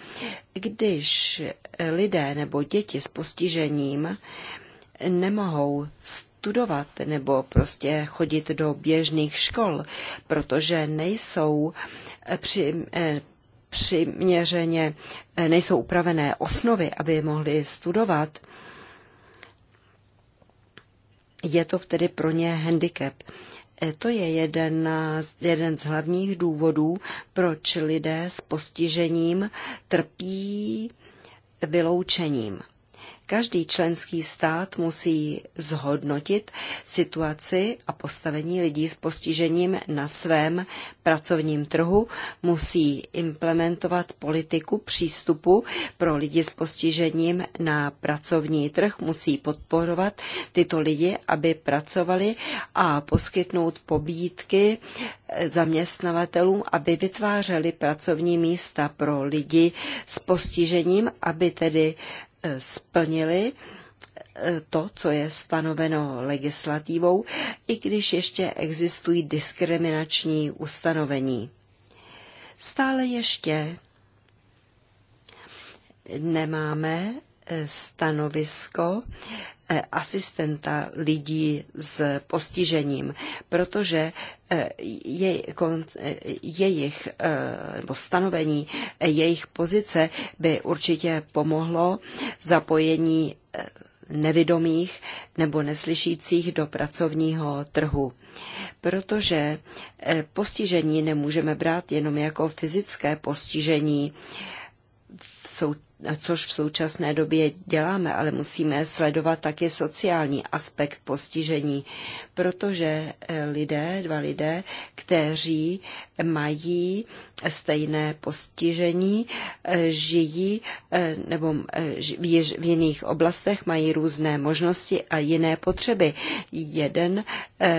Když lidé nebo děti s postižením nemohou studovat nebo prostě chodit do běžných škol, protože nejsou při, eh, přiměřeně eh, nejsou upravené osnovy, aby je mohli studovat, je to tedy pro ně handicap. Eh, to je jeden, jeden z hlavních důvodů, proč lidé s postižením trpí vyloučením. Každý členský stát musí zhodnotit situaci a postavení lidí s postižením na svém pracovním trhu, musí implementovat politiku přístupu pro lidi s postižením na pracovní trh, musí podporovat tyto lidi, aby pracovali a poskytnout pobídky zaměstnavatelům, aby vytvářeli pracovní místa pro lidi s postižením, aby tedy Eh, splnili eh, to, co je stanoveno legislativou, i když ještě existují diskriminační ustanovení. Stále ještě nemáme eh, stanovisko Eh, asistenta lidí s postižením, protože eh, eh, jejich nebo stanovení jejich pozice by určitě pomohlo zapojení nevidomých nebo neslyšících do pracovního trhu. Protože postižení nemůžeme brát jenom jako fyzické postižení. Jsou což v současné době děláme, ale musíme sledovat také sociální aspekt postižení, protože eh, lidé, dva lidé, kteří mají stejné postižení, eh, žijí eh, nebo eh, v jiných oblastech mají různé možnosti a jiné potřeby. Jeden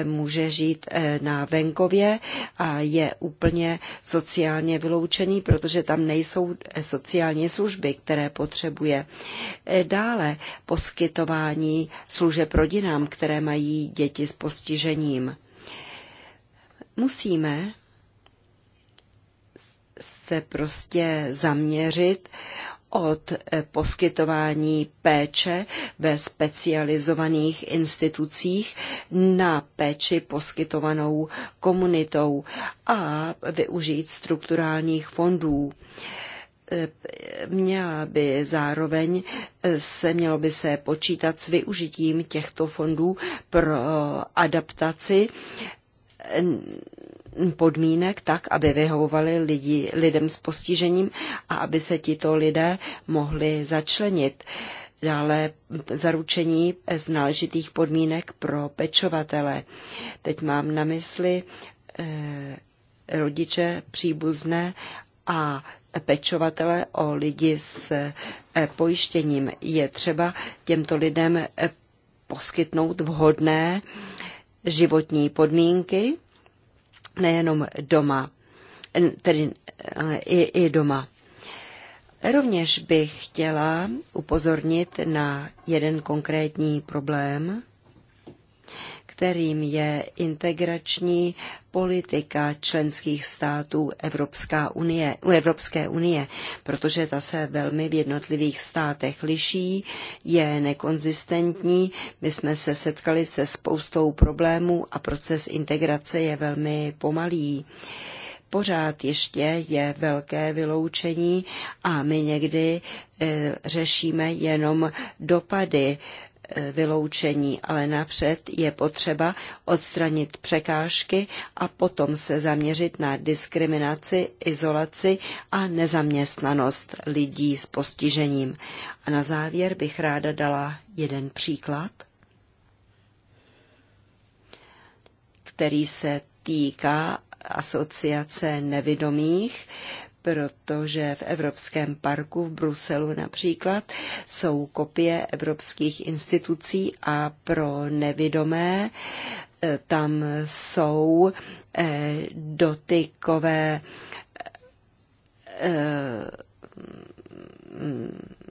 může žít na venkově a je úplně sociálně vyloučený, protože tam nejsou sociální služby, které potřebuje. Dále poskytování služeb rodinám, které mají děti s postižením. Musíme se prostě zaměřit od eh, poskytování péče ve specializovaných institucích na péči poskytovanou komunitou a využít strukturálních fondů eh, měla by zároveň eh, se mělo by se počítat s využitím těchto fondů pro adaptaci podmínek tak, aby vyhovovali lidi, lidem s postižením a aby se tito lidé mohli začlenit. Dále zaručení z náležitých podmínek pro pečovatele. Teď mám na mysli eh, rodiče, příbuzné a pečovatele o lidi s eh, pojištěním. Je třeba těmto lidem eh, poskytnout vhodné eh, životní podmínky, nejenom doma, tedy i, i doma. Rovněž bych chtěla upozornit na jeden konkrétní problém, kterým je integrační politika členských států Evropská unie, Evropské unie, protože ta se velmi v jednotlivých státech liší, je nekonzistentní. My jsme se setkali se spoustou problémů a proces integrace je velmi pomalý pořád ještě je velké vyloučení a my někdy eh, řešíme jenom dopady vyloučení, ale napřed je potřeba odstranit překážky a potom se zaměřit na diskriminaci, izolaci a nezaměstnanost lidí s postižením. A na závěr bych ráda dala jeden příklad, který se týká asociace nevidomých, protože v Evropském parku v Bruselu například jsou kopie evropských institucí a pro nevidomé eh, tam jsou eh, dotykové eh,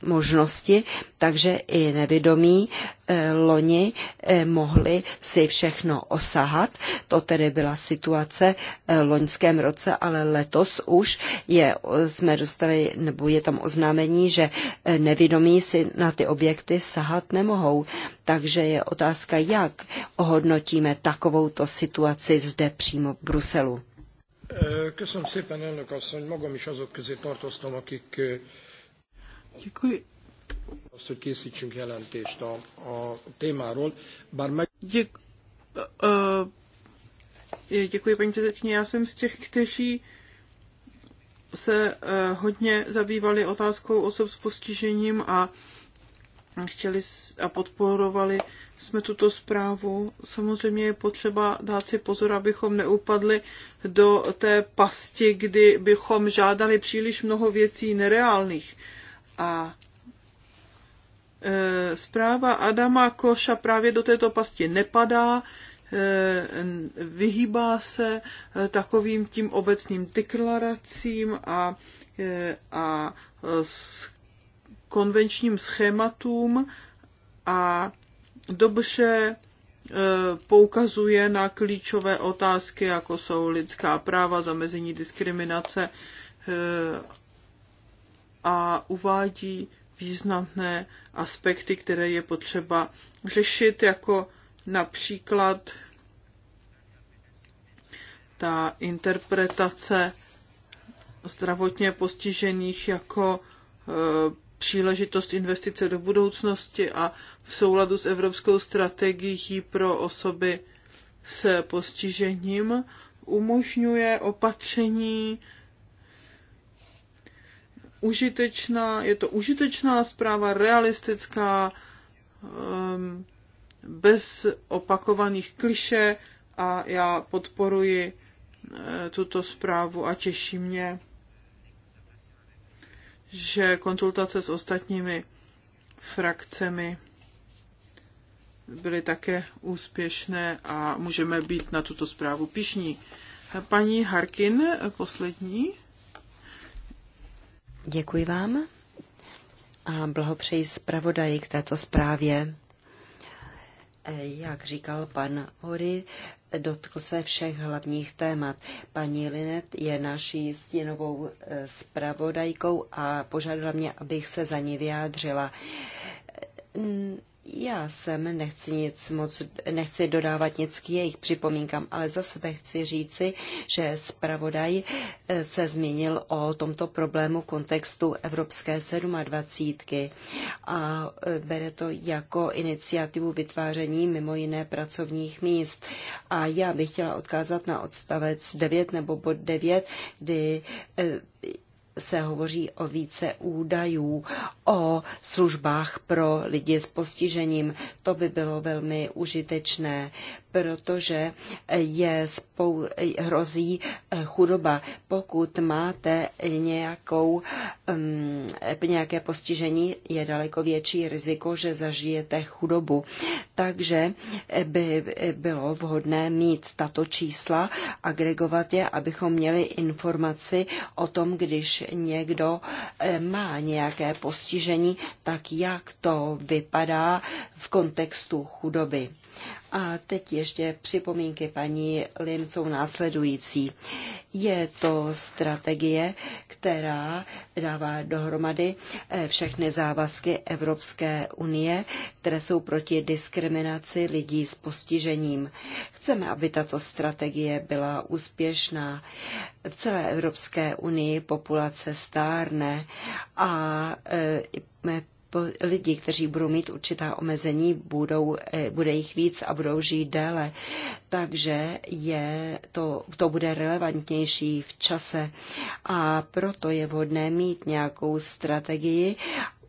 možnosti, takže i nevědomí eh, loni eh, mohli si všechno osahat. To tedy byla situace eh, loňském roce, ale letos už je, jsme dostali, nebo je tam oznámení, že nevědomí si na ty objekty sahat nemohou. Takže je otázka, jak ohodnotíme takovouto situaci zde přímo v Bruselu. Köszönöm szépen, elnök asszony, magam is azok közé tartoztam, akik Děkuji. Děk, uh, děkuji, paní předsedkyně. Já jsem z těch, kteří se uh, hodně zabývali otázkou osob s postižením a chtěli a podporovali jsme tuto zprávu. Samozřejmě je potřeba dát si pozor, abychom neupadli do té pasti, kdy bychom žádali příliš mnoho věcí nereálných. Uh, a e, zpráva Adama Koša právě do této pasti nepadá, e, vyhýbá se e, takovým tím obecným deklaracím a, a s konvenčním schématům a dobře poukazuje na klíčové otázky, jako jsou lidská práva, zamezení diskriminace a uvádí významné aspekty, které je potřeba řešit, jako například ta interpretace zdravotně postižených jako e, příležitost investice do budoucnosti a v souladu s evropskou strategií pro osoby s postižením umožňuje opatření užitečná, je to užitečná zpráva, realistická, um, bez opakovaných kliše a já podporuji eh, tuto zprávu a těší mě, že konzultace s ostatními frakcemi byly také úspěšné a můžeme být na tuto zprávu pišní. Paní Harkin, poslední. Děkuji vám a blahopřeji zpravodaji k této zprávě. Jak říkal pan Hory, dotkl se všech hlavních témat. Paní Linet je naší stěnovou eh, zpravodajkou a požádala mě, abych se za ní vyjádřila. Já jsem nechci nic moc, nechci dodávat nic k jejich připomínkám, ale za sebe chci říci, že zpravodaj eh, se změnil o tomto problému kontextu Evropské 27 a eh, bere to jako iniciativu vytváření mimo jiné pracovních míst. A já bych chtěla odkázat na odstavec 9 nebo bod 9, kdy eh, se hovoří o více údajů o službách pro lidi s postižením. To by bylo velmi užitečné protože je spou, hrozí eh, chudoba. Pokud máte nějakou, um, nějaké postižení, je daleko větší riziko, že zažijete chudobu. Takže eh, by eh, bylo vhodné mít tato čísla, agregovat je, abychom měli informaci o tom, když někdo má nějaké postižení, tak jak to vypadá v kontextu chudoby. A teď ještě připomínky paní Lim jsou následující. Je to strategie, která dává dohromady eh, všechny závazky Evropské unie, které jsou proti diskriminaci lidí s postižením. Chceme, aby tato strategie byla úspěšná. V celé Evropské unii populace stárne a eh, Lidi, kteří budou mít určitá omezení, budou, eh, bude jich víc a budou žít déle. Takže je to, to bude relevantnější v čase a proto je vhodné mít nějakou strategii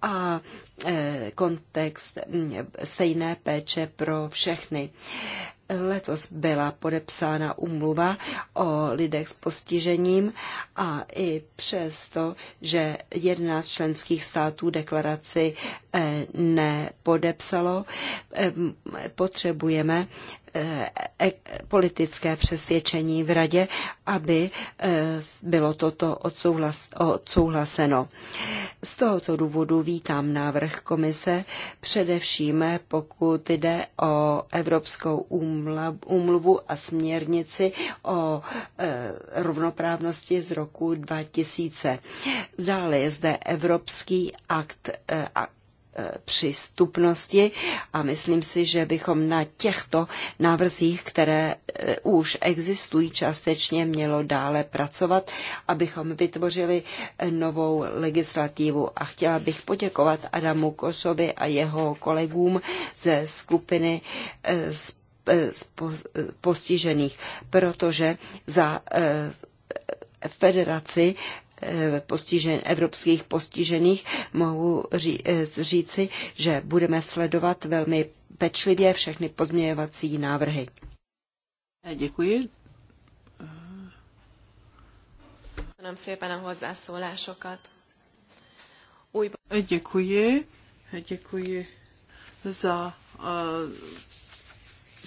a eh, kontext mm, stejné péče pro všechny letos byla podepsána umluva o lidech s postižením a i přesto, že jedna z členských států deklaraci eh, nepodepsalo, eh, potřebujeme Eh, politické přesvědčení v radě, aby eh, bylo toto odsouhlaseno. Z tohoto důvodu vítám návrh komise, především pokud jde o Evropskou úmluvu a směrnici o eh, rovnoprávnosti z roku 2000. Dále je zde Evropský akt, akt Eh, přístupnosti a myslím si, že bychom na těchto návrzích, které eh, už existují, částečně mělo dále pracovat, abychom vytvořili eh, novou legislativu. A chtěla bych poděkovat Adamu Kosovi a jeho kolegům ze skupiny postižených, protože za federaci Eh, postižen, evropských postižených, mohu ří, eh, říci, že budeme sledovat velmi pečlivě všechny pozměňovací návrhy. Eh, děkuji. Děkuji. Děkuji za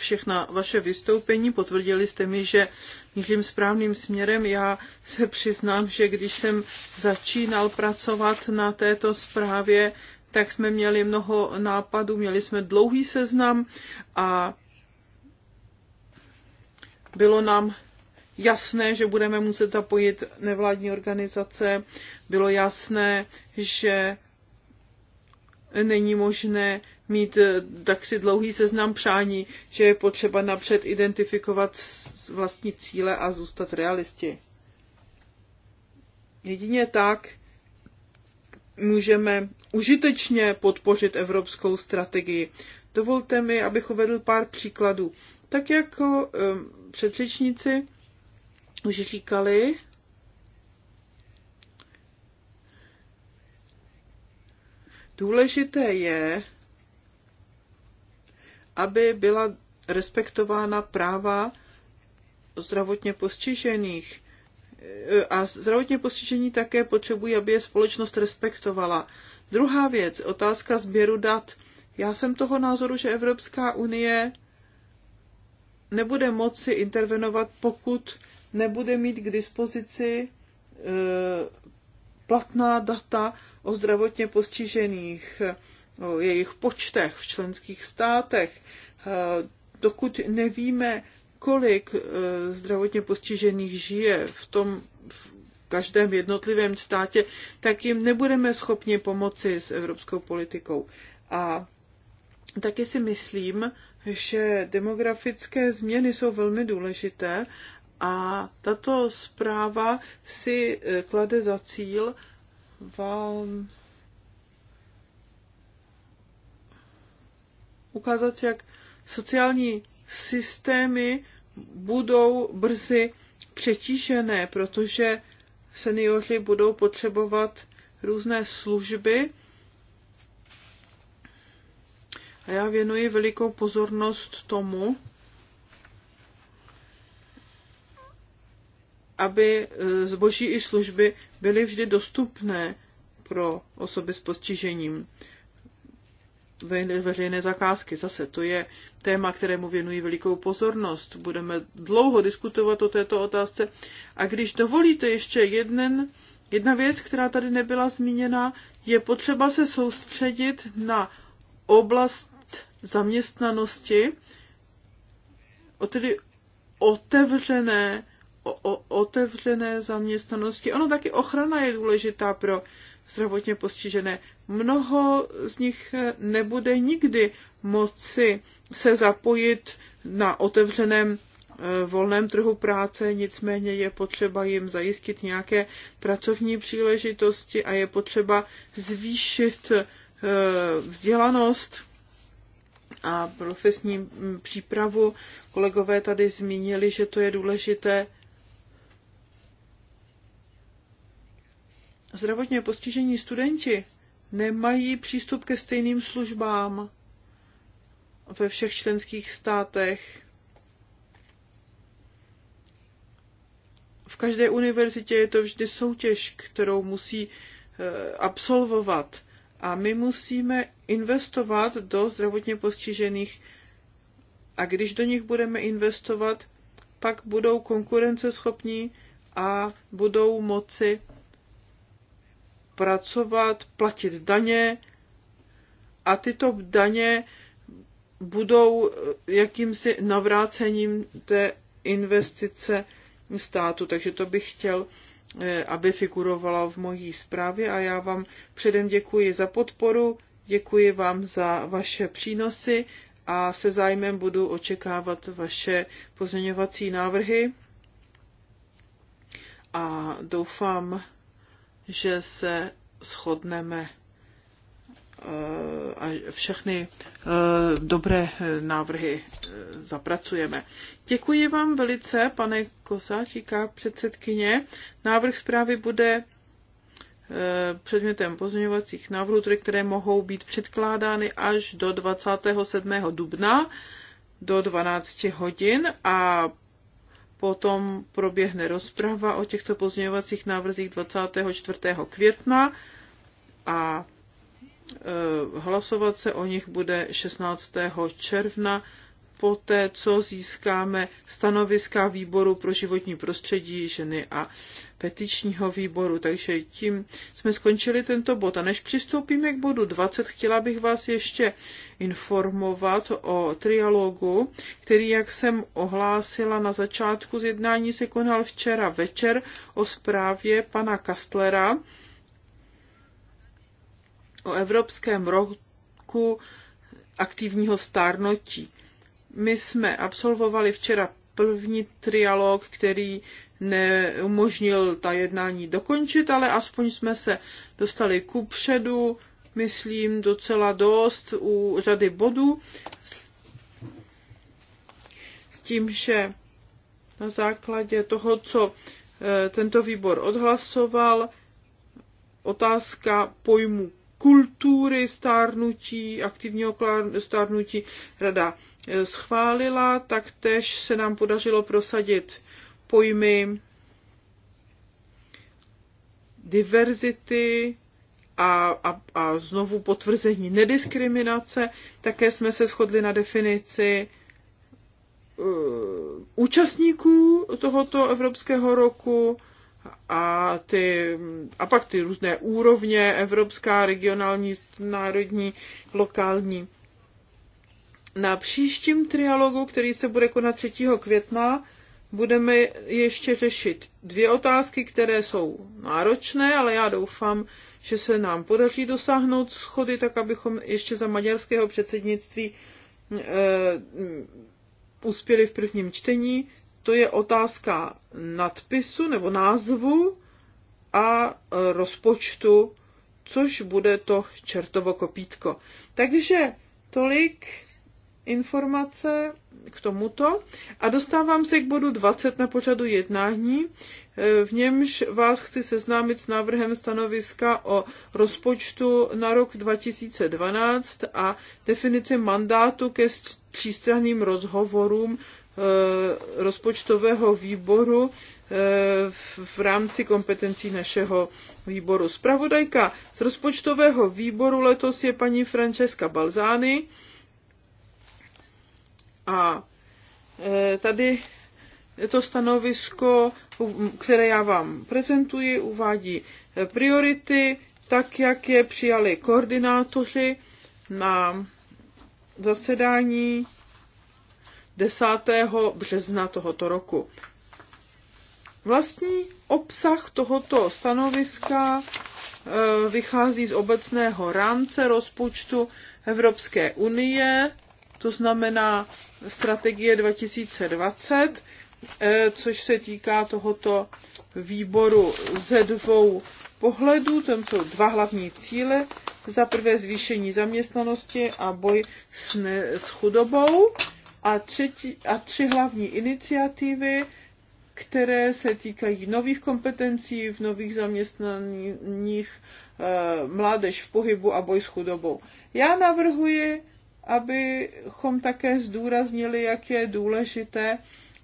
všechna vaše vystoupení. Potvrdili jste mi, že mířím správným směrem. Já se přiznám, že když jsem začínal pracovat na této zprávě, tak jsme měli mnoho nápadů, měli jsme dlouhý seznam a bylo nám jasné, že budeme muset zapojit nevládní organizace, bylo jasné, že není možné mít eh, tak si dlouhý seznam přání, že je potřeba napřed identifikovat vlastní cíle a zůstat realisti. Jedině tak můžeme užitečně podpořit evropskou strategii. Dovolte mi, abych uvedl pár příkladů. Tak jako eh, předřečníci už říkali, Důležité je, aby byla respektována práva zdravotně postižených. A zdravotně postižení také potřebují, aby je společnost respektovala. Druhá věc, otázka sběru dat. Já jsem toho názoru, že Evropská unie nebude moci intervenovat, pokud nebude mít k dispozici eh, platná data o zdravotně postižených, o jejich počtech v členských státech. Eh, dokud nevíme, kolik eh, zdravotně postižených žije v tom v každém jednotlivém státě, tak jim nebudeme schopni pomoci s evropskou politikou. A taky si myslím, že demografické změny jsou velmi důležité a tato zpráva si eh, klade za cíl vám ukázat, jak sociální systémy budou brzy přetížené, protože seniori budou potřebovat různé služby. A já věnuji velikou pozornost tomu, aby e, zboží i služby byly vždy dostupné pro osoby s postižením. Veřejné zakázky zase, to je téma, kterému věnuji velikou pozornost. Budeme dlouho diskutovat o této otázce. A když dovolíte ještě jeden, jedna věc, která tady nebyla zmíněna, je potřeba se soustředit na oblast zaměstnanosti, tedy otevřené o, otevřené zaměstnanosti. Ono taky ochrana je důležitá pro zdravotně postižené. Mnoho z nich nebude nikdy moci se zapojit na otevřeném e, volném trhu práce, nicméně je potřeba jim zajistit nějaké pracovní příležitosti a je potřeba zvýšit e, vzdělanost a profesní přípravu. Kolegové tady zmínili, že to je důležité zdravotně postižení studenti nemají přístup ke stejným službám ve všech členských státech. V každé univerzitě je to vždy soutěž, kterou musí eh, absolvovat. A my musíme investovat do zdravotně postižených. A když do nich budeme investovat, pak budou konkurenceschopní a budou moci pracovat, platit daně a tyto daně budou jakýmsi navrácením té investice státu. Takže to bych chtěl, eh, aby figurovalo v mojí zprávě a já vám předem děkuji za podporu, děkuji vám za vaše přínosy a se zájmem budu očekávat vaše pozměňovací návrhy a doufám, že se shodneme eh, a všechny eh, dobré eh, návrhy zapracujeme. Děkuji vám velice, pane Kosa, říká předsedkyně. Návrh zprávy bude předmětem pozměňovacích návrhů, které mohou být předkládány až do 27. dubna do 12 hodin a Potom proběhne rozprava o těchto pozměňovacích návrzích 24. května a e, hlasovat se o nich bude 16. června poté, co získáme stanoviska výboru pro životní prostředí, ženy a petičního výboru. Takže tím jsme skončili tento bod. A než přistoupíme k bodu 20, chtěla bych vás ještě informovat o trialogu, který, jak jsem ohlásila na začátku zjednání, se konal včera večer o zprávě pana Kastlera o Evropském roku aktivního stárnotí. My jsme absolvovali včera první trialog, který neumožnil ta jednání dokončit, ale aspoň jsme se dostali ku předu, myslím, docela dost u řady bodů. S tím, že na základě toho, co eh, tento výbor odhlasoval, otázka pojmu kultury stárnutí, aktivního stárnutí, rada schválila, tak tež se nám podařilo prosadit pojmy diverzity a, a, a znovu potvrzení nediskriminace. Také jsme se shodli na definici e, účastníků tohoto Evropského roku a, ty, a pak ty různé úrovně, evropská, regionální, národní, lokální. Na příštím trialogu, který se bude konat 3. května, budeme ještě řešit dvě otázky, které jsou náročné, ale já doufám, že se nám podaří dosáhnout schody, tak abychom ještě za maďarského předsednictví e, uspěli v prvním čtení. To je otázka nadpisu nebo názvu a rozpočtu, což bude to čertovo kopítko. Takže tolik informace k tomuto a dostávám se k bodu 20 na pořadu jednání, e, v němž vás chci seznámit s návrhem stanoviska o rozpočtu na rok 2012 a definici mandátu ke třístranným rozhovorům e, rozpočtového výboru e, v rámci kompetencí našeho výboru. Zpravodajka z rozpočtového výboru letos je paní Francesca Balzány. A e, tady to stanovisko, které já vám prezentuji, uvádí e, priority, tak jak je přijali koordinátoři na zasedání 10. března tohoto roku. Vlastní obsah tohoto stanoviska e, vychází z obecného rámce rozpočtu Evropské unie to znamená strategie 2020, eh, což se týká tohoto výboru ze dvou pohledů. Tam jsou dva hlavní cíle. Za prvé zvýšení zaměstnanosti a boj s, ne, s chudobou a, třetí, a tři hlavní iniciativy, které se týkají nových kompetencí v nových zaměstnaních, eh, mládež v pohybu a boj s chudobou. Já navrhuji abychom také zdůraznili, jak je důležité,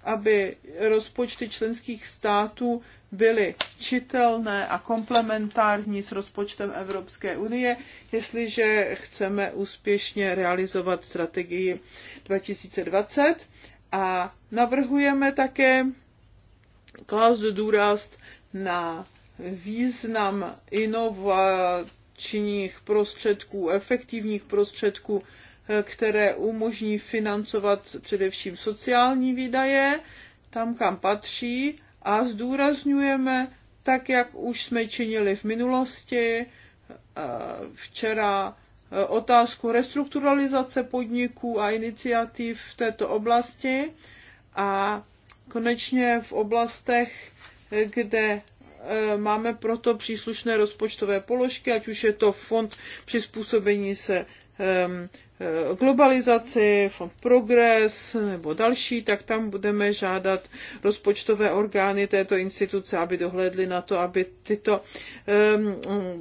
aby rozpočty členských států byly čitelné a komplementární s rozpočtem Evropské unie, jestliže chceme úspěšně realizovat strategii 2020. A navrhujeme také klást důraz na význam inovačních prostředků, efektivních prostředků které umožní financovat především sociální výdaje, tam, kam patří, a zdůrazňujeme, tak jak už jsme činili v minulosti, eh, včera eh, otázku restrukturalizace podniků a iniciativ v této oblasti a konečně v oblastech, kde eh, máme proto příslušné rozpočtové položky, ať už je to fond přizpůsobení se Eh, globalizaci, fond progres nebo další, tak tam budeme žádat rozpočtové orgány této instituce, aby dohledly na to, aby tyto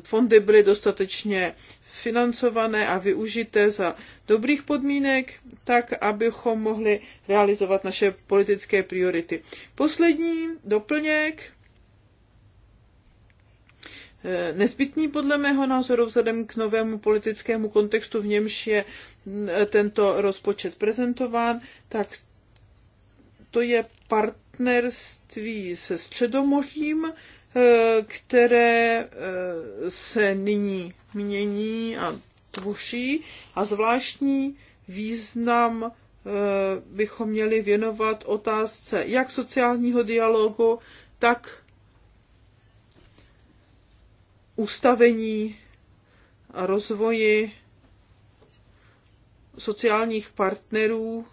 fondy byly dostatečně financované a využité za dobrých podmínek, tak abychom mohli realizovat naše politické priority. Poslední doplněk E, nezbytný podle mého názoru vzhledem k novému politickému kontextu, v němž je e, tento rozpočet prezentován, tak to je partnerství se Středomořím, e, které se nyní mění a tvoří a zvláštní význam bychom měli věnovat otázce jak sociálního dialogu, tak ustavení a rozvoji sociálních partnerů,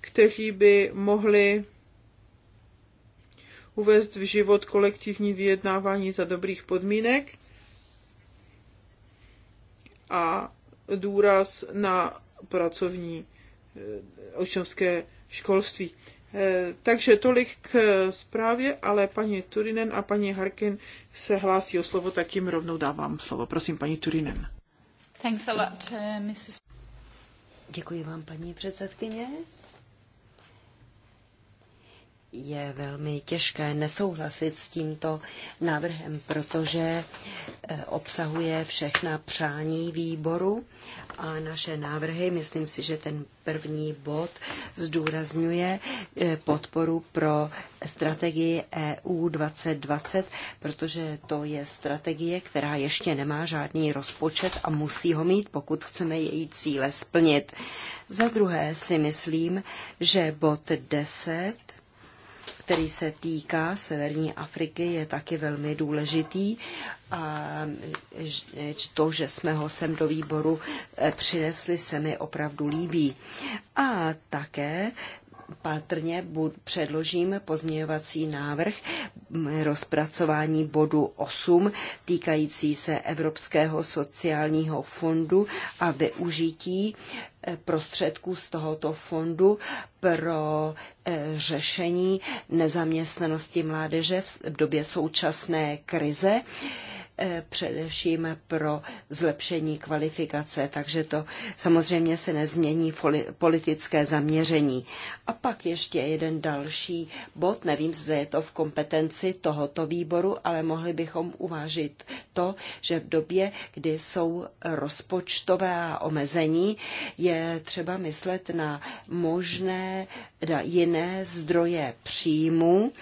kteří by mohli uvést v život kolektivní vyjednávání za dobrých podmínek a důraz na pracovní eh, učňovské školství. Eh, takže tolik k eh, zprávě, ale paní Turinen a paní Harkin se hlásí o slovo, tak jim rovnou dávám slovo. Prosím, paní Turinen. Thanks a lot, eh, Mrs. Děkuji vám, paní předsedkyně je velmi těžké nesouhlasit s tímto návrhem, protože eh, obsahuje všechna přání výboru a naše návrhy. Myslím si, že ten první bod zdůrazňuje eh, podporu pro strategii EU 2020, protože to je strategie, která ještě nemá žádný rozpočet a musí ho mít, pokud chceme její cíle splnit. Za druhé si myslím, že bod 10 který se týká Severní Afriky, je taky velmi důležitý. A e, to, že jsme ho sem do výboru e, přinesli, se mi opravdu líbí. A také patrně předložím pozměňovací návrh rozpracování bodu 8 týkající se Evropského sociálního fondu a využití eh, prostředků z tohoto fondu pro eh, řešení nezaměstnanosti mládeže v době současné krize. Eh, především pro zlepšení kvalifikace, takže to samozřejmě se nezmění politické zaměření. A pak ještě jeden další bod, nevím, zda je to v kompetenci tohoto výboru, ale mohli bychom uvážit to, že v době, kdy jsou rozpočtové omezení, je třeba myslet na možné na jiné zdroje příjmu.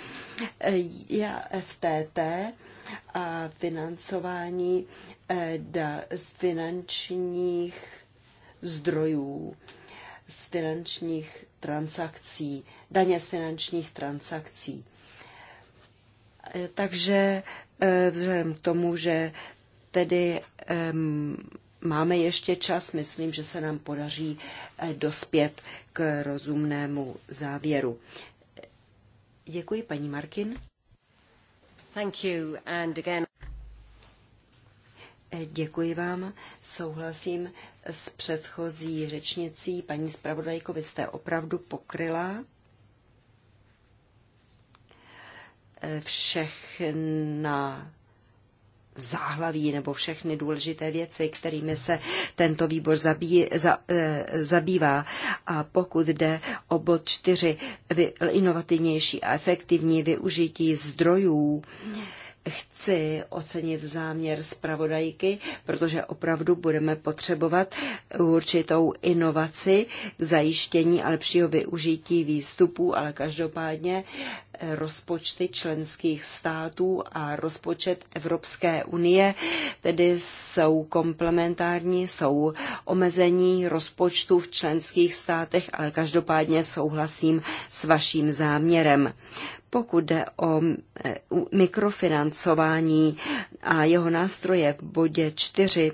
Eh, já FTT a financování eh, z finančních zdrojů, z finančních transakcí, daně z finančních transakcí. Eh, takže eh, vzhledem k tomu, že tedy máme ještě čas, myslím, že se nám podaří dospět k rozumnému závěru. Děkuji, paní Markin. Thank you and again. Eh, děkuji vám. Souhlasím s předchozí řečnicí. Paní zpravodajko, vy jste opravdu pokryla eh, všechna záhlaví nebo všechny důležité věci, kterými se tento výbor zabí, za, e, zabývá. A pokud jde o bod čtyři, inovativnější a efektivní využití zdrojů, e, chci ocenit záměr zpravodajky, protože opravdu budeme potřebovat určitou inovaci k zajištění a lepšího využití výstupů, ale každopádně rozpočty členských států a rozpočet Evropské unie, tedy jsou komplementární, jsou omezení rozpočtu v členských státech, ale každopádně souhlasím s vaším záměrem. Pokud jde o e, mikrofinancování a jeho nástroje v bodě 4,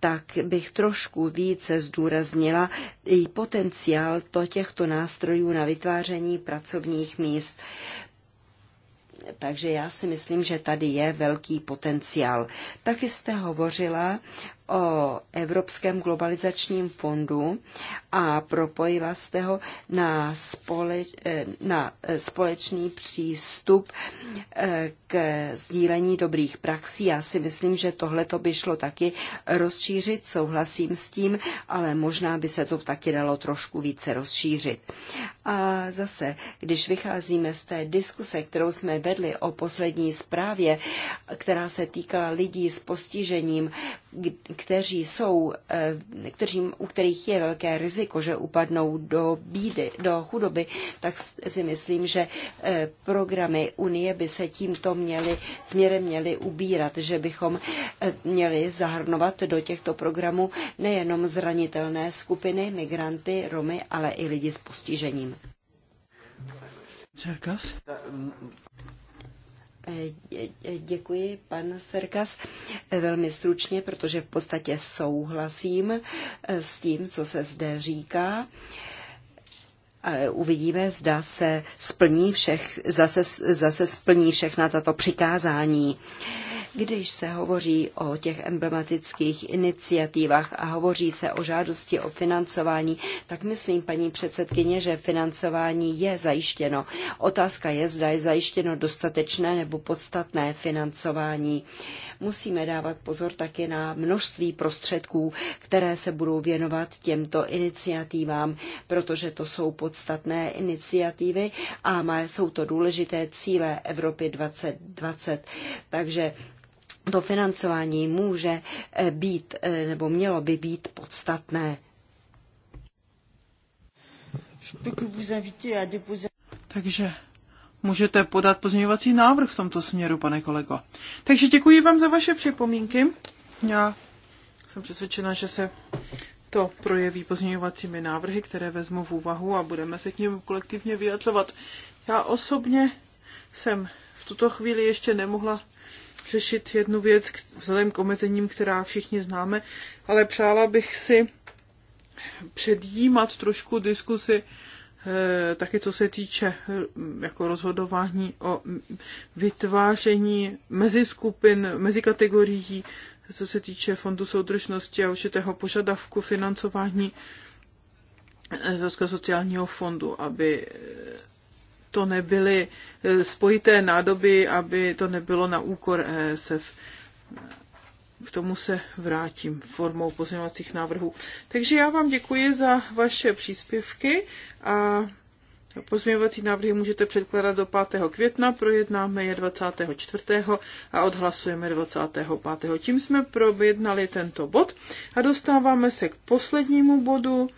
tak bych trošku více zdůraznila i potenciál to těchto nástrojů na vytváření pracovních míst. Takže já si myslím, že tady je velký potenciál. Taky jste hovořila o Evropském globalizačním fondu a propojila jste ho na, společ, eh, na eh, společný přístup eh, k sdílení dobrých praxí. Já si myslím, že tohle to by šlo taky rozšířit, souhlasím s tím, ale možná by se to taky dalo trošku více rozšířit. A zase, když vycházíme z té diskuse, kterou jsme vedli o poslední zprávě, která se týkala lidí s postižením, kteří jsou, eh, kteří, u kterých je velké riziko, že upadnou do bídy, do chudoby, tak si myslím, že eh, programy Unie by se tímto měly, směrem měly ubírat, že bychom eh, měli zahrnovat do těchto programů nejenom zranitelné skupiny, migranty, Romy, ale i lidi s postižením. Cerkas? Eh, děkuji, pan Serkas. Eh, velmi stručně, protože v podstatě souhlasím eh, s tím, co se zde říká. Uvidíme, zda se splní všech, zase, zase splní všechna tato přikázání. Když se hovoří o těch emblematických iniciativách a hovoří se o žádosti o financování, tak myslím, paní předsedkyně, že financování je zajištěno. Otázka je, zda je zajištěno dostatečné nebo podstatné financování. Musíme dávat pozor také na množství prostředků, které se budou věnovat těmto iniciativám, protože to jsou podstatné iniciativy a jsou to důležité cíle Evropy 2020. Takže to financování může eh, být eh, nebo mělo by být podstatné. Takže můžete podat pozměňovací návrh v tomto směru, pane kolego. Takže děkuji vám za vaše připomínky. Já jsem přesvědčena, že se to projeví pozměňovacími návrhy, které vezmu v úvahu a budeme se k němu kolektivně vyjadřovat. Já osobně jsem v tuto chvíli ještě nemohla řešit jednu věc vzhledem k omezením, která všichni známe, ale přála bych si předjímat trošku diskusy eh, taky co se týče hm, jako rozhodování o hm, vytváření meziskupin, mezikategorií, co se týče fondu soudržnosti a určitého požadavku financování eh, Evropského sociálního fondu, aby eh, to nebyly e, spojité nádoby, aby to nebylo na úkor ESF. K tomu se vrátím formou pozměňovacích návrhů. Takže já vám děkuji za vaše příspěvky a Pozměňovací návrhy můžete předkládat do 5. května, projednáme je 24. a odhlasujeme 25. Tím jsme projednali tento bod a dostáváme se k poslednímu bodu.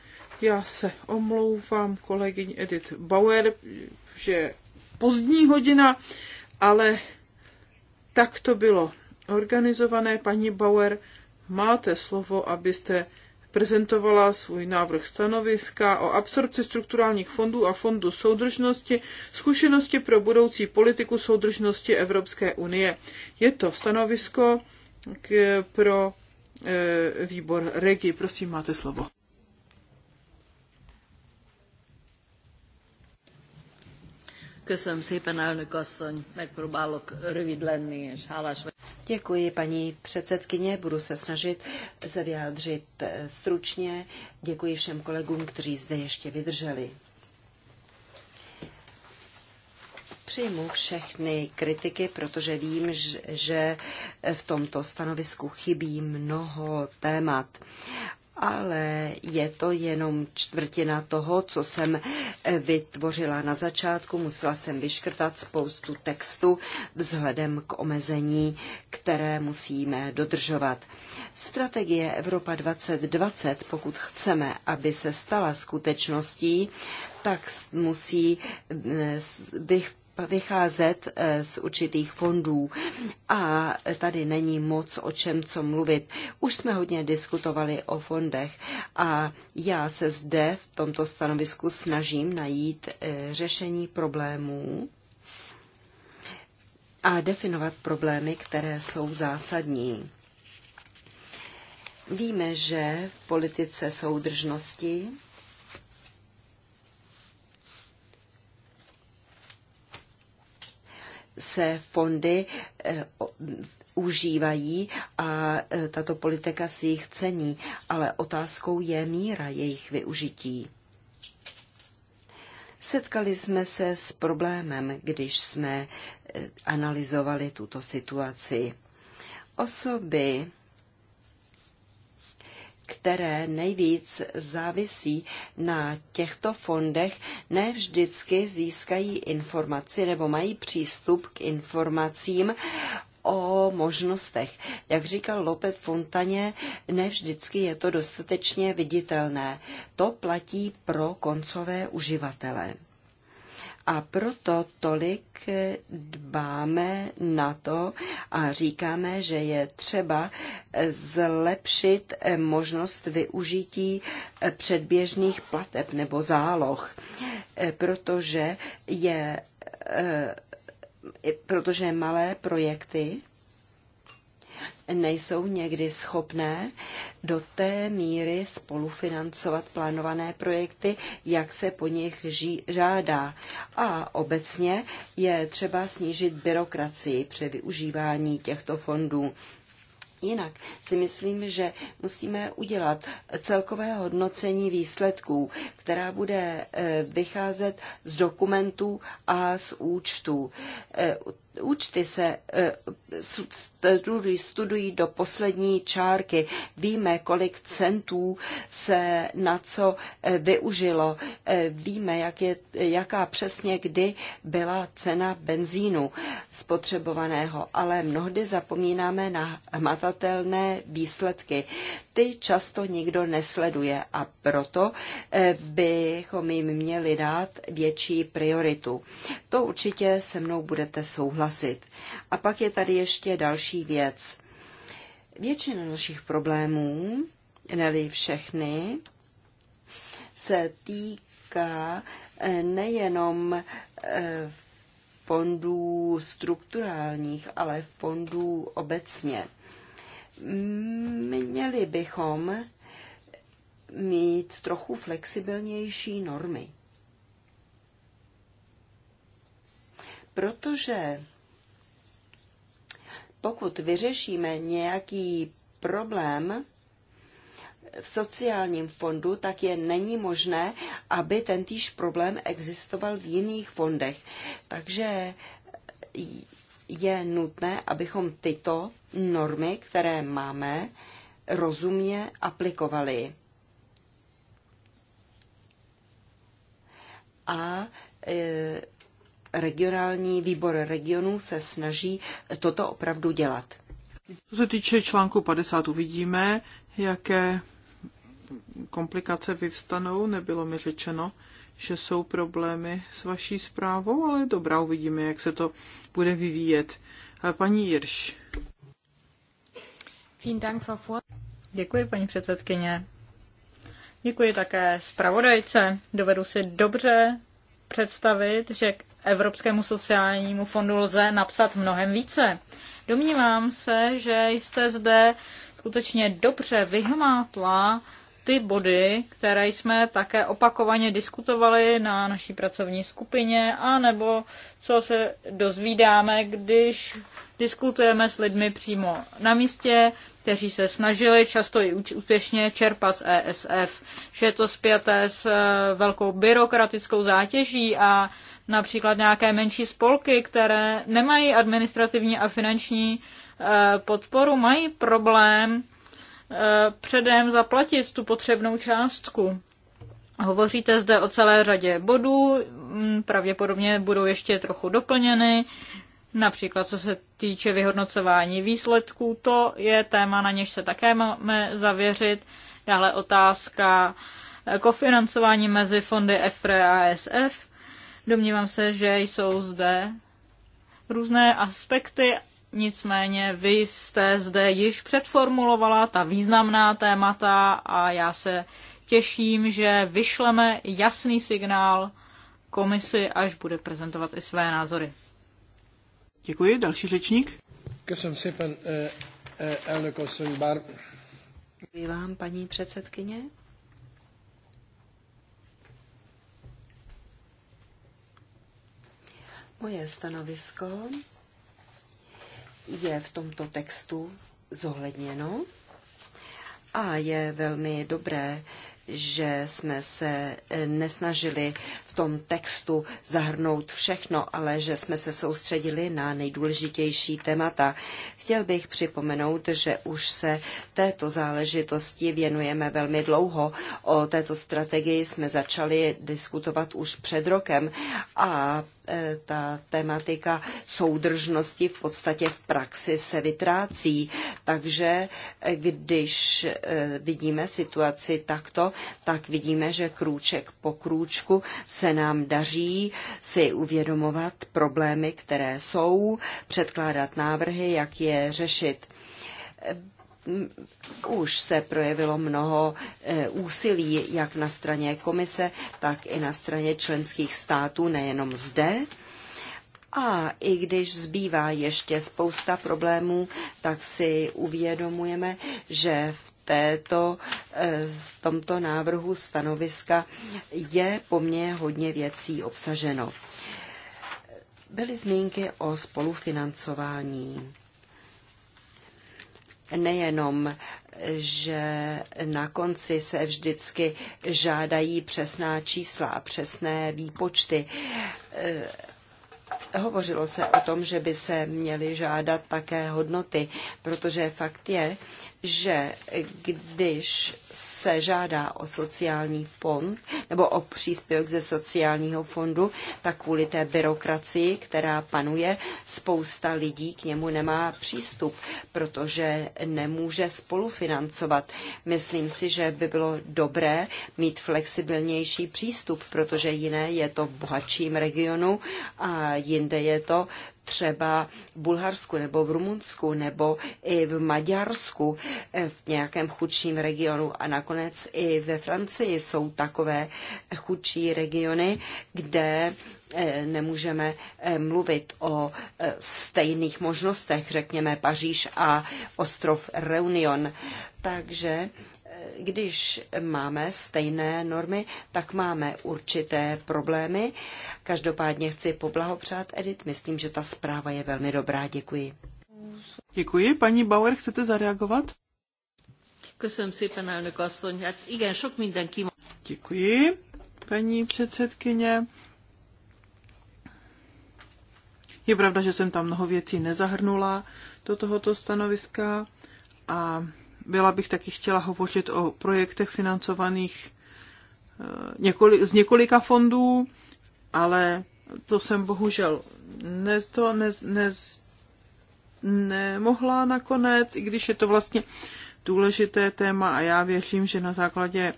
Já se omlouvám kolegyň Edith Bauer, že pozdní hodina, ale tak to bylo organizované. Paní Bauer, máte slovo, abyste prezentovala svůj návrh stanoviska o absorpci strukturálních fondů a fondu soudržnosti, zkušenosti pro budoucí politiku soudržnosti Evropské unie. Je to stanovisko k, pro e, výbor REGI. Prosím, máte slovo. Köszönöm szépen, elnök asszony, megpróbálok rövid lenni, és hálás vagyok. Děkuji, paní předsedkyně, budu se snažit se vyjádřit eh, stručně. Děkuji všem kolegům, kteří zde ještě vydrželi. Přijmu všechny kritiky, protože vím, že v tomto stanovisku chybí mnoho témat ale je to jenom čtvrtina toho, co jsem eh, vytvořila na začátku. Musela jsem vyškrtat spoustu textu vzhledem k omezení, které musíme dodržovat. Strategie Evropa 2020, pokud chceme, aby se stala skutečností, tak musí eh, bych vycházet eh, z určitých fondů. A tady není moc o čem co mluvit. Už jsme hodně diskutovali o fondech a já se zde v tomto stanovisku snažím najít eh, řešení problémů a definovat problémy, které jsou zásadní. Víme, že v politice soudržnosti se fondy eh, užívají a eh, tato politika si jich cení, ale otázkou je míra jejich využití. Setkali jsme se s problémem, když jsme eh, analyzovali tuto situaci. Osoby, které nejvíc závisí na těchto fondech, ne vždycky získají informaci nebo mají přístup k informacím o možnostech. Jak říkal Lopet Fontaně, ne vždycky je to dostatečně viditelné. To platí pro koncové uživatele. A proto tolik dbáme na to a říkáme, že je třeba zlepšit možnost využití předběžných plateb nebo záloh, protože je eh, protože malé projekty nejsou někdy schopné do té míry spolufinancovat plánované projekty, jak se po nich žádá. A obecně je třeba snížit byrokracii při využívání těchto fondů. Jinak si myslím, že musíme udělat celkové hodnocení výsledků, která bude eh, vycházet z dokumentů a z účtů. Eh, Účty se eh, studují, do poslední čárky. Víme, kolik centů se na co eh, využilo. Eh, víme, jak je, jaká přesně kdy byla cena benzínu spotřebovaného, ale mnohdy zapomínáme na hmatatelné výsledky. Ty často nikdo nesleduje a proto bychom jim měli dát větší prioritu. To určitě se mnou budete souhlasit souhlasit. A pak je tady ještě další věc. Většina našich problémů, neli všechny, se týká eh, nejenom eh, fondů strukturálních, ale fondů obecně. Měli bychom mít trochu flexibilnější normy. Protože pokud vyřešíme nějaký problém v sociálním fondu, tak je není možné, aby tentýž problém existoval v jiných fondech. Takže je nutné, abychom tyto normy, které máme, rozumně aplikovali. A e, regionální výbor regionů se snaží toto opravdu dělat. Co se týče článku 50, uvidíme, jaké komplikace vyvstanou. Nebylo mi řečeno, že jsou problémy s vaší zprávou, ale dobrá, uvidíme, jak se to bude vyvíjet. Paní Jirš. Děkuji, paní předsedkyně. Děkuji také zpravodajce. Dovedu si dobře představit, že Evropskému sociálnímu fondu lze napsat mnohem více. Domnívám se, že jste zde skutečně dobře vyhmátla ty body, které jsme také opakovaně diskutovali na naší pracovní skupině, a nebo co se dozvídáme, když diskutujeme s lidmi přímo na místě, kteří se snažili často i úspěšně čerpat z ESF, že je to zpěté s eh, velkou byrokratickou zátěží a například nějaké menší spolky, které nemají administrativní a finanční eh, podporu, mají problém eh, předem zaplatit tu potřebnou částku. Hovoříte zde o celé řadě bodů, mm, pravděpodobně budou ještě trochu doplněny, například co se týče vyhodnocování výsledků, to je téma, na něž se také máme zavěřit. Dále otázka eh, kofinancování mezi fondy EFRE a SF. Domnívám se, že jsou zde různé aspekty, nicméně vy jste zde již předformulovala ta významná témata a já se těším, že vyšleme jasný signál komisi, až bude prezentovat i své názory. Děkuji. Další řečník. Eh, eh, Děkuji vám, paní předsedkyně. Moje stanovisko je v tomto textu zohledněno a je velmi dobré, že jsme se eh, nesnažili v tom textu zahrnout všechno, ale že jsme se soustředili na nejdůležitější témata, Chtěl bych připomenout, že už se této záležitosti věnujeme velmi dlouho. O této strategii jsme začali diskutovat už před rokem a e, ta tematika soudržnosti v podstatě v praxi se vytrácí. Takže e, když e, vidíme situaci takto, tak vidíme, že krůček po krůčku se nám daří si uvědomovat problémy, které jsou, předkládat návrhy, jak je je řešit. Už se projevilo mnoho eh, úsilí jak na straně komise, tak i na straně členských států, nejenom zde. A i když zbývá ještě spousta problémů, tak si uvědomujeme, že v této, eh, v tomto návrhu stanoviska je po mně hodně věcí obsaženo. Byly zmínky o spolufinancování nejenom, že na konci se vždycky žádají přesná čísla a přesné výpočty. Eh, hovořilo se o tom, že by se měly žádat také hodnoty, protože fakt je, že když se žádá o sociální fond nebo o příspěvek ze sociálního fondu, tak kvůli té byrokracii, která panuje, spousta lidí k němu nemá přístup, protože nemůže spolufinancovat. Myslím si, že by bylo dobré mít flexibilnější přístup, protože jiné je to v bohatším regionu a jinde je to třeba v Bulharsku nebo v Rumunsku nebo i v Maďarsku eh, v nějakém chudším regionu. A a nakonec i ve Francii jsou takové chudší regiony, kde eh, nemůžeme eh, mluvit o eh, stejných možnostech, řekněme Paříž a ostrov Reunion. Takže když máme stejné normy, tak máme určité problémy. Každopádně chci poblahopřát Edit. Myslím, že ta zpráva je velmi dobrá. Děkuji. Děkuji. Paní Bauer, chcete zareagovat? Köszönöm szépen, elnök asszony. Hát igen, sok minden kim... Děkuji, paní předsedkyně. Je pravda, že jsem tam mnoho věcí nezahrnula do tohoto stanoviska a byla bych taky chtěla hovořit o projektech financovaných eh, z několika fondů, ale to jsem bohužel ne, to ne, ne, nemohla nakonec, i když je to vlastně důležité téma a já věřím, že na základě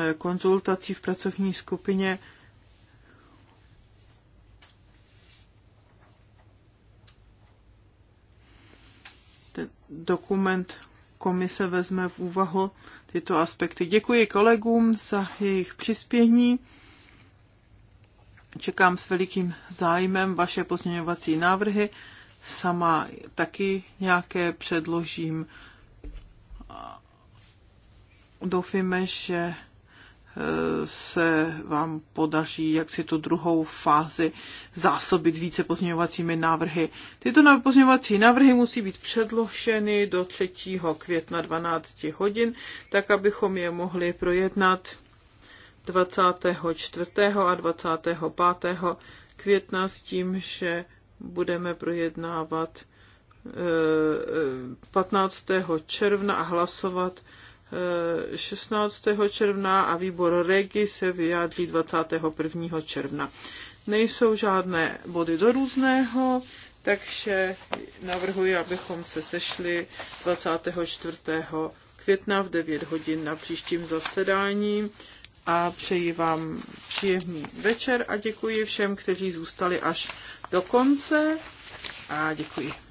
eh, konzultací v pracovní skupině ten dokument komise vezme v úvahu tyto aspekty. Děkuji kolegům za jejich přispění. Čekám s velikým zájmem vaše pozměňovací návrhy. Sama taky nějaké předložím doufíme, že eh, se vám podaří jak si tu druhou fázi zásobit více pozměňovacími návrhy. Tyto pozměňovací návrhy musí být předloženy do 3. května 12 hodin, tak abychom je mohli projednat 24. a 25. května s tím, že budeme projednávat 15. června a hlasovat 16. Eh, června a výbor Regi se vyjádří 21. června. Nejsou žádné body do různého, takže navrhuji, abychom se sešli 24. května v 9 hodin na příštím zasedání a přeji vám příjemný večer a děkuji všem, kteří zůstali až do konce a děkuji.